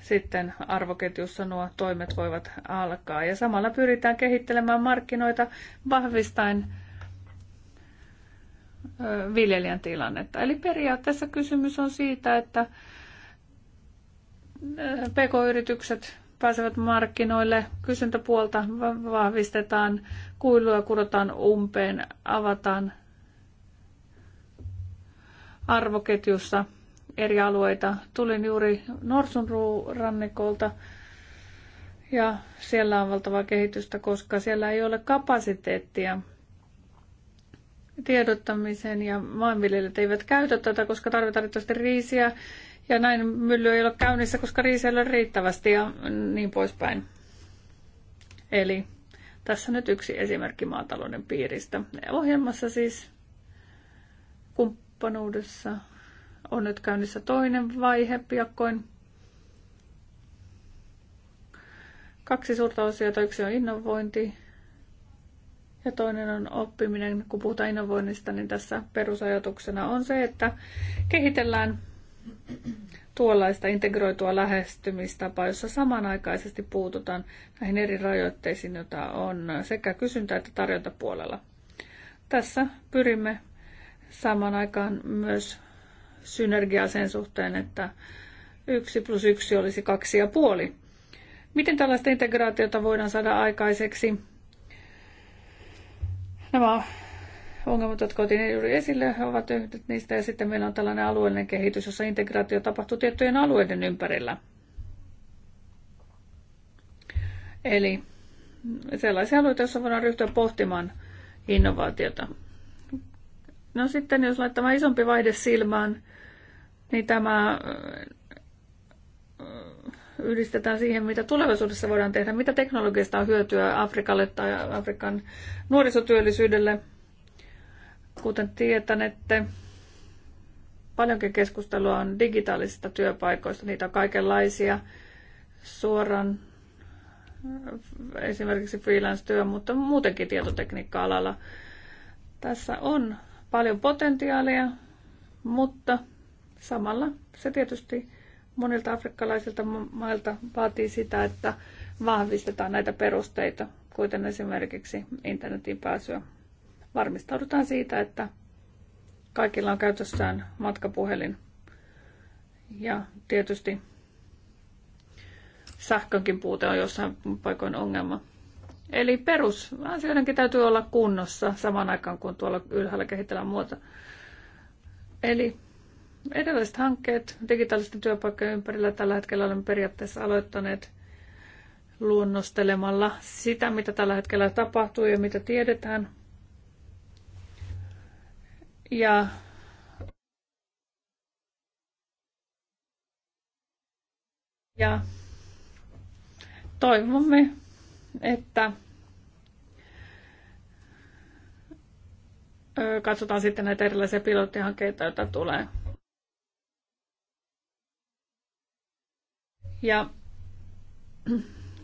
sitten arvoketjussa nuo toimet voivat alkaa. Ja samalla pyritään kehittelemään markkinoita vahvistaen viljelijän tilannetta. Eli periaatteessa kysymys on siitä, että pk-yritykset pääsevät markkinoille, kysyntäpuolta vahvistetaan, kuilua kurotaan umpeen, avataan arvoketjussa eri alueita. Tulin juuri Norsunruurannikolta ja siellä on valtavaa kehitystä, koska siellä ei ole kapasiteettia tiedottamisen ja maanviljelijät eivät käytä tätä, koska tarvitaan riisiä ja näin mylly ei ole käynnissä, koska riisiä ei ole riittävästi ja niin poispäin. Eli tässä nyt yksi esimerkki maatalouden piiristä. Ohjelmassa siis kumppanuudessa on nyt käynnissä toinen vaihe piakkoin. Kaksi suurta osiota, yksi on innovointi ja toinen on oppiminen. Kun puhutaan innovoinnista, niin tässä perusajatuksena on se, että kehitellään tuollaista integroitua lähestymistapaa, jossa samanaikaisesti puututaan näihin eri rajoitteisiin, joita on sekä kysyntä- että tarjontapuolella. Tässä pyrimme saamaan aikaan myös synergiaa sen suhteen, että yksi plus yksi olisi kaksi ja puoli. Miten tällaista integraatiota voidaan saada aikaiseksi? Nämä ongelmat, jotka otin juuri esille, ovat yhdet niistä. Ja sitten meillä on tällainen alueellinen kehitys, jossa integraatio tapahtuu tiettyjen alueiden ympärillä. Eli sellaisia alueita, joissa voidaan ryhtyä pohtimaan innovaatiota. No sitten, jos laittaa isompi vaihde silmään, niin tämä äh, yhdistetään siihen, mitä tulevaisuudessa voidaan tehdä, mitä teknologiasta on hyötyä Afrikalle tai Afrikan nuorisotyöllisyydelle – Kuten että paljonkin keskustelua on digitaalisista työpaikoista. Niitä on kaikenlaisia suoran esimerkiksi freelance-työ, mutta muutenkin tietotekniikka-alalla. Tässä on paljon potentiaalia, mutta samalla se tietysti monilta afrikkalaisilta mailta vaatii sitä, että vahvistetaan näitä perusteita, kuten esimerkiksi internetin pääsyä varmistaudutaan siitä, että kaikilla on käytössään matkapuhelin ja tietysti sähkönkin puute on jossain paikoin ongelma. Eli perusasioidenkin täytyy olla kunnossa samaan aikaan, kun tuolla ylhäällä kehitellään muuta. Eli edelliset hankkeet digitaalisten työpaikkojen ympärillä tällä hetkellä olemme periaatteessa aloittaneet luonnostelemalla sitä, mitä tällä hetkellä tapahtuu ja mitä tiedetään – ja Ja toivomme, että katsotaan sitten näitä erilaisia pilottihankkeita, joita tulee. Ja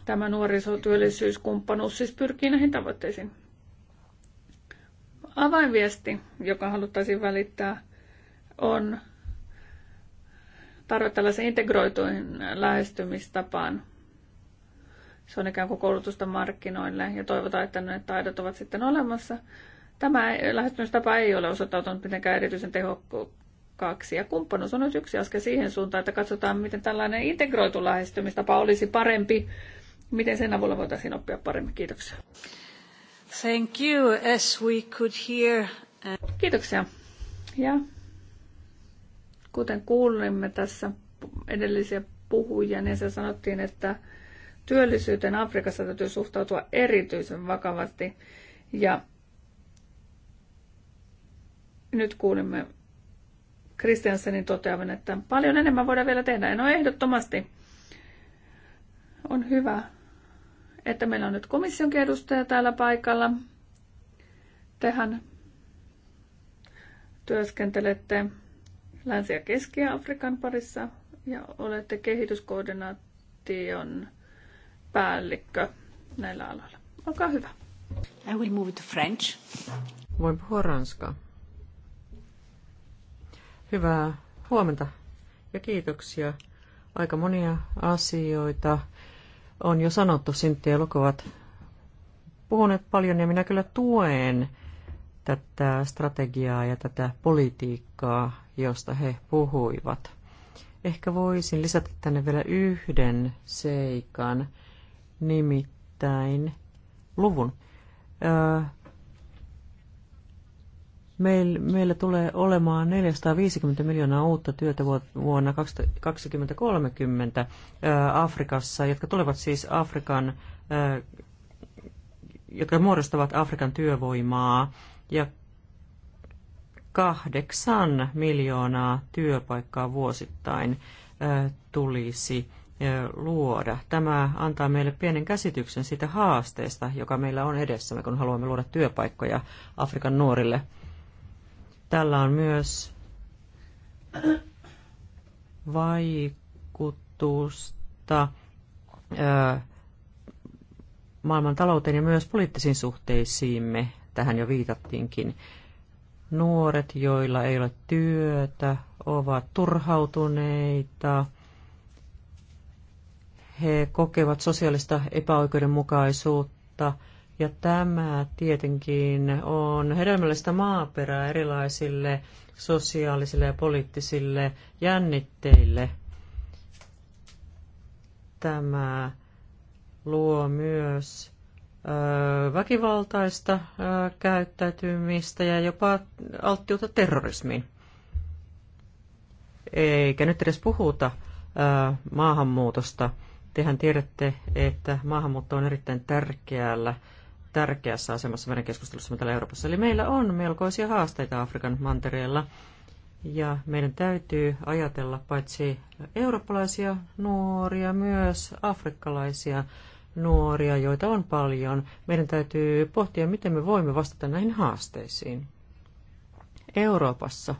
tämä nuorisotyöllisyyskumppanuus siis pyrkii näihin tavoitteisiin. Avainviesti, joka haluttaisiin välittää, on tarve tällaisen integroituin lähestymistapaan. Se on ikään kuin koulutusta markkinoille ja toivotaan, että ne taidot ovat sitten olemassa. Tämä lähestymistapa ei ole osoittautunut mitenkään erityisen tehokkaaksi ja kumppanuus on nyt yksi askel siihen suuntaan, että katsotaan, miten tällainen integroitu lähestymistapa olisi parempi, miten sen avulla voitaisiin oppia paremmin. Kiitoksia. Thank you, as we could hear. Kiitoksia. Ja kuten kuulimme tässä edellisiä puhujia, niin se sanottiin, että työllisyyteen Afrikassa täytyy suhtautua erityisen vakavasti. Ja nyt kuulimme Kristiansenin toteavan, että paljon enemmän voidaan vielä tehdä. No ehdottomasti on hyvä että meillä on nyt komission edustaja täällä paikalla. Tehän työskentelette Länsi- ja Keski-Afrikan parissa ja olette kehityskoordinaation päällikkö näillä aloilla. Olkaa hyvä. I will move to French. Voin puhua ranskaa. Hyvää huomenta ja kiitoksia. Aika monia asioita on jo sanottu, Sintti ja Luku ovat puhuneet paljon ja minä kyllä tuen tätä strategiaa ja tätä politiikkaa, josta he puhuivat. Ehkä voisin lisätä tänne vielä yhden seikan, nimittäin luvun. Öö, Meillä tulee olemaan 450 miljoonaa uutta työtä vuonna 2030 Afrikassa, jotka tulevat siis Afrikan, jotka muodostavat Afrikan työvoimaa ja kahdeksan miljoonaa työpaikkaa vuosittain tulisi luoda. Tämä antaa meille pienen käsityksen siitä haasteesta, joka meillä on edessämme, kun haluamme luoda työpaikkoja Afrikan nuorille. Tällä on myös vaikutusta maailman talouteen ja myös poliittisiin suhteisiimme. Tähän jo viitattiinkin. Nuoret, joilla ei ole työtä, ovat turhautuneita. He kokevat sosiaalista epäoikeudenmukaisuutta – ja tämä tietenkin on hedelmällistä maaperää erilaisille sosiaalisille ja poliittisille jännitteille. Tämä luo myös väkivaltaista käyttäytymistä ja jopa alttiuta terrorismiin. Eikä nyt edes puhuta maahanmuutosta. Tehän tiedätte, että maahanmuutto on erittäin tärkeällä tärkeässä asemassa meidän keskustelussa täällä Euroopassa. Eli meillä on melkoisia haasteita Afrikan mantereella. Ja meidän täytyy ajatella paitsi eurooppalaisia nuoria, myös afrikkalaisia nuoria, joita on paljon. Meidän täytyy pohtia, miten me voimme vastata näihin haasteisiin. Euroopassa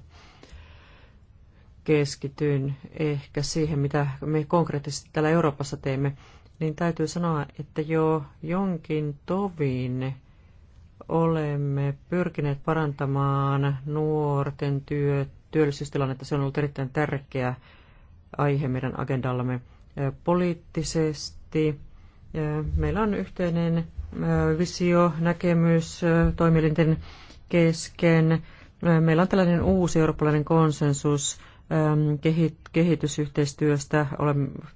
keskityn ehkä siihen, mitä me konkreettisesti täällä Euroopassa teemme niin täytyy sanoa, että jo jonkin tovin olemme pyrkineet parantamaan nuorten työ, työllisyystilannetta. Se on ollut erittäin tärkeä aihe meidän agendallamme poliittisesti. Meillä on yhteinen visio, näkemys toimielinten kesken. Meillä on tällainen uusi eurooppalainen konsensus kehitysyhteistyöstä.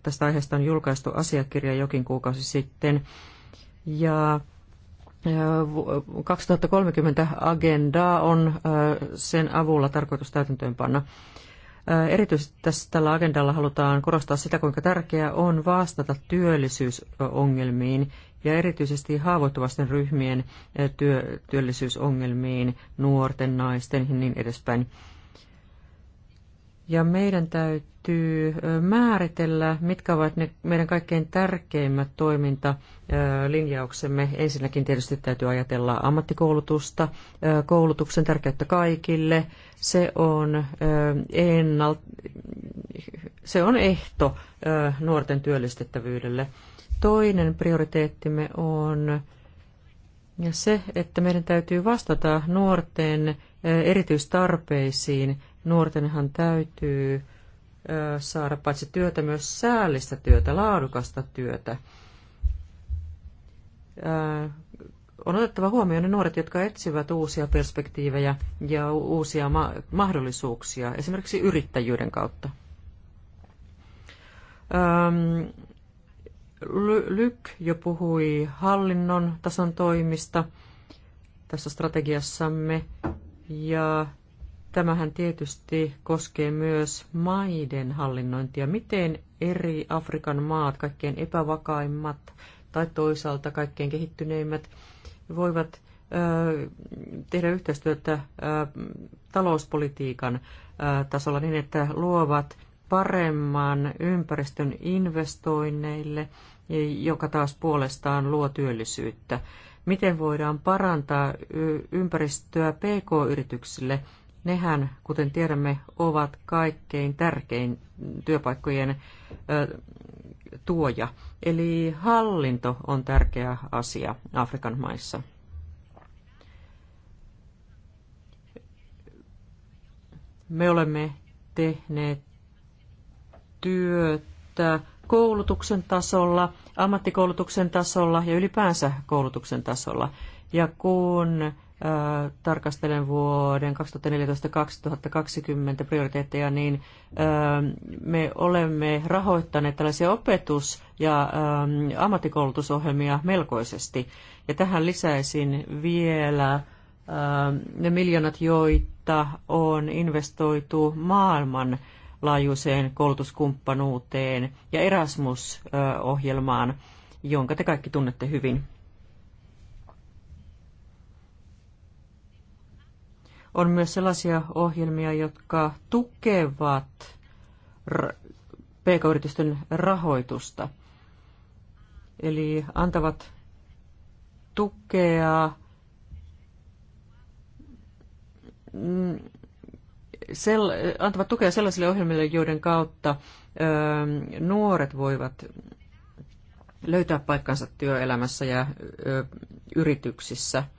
Tästä aiheesta on julkaistu asiakirja jokin kuukausi sitten. Ja 2030 äh, agendaa on äh, sen avulla tarkoitus täytäntöönpanna. Äh, erityisesti tässä, tällä agendalla halutaan korostaa sitä, kuinka tärkeää on vastata työllisyysongelmiin ja erityisesti haavoittuvasten ryhmien työ, työllisyysongelmiin, nuorten, naisten ja niin edespäin ja meidän täytyy määritellä, mitkä ovat ne meidän kaikkein tärkeimmät toimintalinjauksemme. Ensinnäkin tietysti täytyy ajatella ammattikoulutusta, koulutuksen tärkeyttä kaikille. Se on, ennalt, se on ehto nuorten työllistettävyydelle. Toinen prioriteettimme on se, että meidän täytyy vastata nuorten erityistarpeisiin Nuortenhan täytyy saada paitsi työtä, myös säällistä työtä, laadukasta työtä. On otettava huomioon ne nuoret, jotka etsivät uusia perspektiivejä ja uusia mahdollisuuksia, esimerkiksi yrittäjyyden kautta. Lyk jo puhui hallinnon tason toimista tässä strategiassamme ja Tämähän tietysti koskee myös maiden hallinnointia. Miten eri Afrikan maat, kaikkein epävakaimmat tai toisaalta kaikkein kehittyneimmät, voivat tehdä yhteistyötä talouspolitiikan tasolla niin, että luovat paremman ympäristön investoinneille, e, joka taas puolestaan luo työllisyyttä. Miten voidaan parantaa ympäristöä pk-yrityksille Nehän, kuten tiedämme, ovat kaikkein tärkein työpaikkojen tuoja. Eli hallinto on tärkeä asia Afrikan maissa. Me olemme tehneet työtä koulutuksen tasolla, ammattikoulutuksen tasolla ja ylipäänsä koulutuksen tasolla. Ja kun Äh, tarkastelen vuoden 2014-2020 prioriteetteja, niin ähm, me olemme rahoittaneet tällaisia opetus- ja ähm, ammattikoulutusohjelmia melkoisesti. Ja tähän lisäisin vielä ähm, ne miljoonat, joita on investoitu maailman laajuiseen koulutuskumppanuuteen ja Erasmus-ohjelmaan, äh, jonka te kaikki tunnette hyvin. On myös sellaisia ohjelmia, jotka tukevat pk-yritysten rahoitusta, eli antavat tukea sell, antavat tukea sellaisille ohjelmille, joiden kautta ö, nuoret voivat löytää paikkansa työelämässä ja ö, yrityksissä –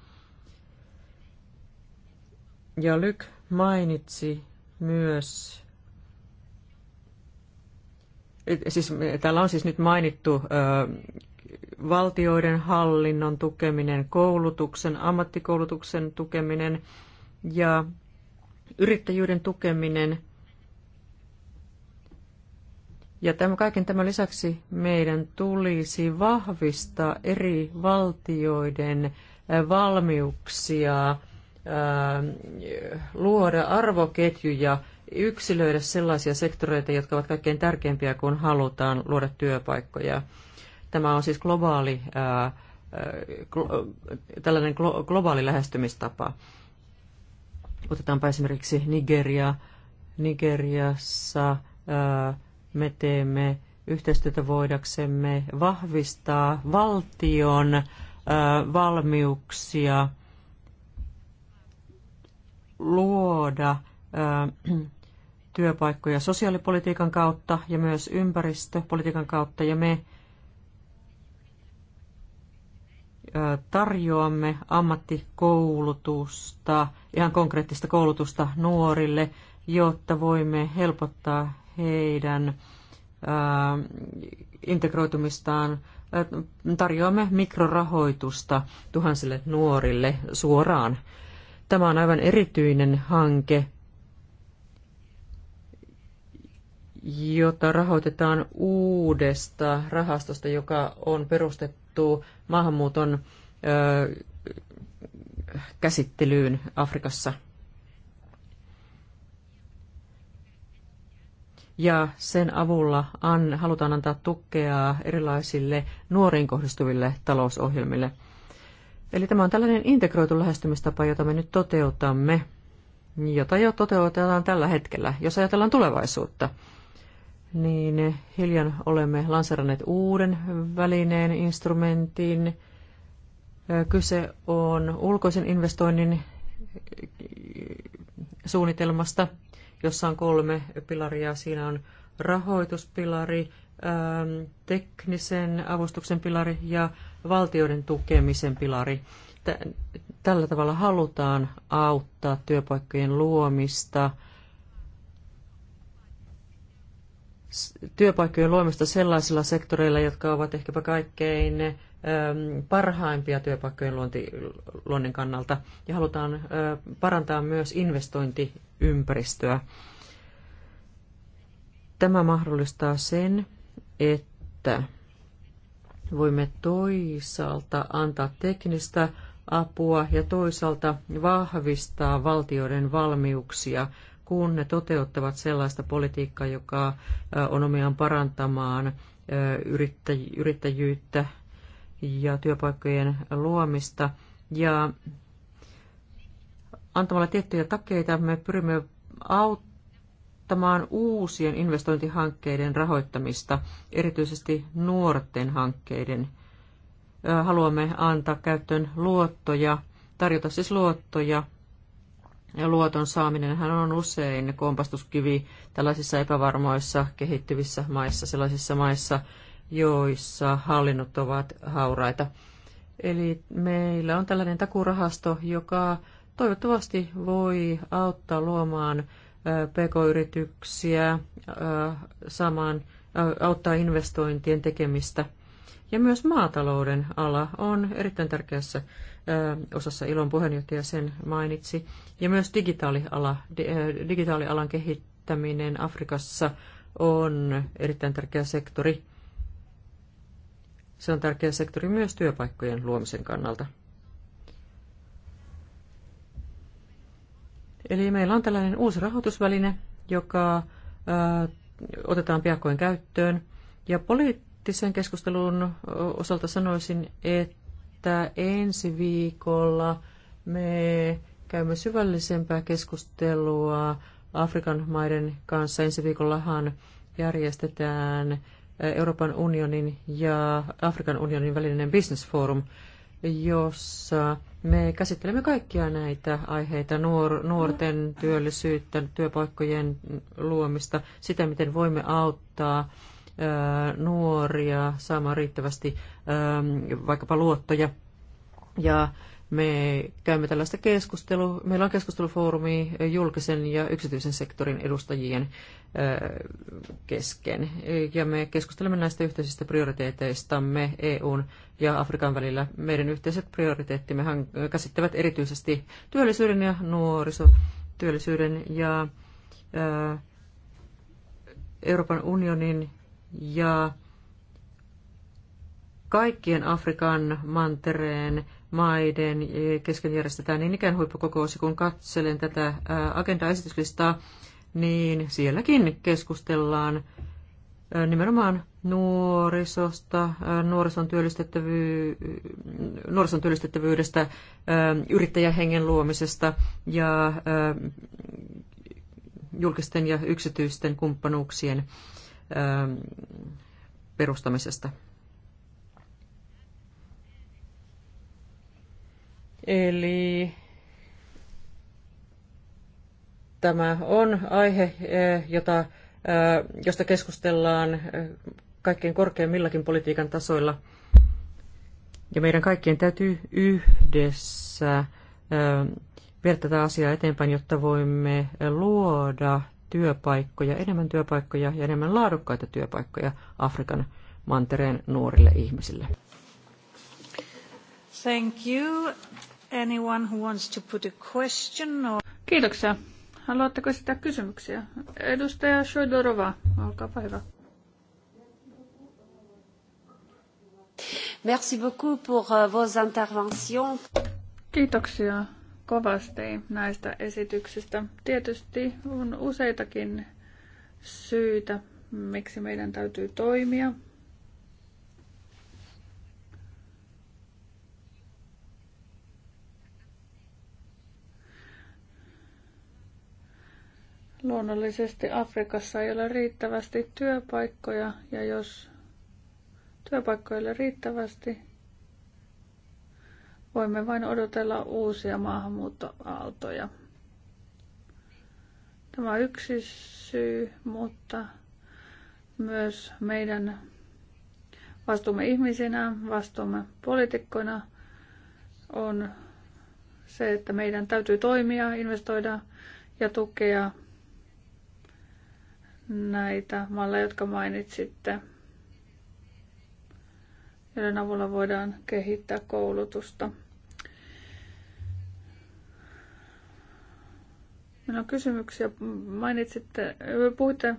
ja Lyk mainitsi myös, siis täällä on siis nyt mainittu ö, valtioiden hallinnon tukeminen, koulutuksen, ammattikoulutuksen tukeminen ja yrittäjyyden tukeminen. Ja tämän, kaiken tämän lisäksi meidän tulisi vahvistaa eri valtioiden valmiuksia luoda arvoketjuja, yksilöidä sellaisia sektoreita, jotka ovat kaikkein tärkeimpiä, kun halutaan luoda työpaikkoja. Tämä on siis globaali, tällainen globaali lähestymistapa. Otetaanpa esimerkiksi Nigeria. Nigeriassa me teemme yhteistyötä voidaksemme vahvistaa valtion valmiuksia – luoda työpaikkoja sosiaalipolitiikan kautta ja myös ympäristöpolitiikan kautta ja me tarjoamme ammattikoulutusta, ihan konkreettista koulutusta nuorille, jotta voimme helpottaa heidän integroitumistaan. Tarjoamme mikrorahoitusta tuhansille nuorille suoraan Tämä on aivan erityinen hanke, jota rahoitetaan uudesta rahastosta, joka on perustettu maahanmuuton ö, käsittelyyn Afrikassa. Ja sen avulla an, halutaan antaa tukea erilaisille nuoriin kohdistuville talousohjelmille – Eli tämä on tällainen integroitu lähestymistapa, jota me nyt toteutamme, jota jo toteutetaan tällä hetkellä. Jos ajatellaan tulevaisuutta, niin hiljan olemme lanseranneet uuden välineen, instrumentin. Kyse on ulkoisen investoinnin suunnitelmasta, jossa on kolme pilaria. Siinä on rahoituspilari, teknisen avustuksen pilari ja valtioiden tukemisen pilari. Tällä tavalla halutaan auttaa työpaikkojen luomista, työpaikkojen luomista sellaisilla sektoreilla, jotka ovat ehkäpä kaikkein parhaimpia työpaikkojen luonti, luonnin kannalta ja halutaan parantaa myös investointiympäristöä. Tämä mahdollistaa sen, että voimme toisaalta antaa teknistä apua ja toisaalta vahvistaa valtioiden valmiuksia, kun ne toteuttavat sellaista politiikkaa, joka on omiaan parantamaan yrittäjyyttä ja työpaikkojen luomista. Ja antamalla tiettyjä takeita me pyrimme auttamaan helpottamaan uusien investointihankkeiden rahoittamista, erityisesti nuorten hankkeiden. Haluamme antaa käyttöön luottoja, tarjota siis luottoja. Ja luoton saaminen on usein kompastuskivi tällaisissa epävarmoissa kehittyvissä maissa, sellaisissa maissa, joissa hallinnot ovat hauraita. Eli meillä on tällainen takurahasto, joka toivottavasti voi auttaa luomaan pk-yrityksiä samaan, auttaa investointien tekemistä. Ja myös maatalouden ala on erittäin tärkeässä osassa Ilon puheenjohtaja sen mainitsi. Ja myös digitaaliala, digitaalialan kehittäminen Afrikassa on erittäin tärkeä sektori. Se on tärkeä sektori myös työpaikkojen luomisen kannalta. Eli meillä on tällainen uusi rahoitusväline, joka otetaan piakkoin käyttöön. Ja poliittisen keskustelun osalta sanoisin, että ensi viikolla me käymme syvällisempää keskustelua Afrikan maiden kanssa. Ensi viikollahan järjestetään Euroopan unionin ja Afrikan unionin välinen business forum – jossa me käsittelemme kaikkia näitä aiheita, nuor, nuorten työllisyyttä, työpaikkojen luomista, sitä, miten voimme auttaa nuoria saamaan riittävästi vaikkapa luottoja. Ja me käymme tällaista keskustelua. Meillä on keskustelufoorumi julkisen ja yksityisen sektorin edustajien kesken. Ja me keskustelemme näistä yhteisistä prioriteeteistamme EUn ja Afrikan välillä. Meidän yhteiset prioriteettimme käsittävät erityisesti työllisyyden ja nuorisotyöllisyyden ja Euroopan unionin ja kaikkien Afrikan mantereen maiden e, kesken järjestetään niin ikään huippukokous. Kun katselen tätä agendaesityslistaa, niin sielläkin keskustellaan nimenomaan nuorisosta, nuorison, työllistettävy- nuorison työllistettävyydestä, yrittäjähengen luomisesta ja julkisten ja yksityisten kumppanuuksien perustamisesta. Eli tämä on aihe, eh, jota, eh, josta keskustellaan eh, kaikkein korkeimmillakin politiikan tasoilla. Ja meidän kaikkien täytyy yhdessä viedä tätä asiaa eteenpäin, jotta voimme luoda työpaikkoja, enemmän työpaikkoja ja enemmän laadukkaita työpaikkoja Afrikan mantereen nuorille ihmisille. Thank you. Anyone who wants to put a question or... Kiitoksia. Haluatteko esittää kysymyksiä? Edustaja Shoidorova, olkaapa hyvä. Merci beaucoup pour euh, vos interventions. Kiitoksia kovasti näistä esityksistä. Tietysti on useitakin syitä, miksi meidän täytyy toimia Luonnollisesti Afrikassa ei ole riittävästi työpaikkoja ja jos ole riittävästi, voimme vain odotella uusia maahanmuuttoaaltoja. Tämä on yksi syy, mutta myös meidän vastuumme ihmisinä, vastuumme poliitikkoina on se, että meidän täytyy toimia, investoida ja tukea näitä malleja, jotka mainitsitte, joiden avulla voidaan kehittää koulutusta. Meillä on kysymyksiä. Mainitsitte, puhutte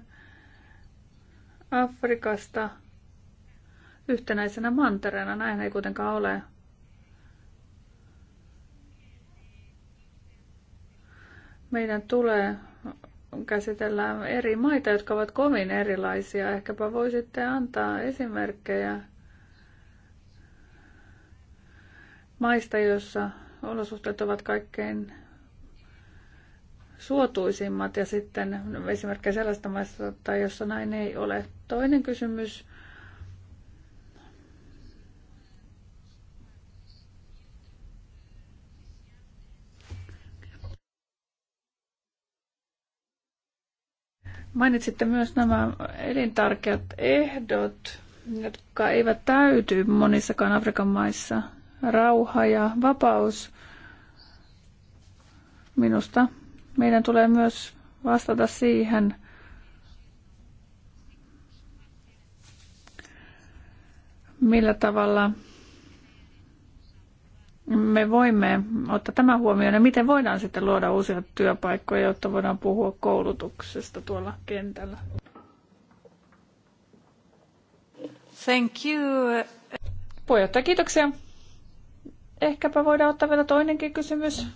Afrikasta yhtenäisenä mantereena. Näin ei kuitenkaan ole. Meidän tulee käsitellään eri maita, jotka ovat kovin erilaisia. Ehkäpä voisitte antaa esimerkkejä maista, joissa olosuhteet ovat kaikkein suotuisimmat ja sitten esimerkkejä sellaista maista, jossa näin ei ole. Toinen kysymys Mainitsitte myös nämä elintärkeät ehdot, jotka eivät täyty monissakaan Afrikan maissa. Rauha ja vapaus. Minusta meidän tulee myös vastata siihen, millä tavalla me voimme ottaa tämän huomioon ja miten voidaan sitten luoda uusia työpaikkoja, jotta voidaan puhua koulutuksesta tuolla kentällä. Thank you. Puheenjohtaja, kiitoksia. Ehkäpä voidaan ottaa vielä toinenkin kysymys.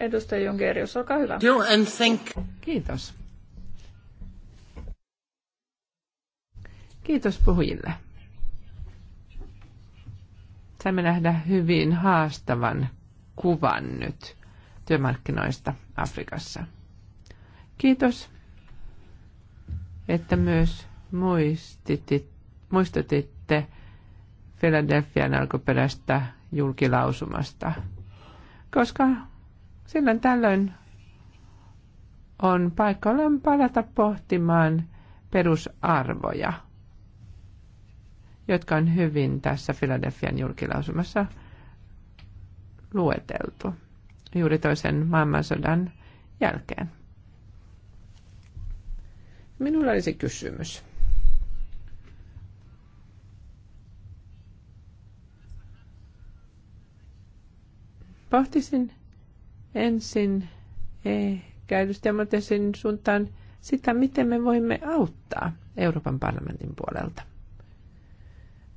Edustaja Jungerius olkaa hyvä. Joo, and thank... Kiitos. Kiitos puhujille. Saimme nähdä hyvin haastavan kuvan nyt työmarkkinoista Afrikassa. Kiitos, että myös muistutitte Philadelphian alkuperäistä julkilausumasta, koska silloin tällöin on paikallaan palata pohtimaan perusarvoja – jotka on hyvin tässä Filadelfian julkilausumassa lueteltu juuri toisen maailmansodan jälkeen. Minulla olisi kysymys. Pohtisin ensin ehkä edustaja Matesin suuntaan sitä, miten me voimme auttaa Euroopan parlamentin puolelta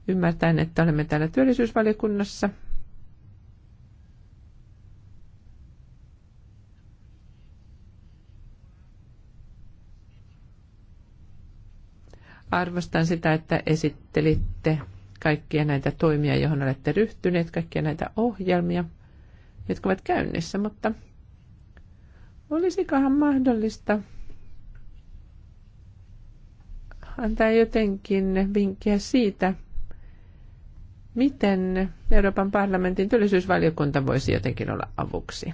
ymmärtäen, että olemme täällä työllisyysvaliokunnassa. Arvostan sitä, että esittelitte kaikkia näitä toimia, johon olette ryhtyneet, kaikkia näitä ohjelmia, jotka ovat käynnissä, mutta olisikohan mahdollista antaa jotenkin vinkkiä siitä, Miten Euroopan parlamentin työllisyysvaliokunta voisi jotenkin olla avuksi?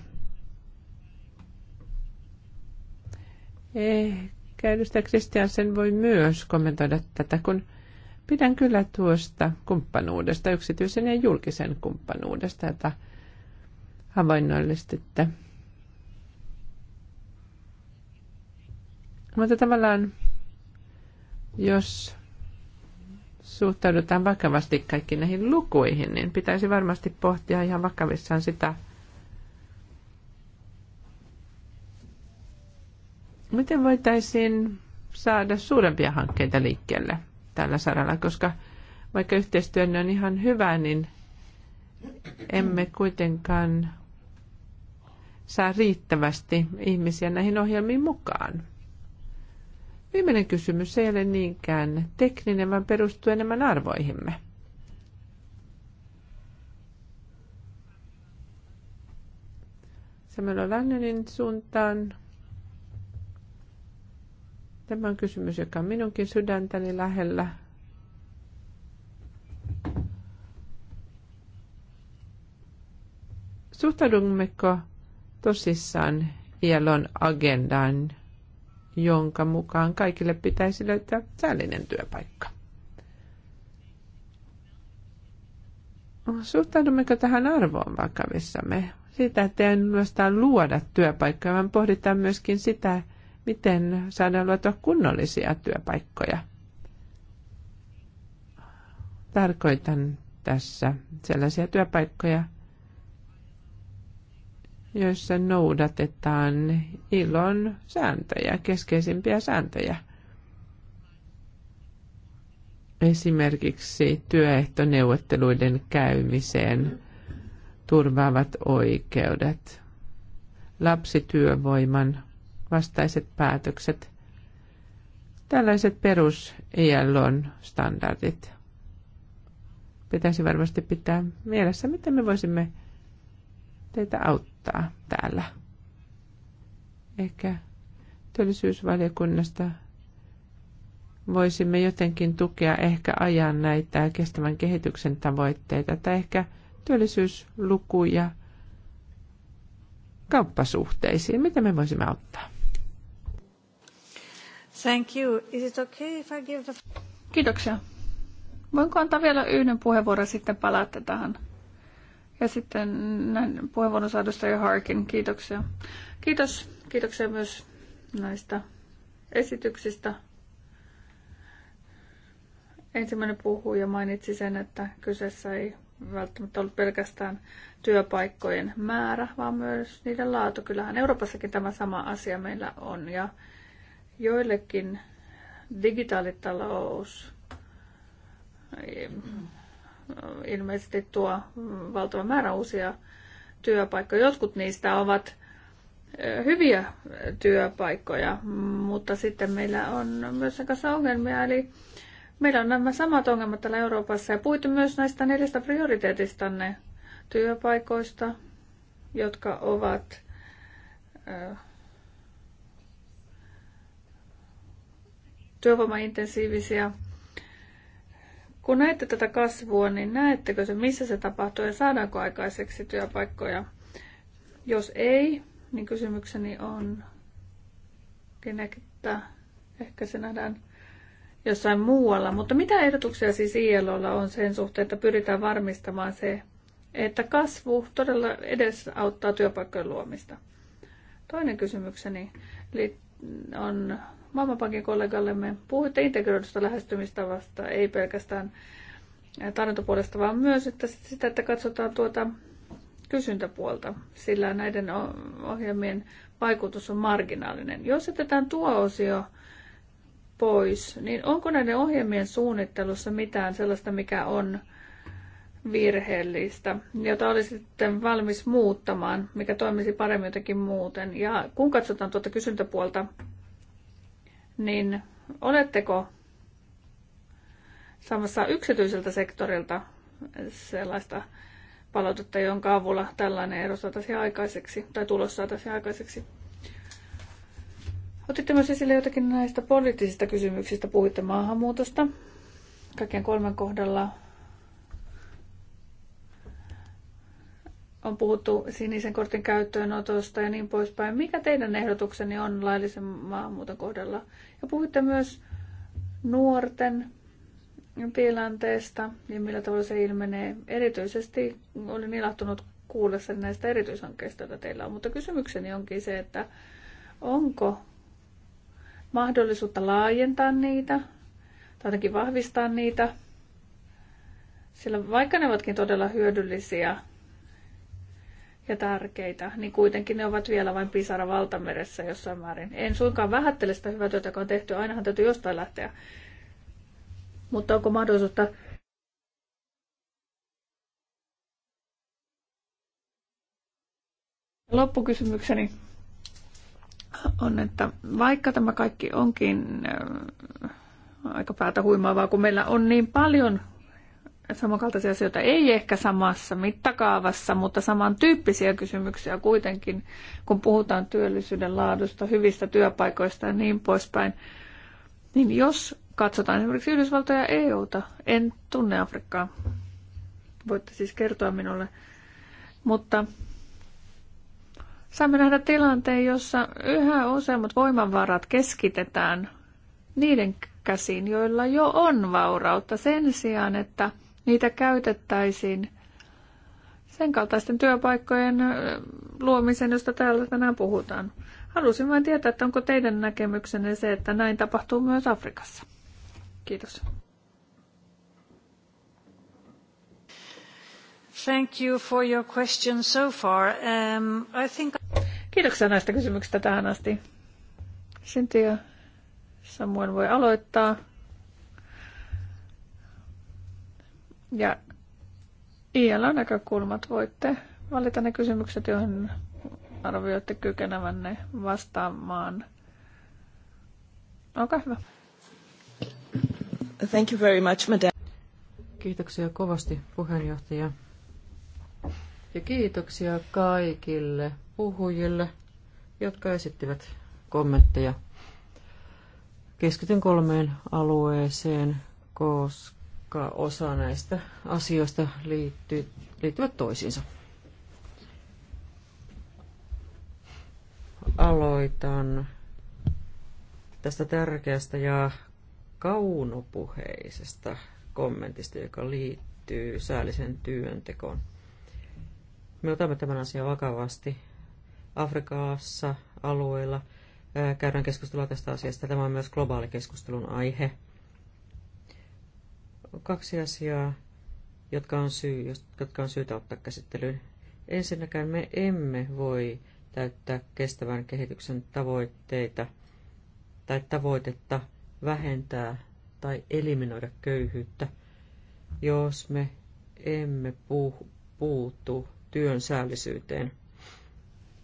Ehkä edustaja Kristiansen voi myös kommentoida tätä, kun pidän kyllä tuosta kumppanuudesta, yksityisen ja julkisen kumppanuudesta, jota havainnollistitte. Mutta tavallaan, jos suhtaudutaan vakavasti kaikki näihin lukuihin, niin pitäisi varmasti pohtia ihan vakavissaan sitä, miten voitaisiin saada suurempia hankkeita liikkeelle tällä saralla, koska vaikka yhteistyö on ihan hyvä, niin emme kuitenkaan saa riittävästi ihmisiä näihin ohjelmiin mukaan. Viimeinen kysymys ei ole niinkään tekninen, vaan perustuu enemmän arvoihimme. Samuel Lannenin suuntaan. Tämä on kysymys, joka on minunkin sydäntäni lähellä. Suhtaudummeko tosissaan ILOn agendaan, jonka mukaan kaikille pitäisi löytää säällinen työpaikka. Suhtaudummeko tähän arvoon vakavissamme? Sitä, että ei ainoastaan luoda työpaikkoja, vaan pohditaan myöskin sitä, miten saadaan luotua kunnollisia työpaikkoja. Tarkoitan tässä sellaisia työpaikkoja, joissa noudatetaan ilon sääntöjä, keskeisimpiä sääntöjä. Esimerkiksi työehtoneuvotteluiden käymiseen turvaavat oikeudet, lapsityövoiman vastaiset päätökset, tällaiset perus standardit pitäisi varmasti pitää mielessä, miten me voisimme teitä auttaa täällä. Ehkä työllisyysvaliokunnasta voisimme jotenkin tukea ehkä ajan näitä kestävän kehityksen tavoitteita tai ehkä työllisyyslukuja kauppasuhteisiin. Mitä me voisimme auttaa? Thank you. Is it okay if I give the... Kiitoksia. Voinko antaa vielä yhden puheenvuoron sitten palaatte tähän? Ja sitten näin puheenvuoron saadusta jo Harkin. Kiitoksia. Kiitos. Kiitoksia myös näistä esityksistä. Ensimmäinen puhuja mainitsi sen, että kyseessä ei välttämättä ollut pelkästään työpaikkojen määrä, vaan myös niiden laatu. Kyllähän Euroopassakin tämä sama asia meillä on. Ja joillekin digitaalitalous ilmeisesti tuo valtava määrä uusia työpaikkoja. Jotkut niistä ovat hyviä työpaikkoja, mutta sitten meillä on myös sen kanssa ongelmia, eli meillä on nämä samat ongelmat täällä Euroopassa ja puhuitte myös näistä neljästä prioriteetistanne työpaikoista, jotka ovat työvoimaintensiivisiä kun näette tätä kasvua, niin näettekö se, missä se tapahtuu ja saadaanko aikaiseksi työpaikkoja? Jos ei, niin kysymykseni on, kenektä ehkä se nähdään jossain muualla. Mutta mitä ehdotuksia siis ILOlla on sen suhteen, että pyritään varmistamaan se, että kasvu todella edesauttaa työpaikkojen luomista? Toinen kysymykseni on Maailmanpankin kollegallemme. Puhuitte integroidusta lähestymistavasta, ei pelkästään tarjontapuolesta, vaan myös että sitä, että katsotaan tuota kysyntäpuolta, sillä näiden ohjelmien vaikutus on marginaalinen. Jos jätetään tuo osio pois, niin onko näiden ohjelmien suunnittelussa mitään sellaista, mikä on virheellistä, jota olisi sitten valmis muuttamaan, mikä toimisi paremmin jotenkin muuten. Ja kun katsotaan tuota kysyntäpuolta, niin oletteko saamassa yksityiseltä sektorilta sellaista palautetta, jonka avulla tällainen ero saataisiin aikaiseksi tai tulos saataisiin aikaiseksi? Otitte myös esille jotakin näistä poliittisista kysymyksistä, puhuitte maahanmuutosta kaikkien kolmen kohdalla on puhuttu sinisen kortin käyttöönotosta ja niin poispäin. Mikä teidän ehdotukseni on laillisen maahanmuuton kohdalla? Ja puhuitte myös nuorten tilanteesta ja millä tavalla se ilmenee. Erityisesti olin ilahtunut kuullessani näistä erityishankkeista, joita teillä on, mutta kysymykseni onkin se, että onko mahdollisuutta laajentaa niitä tai jotenkin vahvistaa niitä, sillä vaikka ne ovatkin todella hyödyllisiä ja tärkeitä, niin kuitenkin ne ovat vielä vain pisara valtameressä jossain määrin. En suinkaan vähättele sitä hyvää työtä, joka on tehty. Ainahan täytyy jostain lähteä. Mutta onko mahdollisuutta Loppukysymykseni on, että vaikka tämä kaikki onkin äh, aika päätä huimaavaa, kun meillä on niin paljon samankaltaisia asioita, ei ehkä samassa mittakaavassa, mutta samantyyppisiä kysymyksiä kuitenkin, kun puhutaan työllisyyden laadusta, hyvistä työpaikoista ja niin poispäin. Niin jos katsotaan esimerkiksi Yhdysvaltoja ja EUta, en tunne Afrikkaa, voitte siis kertoa minulle, mutta saamme nähdä tilanteen, jossa yhä useammat voimavarat keskitetään niiden käsiin, joilla jo on vaurautta sen sijaan, että – niitä käytettäisiin sen kaltaisten työpaikkojen luomisen, josta täällä tänään puhutaan. Halusin vain tietää, että onko teidän näkemyksenne se, että näin tapahtuu myös Afrikassa. Kiitos. Thank you for your question so far. Um, I think... Kiitoksia näistä kysymyksistä tähän asti. Cynthia Samuel voi aloittaa. Ja ILO-näkökulmat voitte valita ne kysymykset, joihin arvioitte kykenevänne vastaamaan. Olkaa hyvä. Thank you very much, Madame. Kiitoksia kovasti puheenjohtaja. Ja kiitoksia kaikille puhujille, jotka esittivät kommentteja. Keskityn kolmeen alueeseen, koska vaikka osa näistä asioista liittyy, liittyvät toisiinsa. Aloitan tästä tärkeästä ja kaunopuheisesta kommentista, joka liittyy säällisen työntekoon. Me otamme tämän asian vakavasti. Afrikassa alueilla käydään keskustelua tästä asiasta. Tämä on myös globaali keskustelun aihe kaksi asiaa, jotka on, syy, jotka on syytä ottaa käsittelyyn. Ensinnäkään me emme voi täyttää kestävän kehityksen tavoitteita tai tavoitetta vähentää tai eliminoida köyhyyttä, jos me emme puhu, puutu työn säällisyyteen.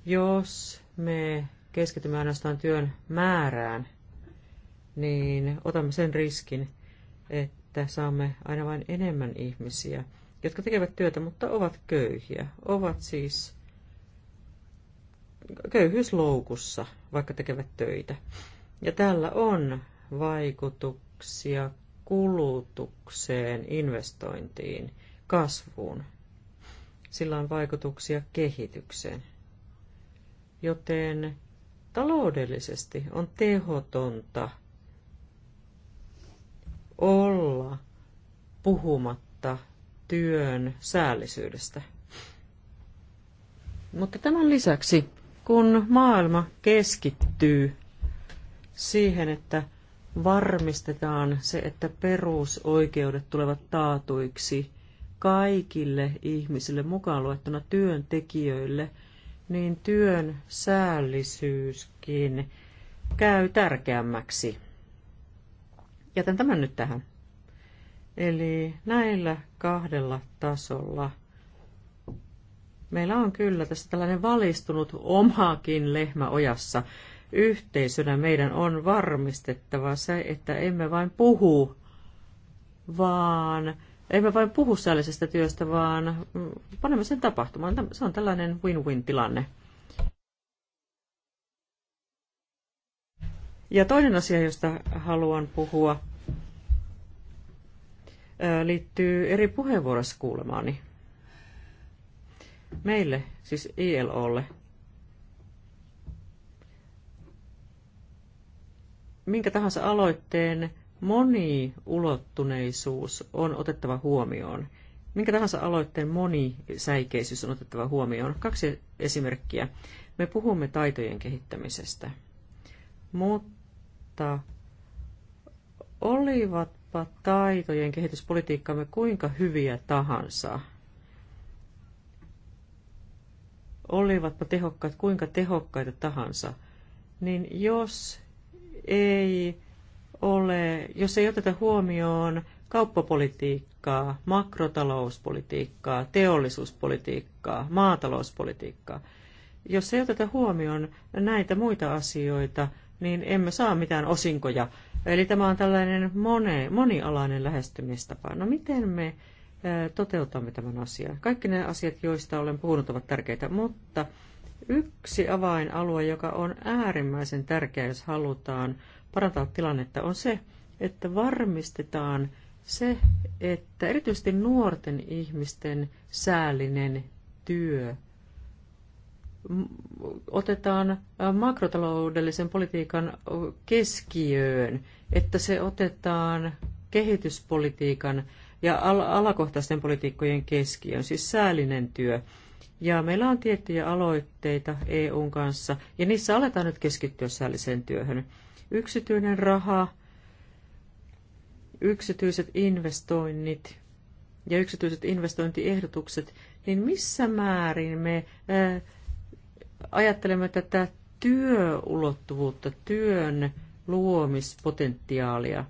Jos me keskitymme ainoastaan työn määrään, niin otamme sen riskin, että että saamme aina vain enemmän ihmisiä, jotka tekevät työtä, mutta ovat köyhiä, ovat siis köyhyysloukussa, vaikka tekevät töitä. Ja tällä on vaikutuksia kulutukseen, investointiin, kasvuun. Sillä on vaikutuksia kehitykseen. Joten taloudellisesti on tehotonta olla puhumatta työn säällisyydestä. Mutta tämän lisäksi, kun maailma keskittyy siihen, että varmistetaan se, että perusoikeudet tulevat taatuiksi kaikille ihmisille, mukaan luettuna työntekijöille, niin työn säällisyyskin käy tärkeämmäksi jätän tämän nyt tähän. Eli näillä kahdella tasolla meillä on kyllä tässä tällainen valistunut omakin lehmä ojassa. Yhteisönä meidän on varmistettava se, että emme vain puhu, vaan emme vain puhu säällisestä työstä, vaan mm, panemme sen tapahtumaan. Se on tällainen win-win-tilanne. Ja toinen asia, josta haluan puhua, liittyy eri puheenvuorossa kuulemaani. Meille, siis ILOlle, minkä tahansa aloitteen moniulottuneisuus on otettava huomioon. Minkä tahansa aloitteen monisäikeisyys on otettava huomioon. Kaksi esimerkkiä. Me puhumme taitojen kehittämisestä, mutta mutta olivatpa taitojen kehityspolitiikkamme kuinka hyviä tahansa, olivatpa tehokkaat kuinka tehokkaita tahansa, niin jos ei ole, jos ei oteta huomioon kauppapolitiikkaa, makrotalouspolitiikkaa, teollisuuspolitiikkaa, maatalouspolitiikkaa, jos ei oteta huomioon näitä muita asioita, niin emme saa mitään osinkoja. Eli tämä on tällainen mone, monialainen lähestymistapa. No miten me toteutamme tämän asian? Kaikki ne asiat, joista olen puhunut, ovat tärkeitä, mutta yksi avainalue, joka on äärimmäisen tärkeä, jos halutaan parantaa tilannetta, on se, että varmistetaan se, että erityisesti nuorten ihmisten säällinen työ otetaan makrotaloudellisen politiikan keskiöön, että se otetaan kehityspolitiikan ja al- alakohtaisten politiikkojen keskiöön, siis säällinen työ. Ja meillä on tiettyjä aloitteita EUn kanssa, ja niissä aletaan nyt keskittyä säälliseen työhön. Yksityinen raha, yksityiset investoinnit ja yksityiset investointiehdotukset, niin missä määrin me... Ää, ajattelemme tätä työulottuvuutta, työn luomispotentiaalia.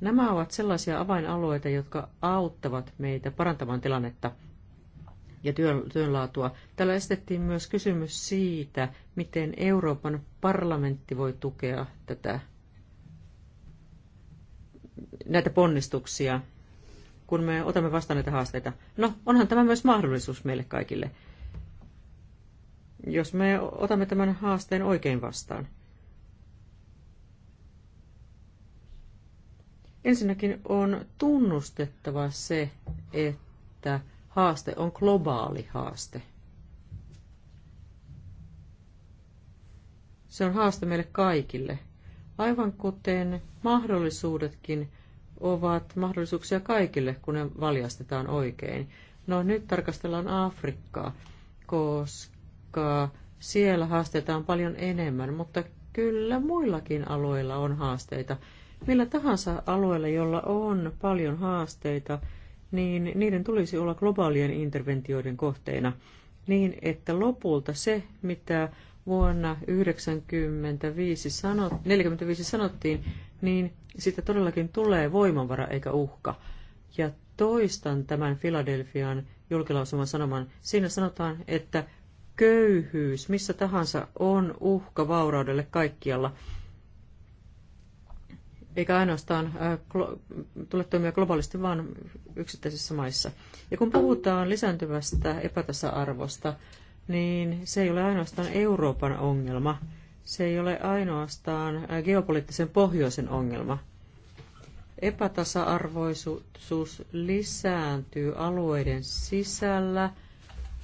Nämä ovat sellaisia avainalueita, jotka auttavat meitä parantamaan tilannetta ja työn, työnlaatua. Täällä esitettiin myös kysymys siitä, miten Euroopan parlamentti voi tukea tätä, näitä ponnistuksia, kun me otamme vastaan näitä haasteita. No, onhan tämä myös mahdollisuus meille kaikille – jos me otamme tämän haasteen oikein vastaan. Ensinnäkin on tunnustettava se, että haaste on globaali haaste. Se on haaste meille kaikille, aivan kuten mahdollisuudetkin ovat mahdollisuuksia kaikille, kun ne valjastetaan oikein. No nyt tarkastellaan Afrikkaa, koska aikaa siellä haasteita on paljon enemmän, mutta kyllä muillakin alueilla on haasteita. Millä tahansa alueella, jolla on paljon haasteita, niin niiden tulisi olla globaalien interventioiden kohteena, niin että lopulta se, mitä vuonna 1945 sanot, 45 sanottiin, niin siitä todellakin tulee voimavara eikä uhka. Ja toistan tämän Filadelfian julkilausuman sanoman. Siinä sanotaan, että Köyhyys missä tahansa on uhka vauraudelle kaikkialla. Eikä ainoastaan äh, tule toimia globaalisti, vaan yksittäisissä maissa. Ja kun puhutaan lisääntyvästä epätasa-arvosta, niin se ei ole ainoastaan Euroopan ongelma. Se ei ole ainoastaan äh, geopoliittisen pohjoisen ongelma. Epätasa-arvoisuus lisääntyy alueiden sisällä –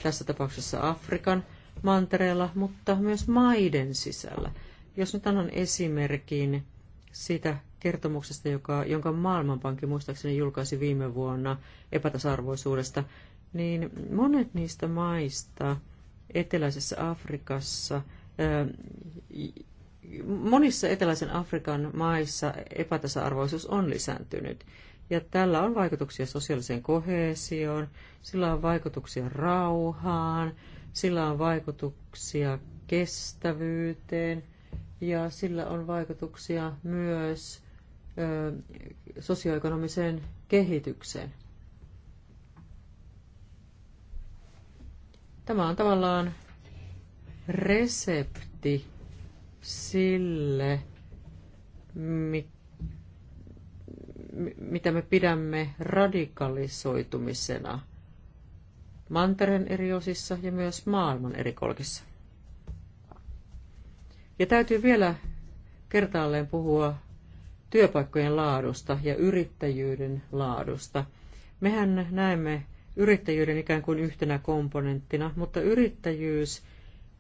tässä tapauksessa Afrikan mantereella, mutta myös maiden sisällä. Jos nyt annan esimerkin siitä kertomuksesta, joka, jonka Maailmanpankki muistaakseni julkaisi viime vuonna epätasarvoisuudesta, niin monet niistä maista eteläisessä Afrikassa, monissa eteläisen Afrikan maissa epätasa-arvoisuus on lisääntynyt. Ja tällä on vaikutuksia sosiaaliseen koheesioon, sillä on vaikutuksia rauhaan, sillä on vaikutuksia kestävyyteen ja sillä on vaikutuksia myös ö, sosioekonomiseen kehitykseen. Tämä on tavallaan resepti sille, mikä mitä me pidämme radikalisoitumisena mantereen eri osissa ja myös maailman eri kolkissa. Ja täytyy vielä kertaalleen puhua työpaikkojen laadusta ja yrittäjyyden laadusta. Mehän näemme yrittäjyyden ikään kuin yhtenä komponenttina, mutta yrittäjyys,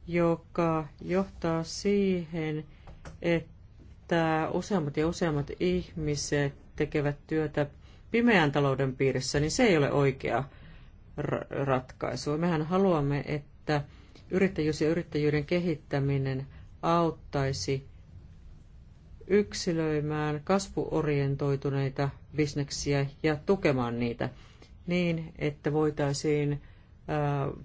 joka johtaa siihen, että useammat ja useammat ihmiset tekevät työtä pimeän talouden piirissä, niin se ei ole oikea ratkaisu. Mehän haluamme, että yrittäjyys ja yrittäjyyden kehittäminen auttaisi yksilöimään kasvuorientoituneita bisneksiä ja tukemaan niitä niin, että voitaisiin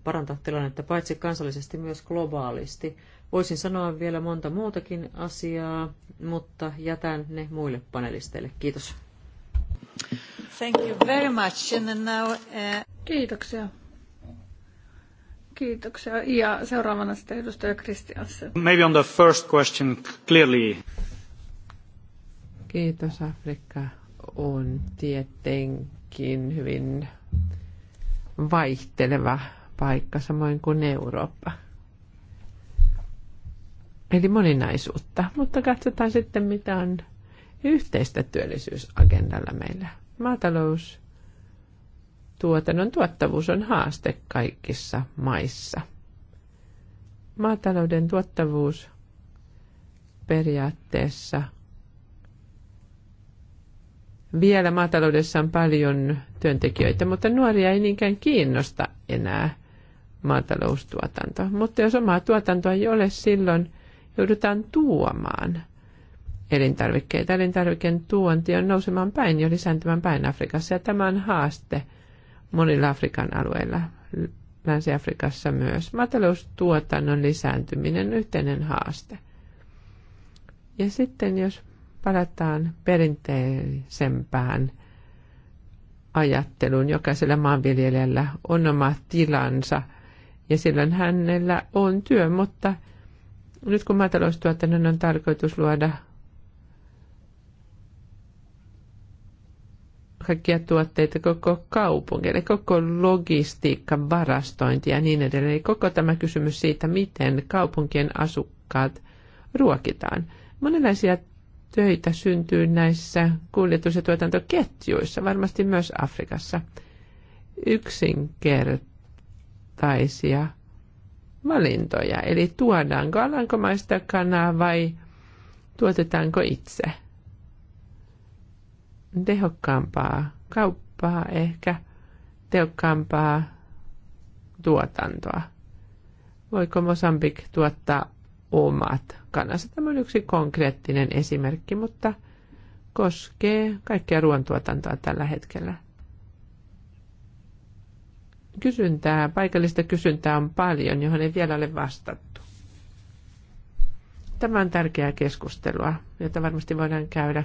parantaa tilannetta paitsi kansallisesti myös globaalisti. Voisin sanoa vielä monta muutakin asiaa, mutta jätän ne muille panelisteille. Kiitos. Thank you very much. And now, uh... Kiitoksia. Kiitoksia. Ja seuraavana sitten edustaja Kristiansen. Maybe on the first question clearly. Kiitos. Afrikka on tietenkin hyvin vaihteleva paikka, samoin kuin Eurooppa. Eli moninaisuutta. Mutta katsotaan sitten, mitä on yhteistä työllisyysagendalla meillä. Maatalous tuotannon tuottavuus on haaste kaikissa maissa. Maatalouden tuottavuus periaatteessa vielä maataloudessa on paljon työntekijöitä, mutta nuoria ei niinkään kiinnosta enää maataloustuotanto. Mutta jos omaa tuotantoa ei ole, silloin joudutaan tuomaan – elintarvikkeita. Elintarvikkeen tuonti on nousemaan päin ja lisääntymään päin Afrikassa ja tämä on haaste monilla Afrikan alueilla, Länsi-Afrikassa myös. Maataloustuotannon lisääntyminen on yhteinen haaste. Ja sitten jos palataan perinteisempään ajatteluun, jokaisella maanviljelijällä on oma tilansa ja silloin hänellä on työ, mutta nyt kun maataloustuotannon on tarkoitus luoda kaikkia tuotteita koko eli koko logistiikka, varastointi ja niin edelleen. Eli koko tämä kysymys siitä, miten kaupunkien asukkaat ruokitaan. Monenlaisia töitä syntyy näissä kuljetus- ja tuotantoketjuissa, varmasti myös Afrikassa. Yksinkertaisia valintoja, eli tuodaanko alankomaista kanaa vai tuotetaanko itse – tehokkaampaa kauppaa, ehkä tehokkaampaa tuotantoa. Voiko Mosambik tuottaa omat kanansa? Tämä on yksi konkreettinen esimerkki, mutta koskee kaikkea ruoantuotantoa tällä hetkellä. Kysyntää, paikallista kysyntää on paljon, johon ei vielä ole vastattu. Tämä on tärkeää keskustelua, jota varmasti voidaan käydä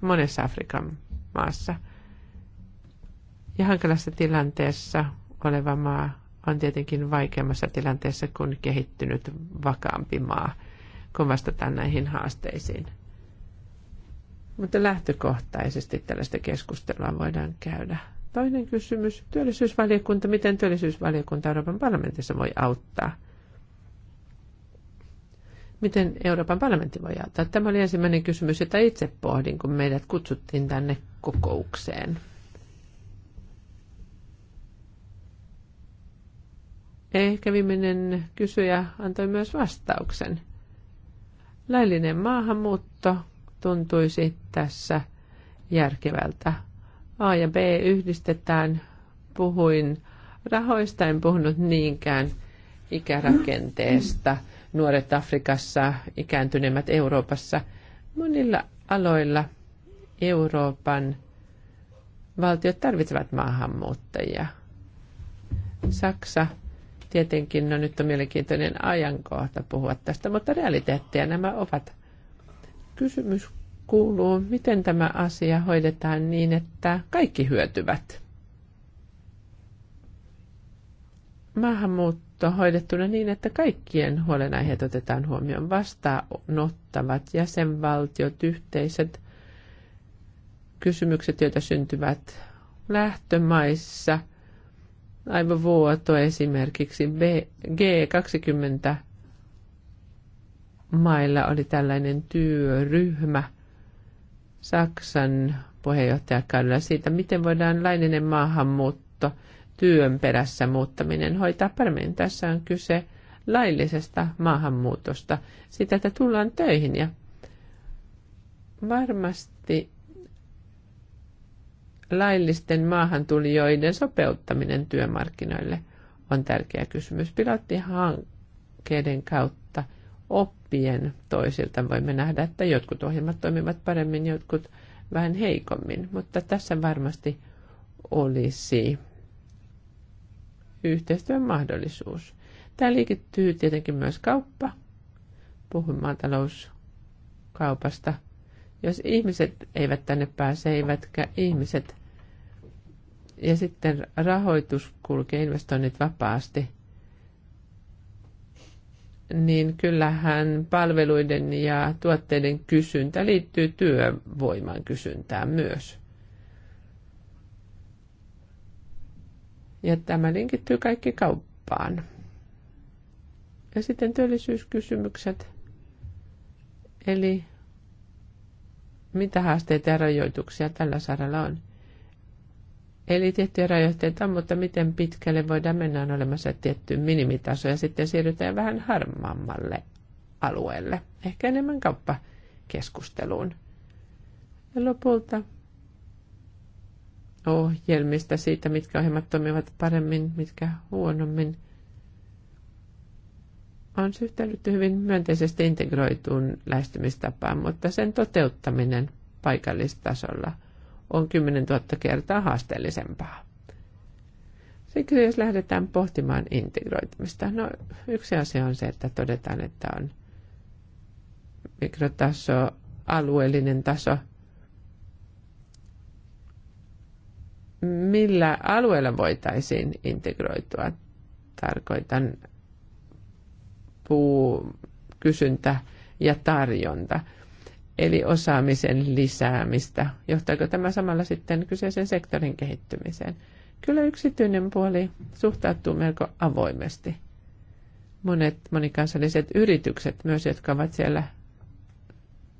monessa Afrikan maassa. Ja hankalassa tilanteessa oleva maa on tietenkin vaikeammassa tilanteessa kuin kehittynyt vakaampi maa, kun vastataan näihin haasteisiin. Mutta lähtökohtaisesti tällaista keskustelua voidaan käydä. Toinen kysymys, työllisyysvaliokunta. Miten työllisyysvaliokunta Euroopan parlamentissa voi auttaa – miten Euroopan parlamentti voi jättää Tämä oli ensimmäinen kysymys, jota itse pohdin, kun meidät kutsuttiin tänne kokoukseen. Ehkä viimeinen kysyjä antoi myös vastauksen. Laillinen maahanmuutto tuntuisi tässä järkevältä. A ja B yhdistetään. Puhuin rahoista, en puhunut niinkään ikärakenteesta – nuoret Afrikassa, ikääntyneemmät Euroopassa. Monilla aloilla Euroopan valtiot tarvitsevat maahanmuuttajia. Saksa tietenkin, no nyt on mielenkiintoinen ajankohta puhua tästä, mutta realiteetteja nämä ovat. Kysymys kuuluu, miten tämä asia hoidetaan niin, että kaikki hyötyvät. maahanmuuttajia on hoidettuna niin, että kaikkien huolenaiheet otetaan huomioon. Vastaanottavat jäsenvaltiot, yhteiset kysymykset, joita syntyvät lähtömaissa, aivan vuoto esimerkiksi G20 mailla oli tällainen työryhmä Saksan puheenjohtajakaudella siitä, miten voidaan laillinen maahanmuutto – työn perässä muuttaminen hoitaa paremmin. Tässä on kyse laillisesta maahanmuutosta, sitä, että tullaan töihin ja varmasti laillisten maahantulijoiden sopeuttaminen työmarkkinoille on tärkeä kysymys. Pilottihankkeiden kautta oppien toisilta voimme nähdä, että jotkut ohjelmat toimivat paremmin, jotkut vähän heikommin, mutta tässä varmasti olisi yhteistyön mahdollisuus. Tämä liikittyy tietenkin myös kauppa. Puhun maatalouskaupasta. Jos ihmiset eivät tänne pääse, eivätkä ihmiset, ja sitten rahoitus kulkee investoinnit vapaasti, niin kyllähän palveluiden ja tuotteiden kysyntä liittyy työvoiman kysyntään myös. Ja tämä linkittyy kaikki kauppaan. Ja sitten työllisyyskysymykset. Eli mitä haasteita ja rajoituksia tällä saralla on. Eli tiettyjä rajoitteita on, mutta miten pitkälle voidaan mennä on olemassa tietty minimitaso ja sitten siirrytään vähän harmaammalle alueelle, ehkä enemmän kauppakeskusteluun. Ja lopulta ohjelmista, siitä mitkä ohjelmat toimivat paremmin, mitkä huonommin. On suhtauduttu hyvin myönteisesti integroituun lähestymistapaan, mutta sen toteuttaminen paikallistasolla on 10 000 kertaa haasteellisempaa. Siksi jos lähdetään pohtimaan integroitumista, no yksi asia on se, että todetaan, että on mikrotaso, alueellinen taso – millä alueella voitaisiin integroitua. Tarkoitan puu, kysyntä ja tarjonta, eli osaamisen lisäämistä. Johtaako tämä samalla sitten kyseisen sektorin kehittymiseen? Kyllä yksityinen puoli suhtautuu melko avoimesti. Monet monikansalliset yritykset myös, jotka ovat siellä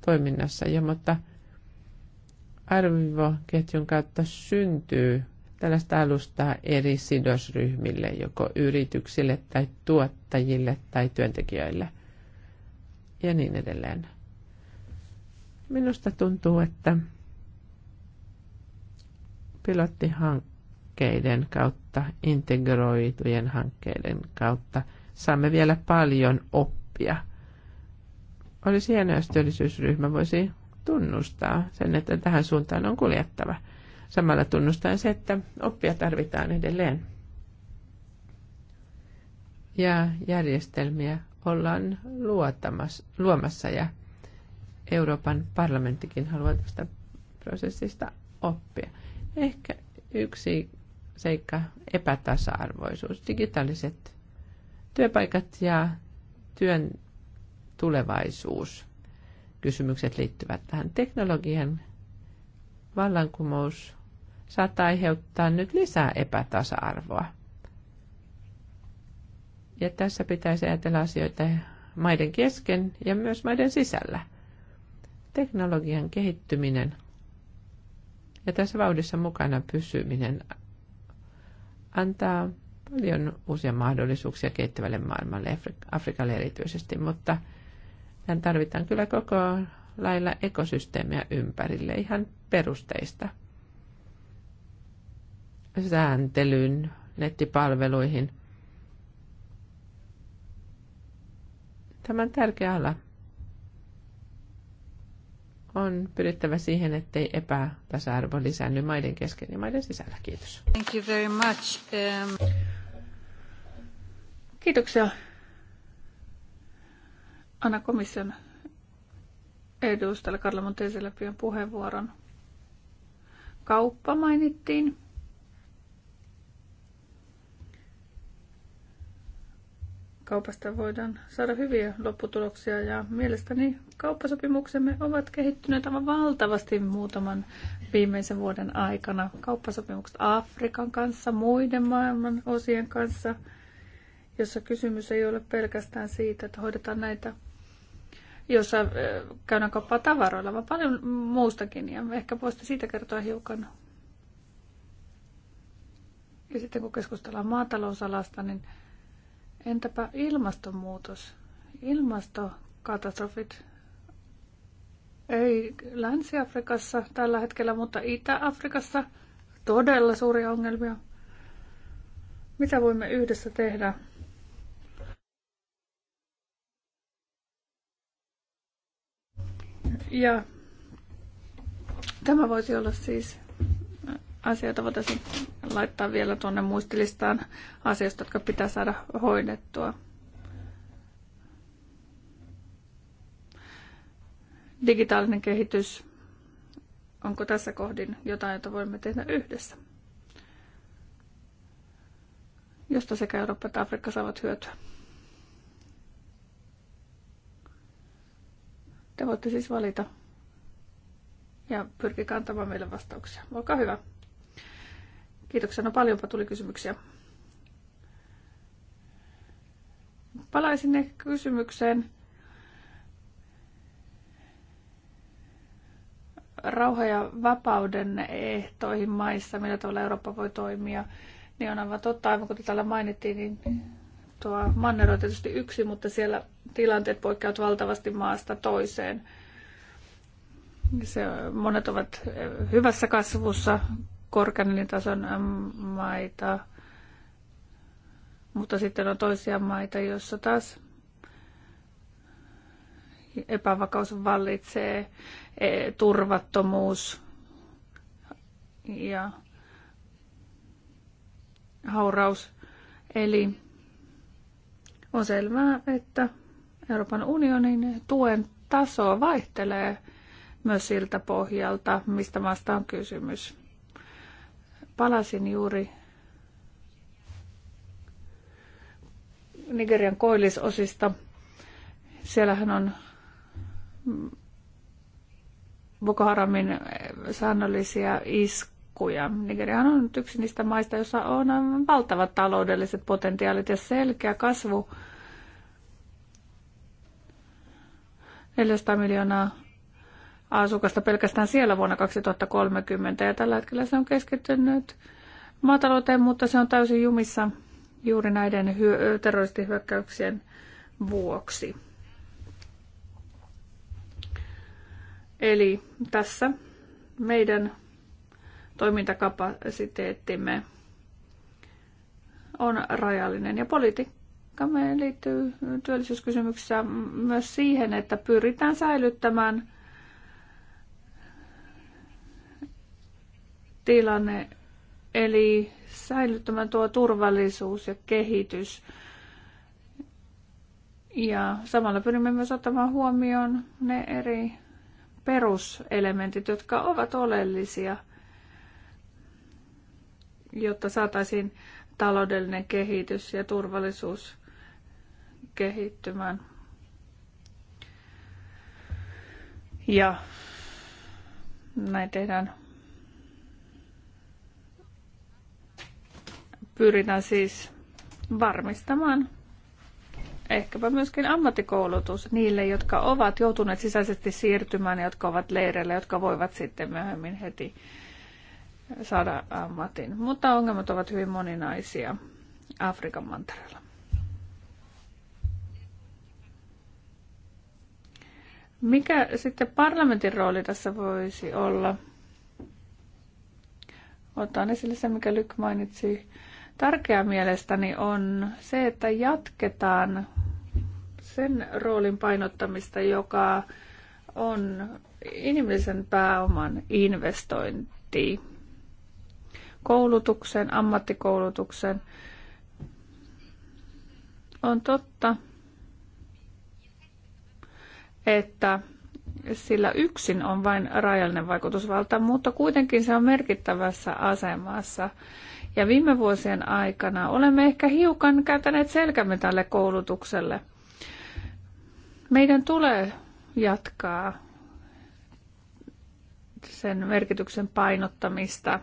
toiminnassa jo, mutta – ketjun kautta syntyy tällaista alustaa eri sidosryhmille, joko yrityksille tai tuottajille tai työntekijöille ja niin edelleen. Minusta tuntuu, että pilottihankkeiden kautta, integroitujen hankkeiden kautta saamme vielä paljon oppia. Olisi hienoa, jos työllisyysryhmä voisi tunnustaa sen, että tähän suuntaan on kuljettava. Samalla tunnustaa se, että oppia tarvitaan edelleen. Ja järjestelmiä ollaan luomassa ja Euroopan parlamenttikin haluaa tästä prosessista oppia. Ehkä yksi seikka epätasa-arvoisuus, digitaaliset työpaikat ja työn tulevaisuus kysymykset liittyvät tähän teknologian vallankumous saattaa aiheuttaa nyt lisää epätasa-arvoa. Ja tässä pitäisi ajatella asioita maiden kesken ja myös maiden sisällä. Teknologian kehittyminen ja tässä vauhdissa mukana pysyminen antaa paljon uusia mahdollisuuksia kehittävälle maailmalle, Afrikalle erityisesti, mutta – Tämän tarvitaan kyllä koko lailla ekosysteemiä ympärille ihan perusteista. Sääntelyyn, nettipalveluihin. Tämän tärkeä ala. On pyrittävä siihen, ettei epätasa-arvo lisäänny maiden kesken ja maiden sisällä. Kiitos. Thank you very much. Um... Kiitoksia anna komission edustajalle Karla Monteselle pian puheenvuoron. Kauppa mainittiin. Kaupasta voidaan saada hyviä lopputuloksia ja mielestäni kauppasopimuksemme ovat kehittyneet aivan valtavasti muutaman viimeisen vuoden aikana. Kauppasopimukset Afrikan kanssa, muiden maailman osien kanssa, jossa kysymys ei ole pelkästään siitä, että hoidetaan näitä jossa äh, käydään kauppaa tavaroilla, vaan paljon muustakin. Ja ehkä voisitte siitä kertoa hiukan. Ja sitten kun keskustellaan maatalousalasta, niin entäpä ilmastonmuutos? Ilmastokatastrofit ei Länsi-Afrikassa tällä hetkellä, mutta Itä-Afrikassa todella suuria ongelmia. Mitä voimme yhdessä tehdä Ja tämä voisi olla siis asioita, voitaisiin laittaa vielä tuonne muistilistaan asioista, jotka pitää saada hoidettua. Digitaalinen kehitys. Onko tässä kohdin jotain, jota voimme tehdä yhdessä? josta sekä Eurooppa että Afrikka saavat hyötyä. Te voitte siis valita ja pyrkikää antamaan meille vastauksia. Olkaa hyvä. Kiitoksia. No paljonpa tuli kysymyksiä. Palaisin ehkä kysymykseen rauha- ja vapauden ehtoihin maissa, millä tavalla Eurooppa voi toimia. Niin on aivan totta, aivan kuten täällä mainittiin, niin tuo manner on tietysti yksi, mutta siellä tilanteet poikkeavat valtavasti maasta toiseen. Se, monet ovat eh, hyvässä kasvussa, korkean tason eh, maita, mutta sitten on toisia maita, joissa taas epävakaus vallitsee, eh, turvattomuus ja hauraus. Eli on selvää, että Euroopan unionin tuen taso vaihtelee myös siltä pohjalta, mistä maasta on kysymys. Palasin juuri Nigerian koillisosista. Siellähän on Boko Haramin säännöllisiä isk- lukuja. Nigeriahan on yksi niistä maista, jossa on valtavat taloudelliset potentiaalit ja selkeä kasvu. 400 miljoonaa asukasta pelkästään siellä vuonna 2030 ja tällä hetkellä se on keskittynyt maatalouteen, mutta se on täysin jumissa juuri näiden hyö- terroristihyökkäyksien vuoksi. Eli tässä meidän toimintakapasiteettimme on rajallinen ja politiikkamme liittyy työllisyyskysymyksissä myös siihen, että pyritään säilyttämään tilanne, eli säilyttämään tuo turvallisuus ja kehitys. Ja samalla pyrimme myös ottamaan huomioon ne eri peruselementit, jotka ovat oleellisia – jotta saataisiin taloudellinen kehitys ja turvallisuus kehittymään. Ja näin tehdään. Pyritään siis varmistamaan ehkäpä myöskin ammattikoulutus niille, jotka ovat joutuneet sisäisesti siirtymään ja jotka ovat leireillä, jotka voivat sitten myöhemmin heti saada ammatin. Mutta ongelmat ovat hyvin moninaisia Afrikan mantereella. Mikä sitten parlamentin rooli tässä voisi olla? Otan esille se, mikä Lyk mainitsi. Tärkeää mielestäni on se, että jatketaan sen roolin painottamista, joka on inhimillisen pääoman investointi koulutukseen, ammattikoulutukseen. On totta, että sillä yksin on vain rajallinen vaikutusvalta, mutta kuitenkin se on merkittävässä asemassa. Ja viime vuosien aikana olemme ehkä hiukan kääntäneet selkämme tälle koulutukselle. Meidän tulee jatkaa sen merkityksen painottamista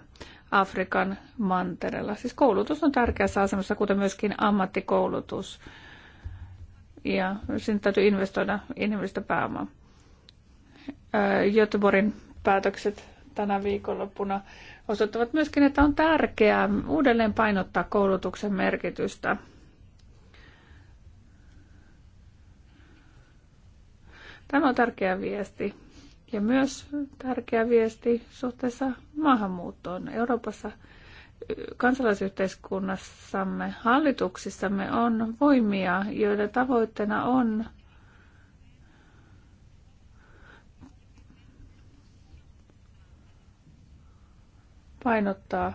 Afrikan mantereella. Siis koulutus on tärkeässä asemassa, kuten myöskin ammattikoulutus. Ja sinne täytyy investoida inhimillistä pääomaa. Göteborgin päätökset tänä viikonloppuna osoittavat myöskin, että on tärkeää uudelleen painottaa koulutuksen merkitystä. Tämä on tärkeä viesti ja myös tärkeä viesti suhteessa maahanmuuttoon. Euroopassa kansalaisyhteiskunnassamme, hallituksissamme on voimia, joiden tavoitteena on painottaa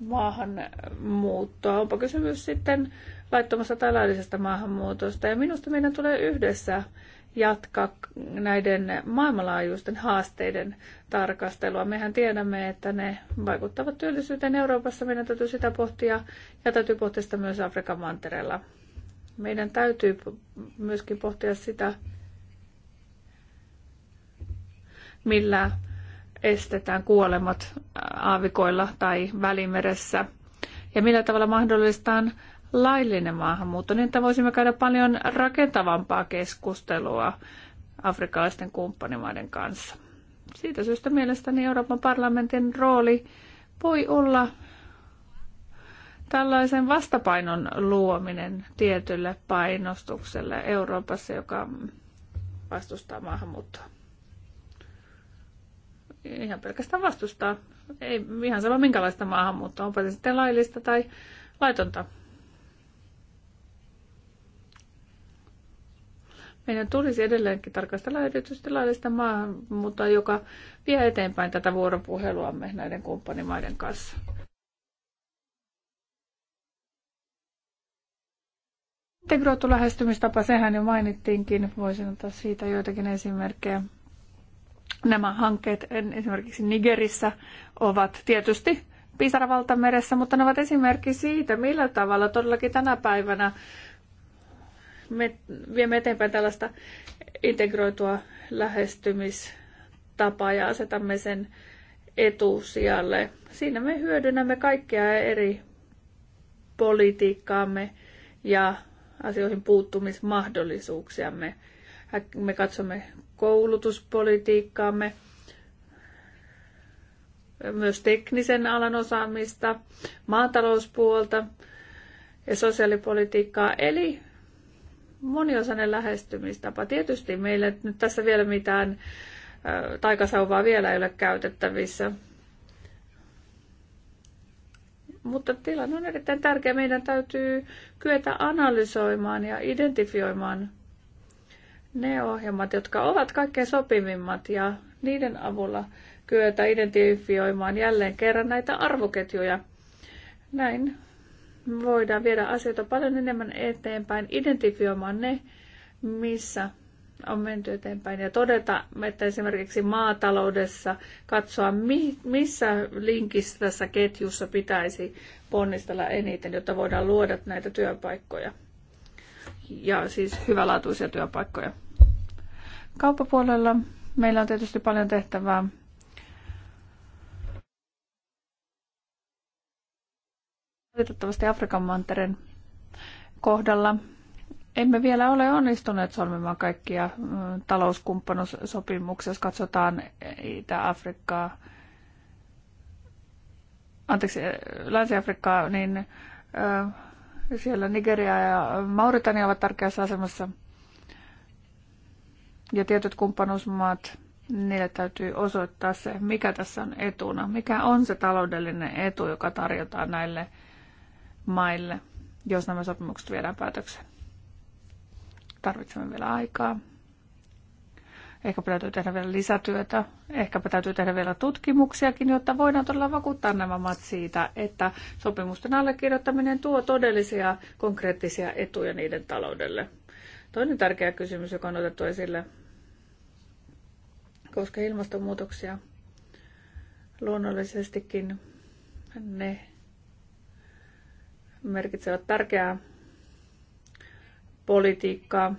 maahanmuuttoa. Onpa kysymys sitten laittomasta tai laillisesta maahanmuutosta. Ja minusta meidän tulee yhdessä jatkaa näiden maailmanlaajuisten haasteiden tarkastelua. Mehän tiedämme, että ne vaikuttavat työllisyyteen Euroopassa. Meidän täytyy sitä pohtia ja täytyy pohtia sitä myös Afrikan mantereella. Meidän täytyy myöskin pohtia sitä, millä estetään kuolemat aavikoilla tai välimeressä ja millä tavalla mahdollistaan laillinen maahanmuutto, niin että voisimme käydä paljon rakentavampaa keskustelua afrikkalaisten kumppanimaiden kanssa. Siitä syystä mielestäni Euroopan parlamentin rooli voi olla tällaisen vastapainon luominen tietylle painostukselle Euroopassa, joka vastustaa maahanmuuttoa. Ihan pelkästään vastustaa. Ei ihan sama minkälaista maahanmuuttoa, onpa se sitten laillista tai laitonta. Meidän tulisi edelleenkin tarkastella erityisesti laillista maahanmuuttoa, joka vie eteenpäin tätä vuoropuheluamme näiden kumppanimaiden kanssa. Integroitu lähestymistapa, sehän jo mainittiinkin. Voisin ottaa siitä joitakin esimerkkejä. Nämä hankkeet esimerkiksi Nigerissä ovat tietysti Pisaravaltameressä, mutta ne ovat esimerkki siitä, millä tavalla todellakin tänä päivänä me viemme eteenpäin tällaista integroitua lähestymistapaa ja asetamme sen etusijalle. Siinä me hyödynnämme kaikkea eri politiikkaamme ja asioihin puuttumismahdollisuuksiamme. Me katsomme koulutuspolitiikkaamme, myös teknisen alan osaamista, maatalouspuolta ja sosiaalipolitiikkaa. Eli moniosainen lähestymistapa. Tietysti meillä nyt tässä vielä mitään taikasauvaa vielä ei ole käytettävissä. Mutta tilanne on erittäin tärkeä. Meidän täytyy kyetä analysoimaan ja identifioimaan ne ohjelmat, jotka ovat kaikkein sopivimmat ja niiden avulla kyetä identifioimaan jälleen kerran näitä arvoketjuja. Näin voidaan viedä asioita paljon enemmän eteenpäin, identifioimaan ne, missä on menty eteenpäin ja todeta, että esimerkiksi maataloudessa katsoa, missä linkissä tässä ketjussa pitäisi ponnistella eniten, jotta voidaan luoda näitä työpaikkoja. Ja siis hyvälaatuisia työpaikkoja. Kauppapuolella meillä on tietysti paljon tehtävää Valitettavasti Afrikan mantereen kohdalla emme vielä ole onnistuneet solmimaan kaikkia talouskumppanuussopimuksia, jos katsotaan Itä-Afrikkaa, anteeksi, Länsi-Afrikkaa, niin siellä Nigeria ja Mauritania ovat tärkeässä asemassa. Ja tietyt kumppanuusmaat, niille täytyy osoittaa se, mikä tässä on etuna, mikä on se taloudellinen etu, joka tarjotaan näille maille, jos nämä sopimukset viedään päätökseen. Tarvitsemme vielä aikaa. ehkä täytyy tehdä vielä lisätyötä, ehkä täytyy tehdä vielä tutkimuksiakin, jotta voidaan todella vakuuttaa nämä maat siitä, että sopimusten allekirjoittaminen tuo todellisia konkreettisia etuja niiden taloudelle. Toinen tärkeä kysymys, joka on otettu esille, koskee ilmastonmuutoksia. Luonnollisestikin ne merkitsevät tärkeää politiikkaa.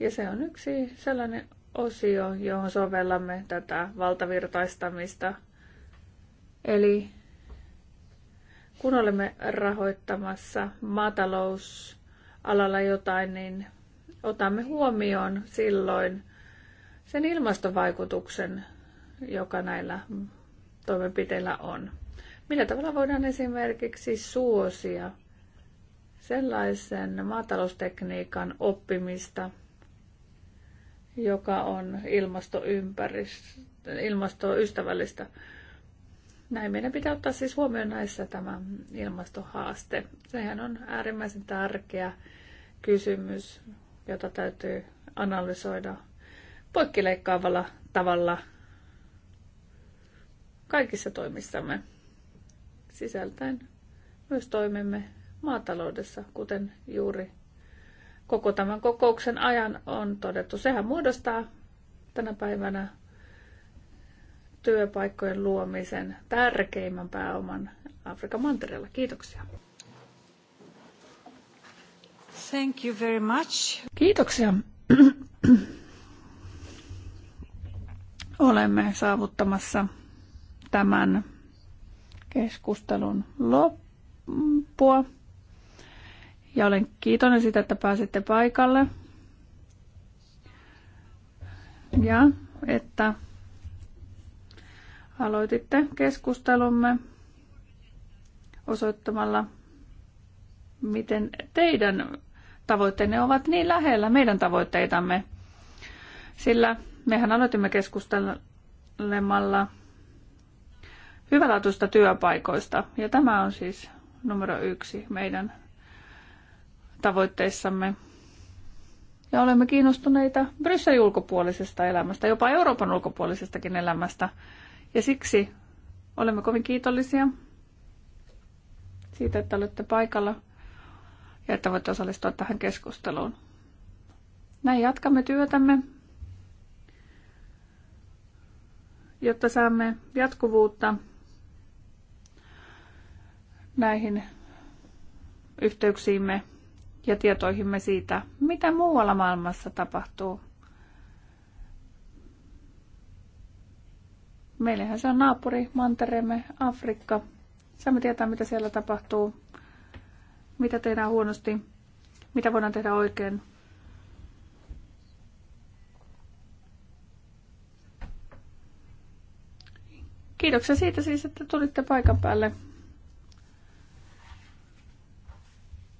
Ja se on yksi sellainen osio, johon sovellamme tätä valtavirtaistamista. Eli kun olemme rahoittamassa maatalousalalla jotain, niin otamme huomioon silloin sen ilmastovaikutuksen, joka näillä toimenpiteillä on. Millä tavalla voidaan esimerkiksi suosia sellaisen maataloustekniikan oppimista, joka on ilmastoystävällistä. Näin meidän pitää ottaa siis huomioon näissä tämä ilmastohaaste. Sehän on äärimmäisen tärkeä kysymys, jota täytyy analysoida poikkileikkaavalla tavalla kaikissa toimissamme sisältäen myös toimimme maataloudessa, kuten juuri koko tämän kokouksen ajan on todettu. Sehän muodostaa tänä päivänä työpaikkojen luomisen tärkeimmän pääoman Afrikan mantereella. Kiitoksia. Thank you very much. Kiitoksia. Olemme saavuttamassa tämän keskustelun loppua. Ja olen kiitollinen siitä, että pääsitte paikalle. Ja että aloititte keskustelumme osoittamalla, miten teidän tavoitteenne ovat niin lähellä meidän tavoitteitamme. Sillä mehän aloitimme keskustelemalla hyvälaatuista työpaikoista. Ja tämä on siis numero yksi meidän tavoitteissamme. Ja olemme kiinnostuneita Brysselin ulkopuolisesta elämästä, jopa Euroopan ulkopuolisestakin elämästä. Ja siksi olemme kovin kiitollisia siitä, että olette paikalla ja että voitte osallistua tähän keskusteluun. Näin jatkamme työtämme, jotta saamme jatkuvuutta näihin yhteyksiimme ja tietoihimme siitä, mitä muualla maailmassa tapahtuu. Meillähän se on naapuri, mantereemme, Afrikka. Saamme tietää, mitä siellä tapahtuu, mitä tehdään huonosti, mitä voidaan tehdä oikein. Kiitoksia siitä siis, että tulitte paikan päälle.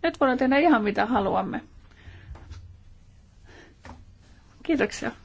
Nyt voidaan tehdä ihan mitä haluamme. Kiitoksia.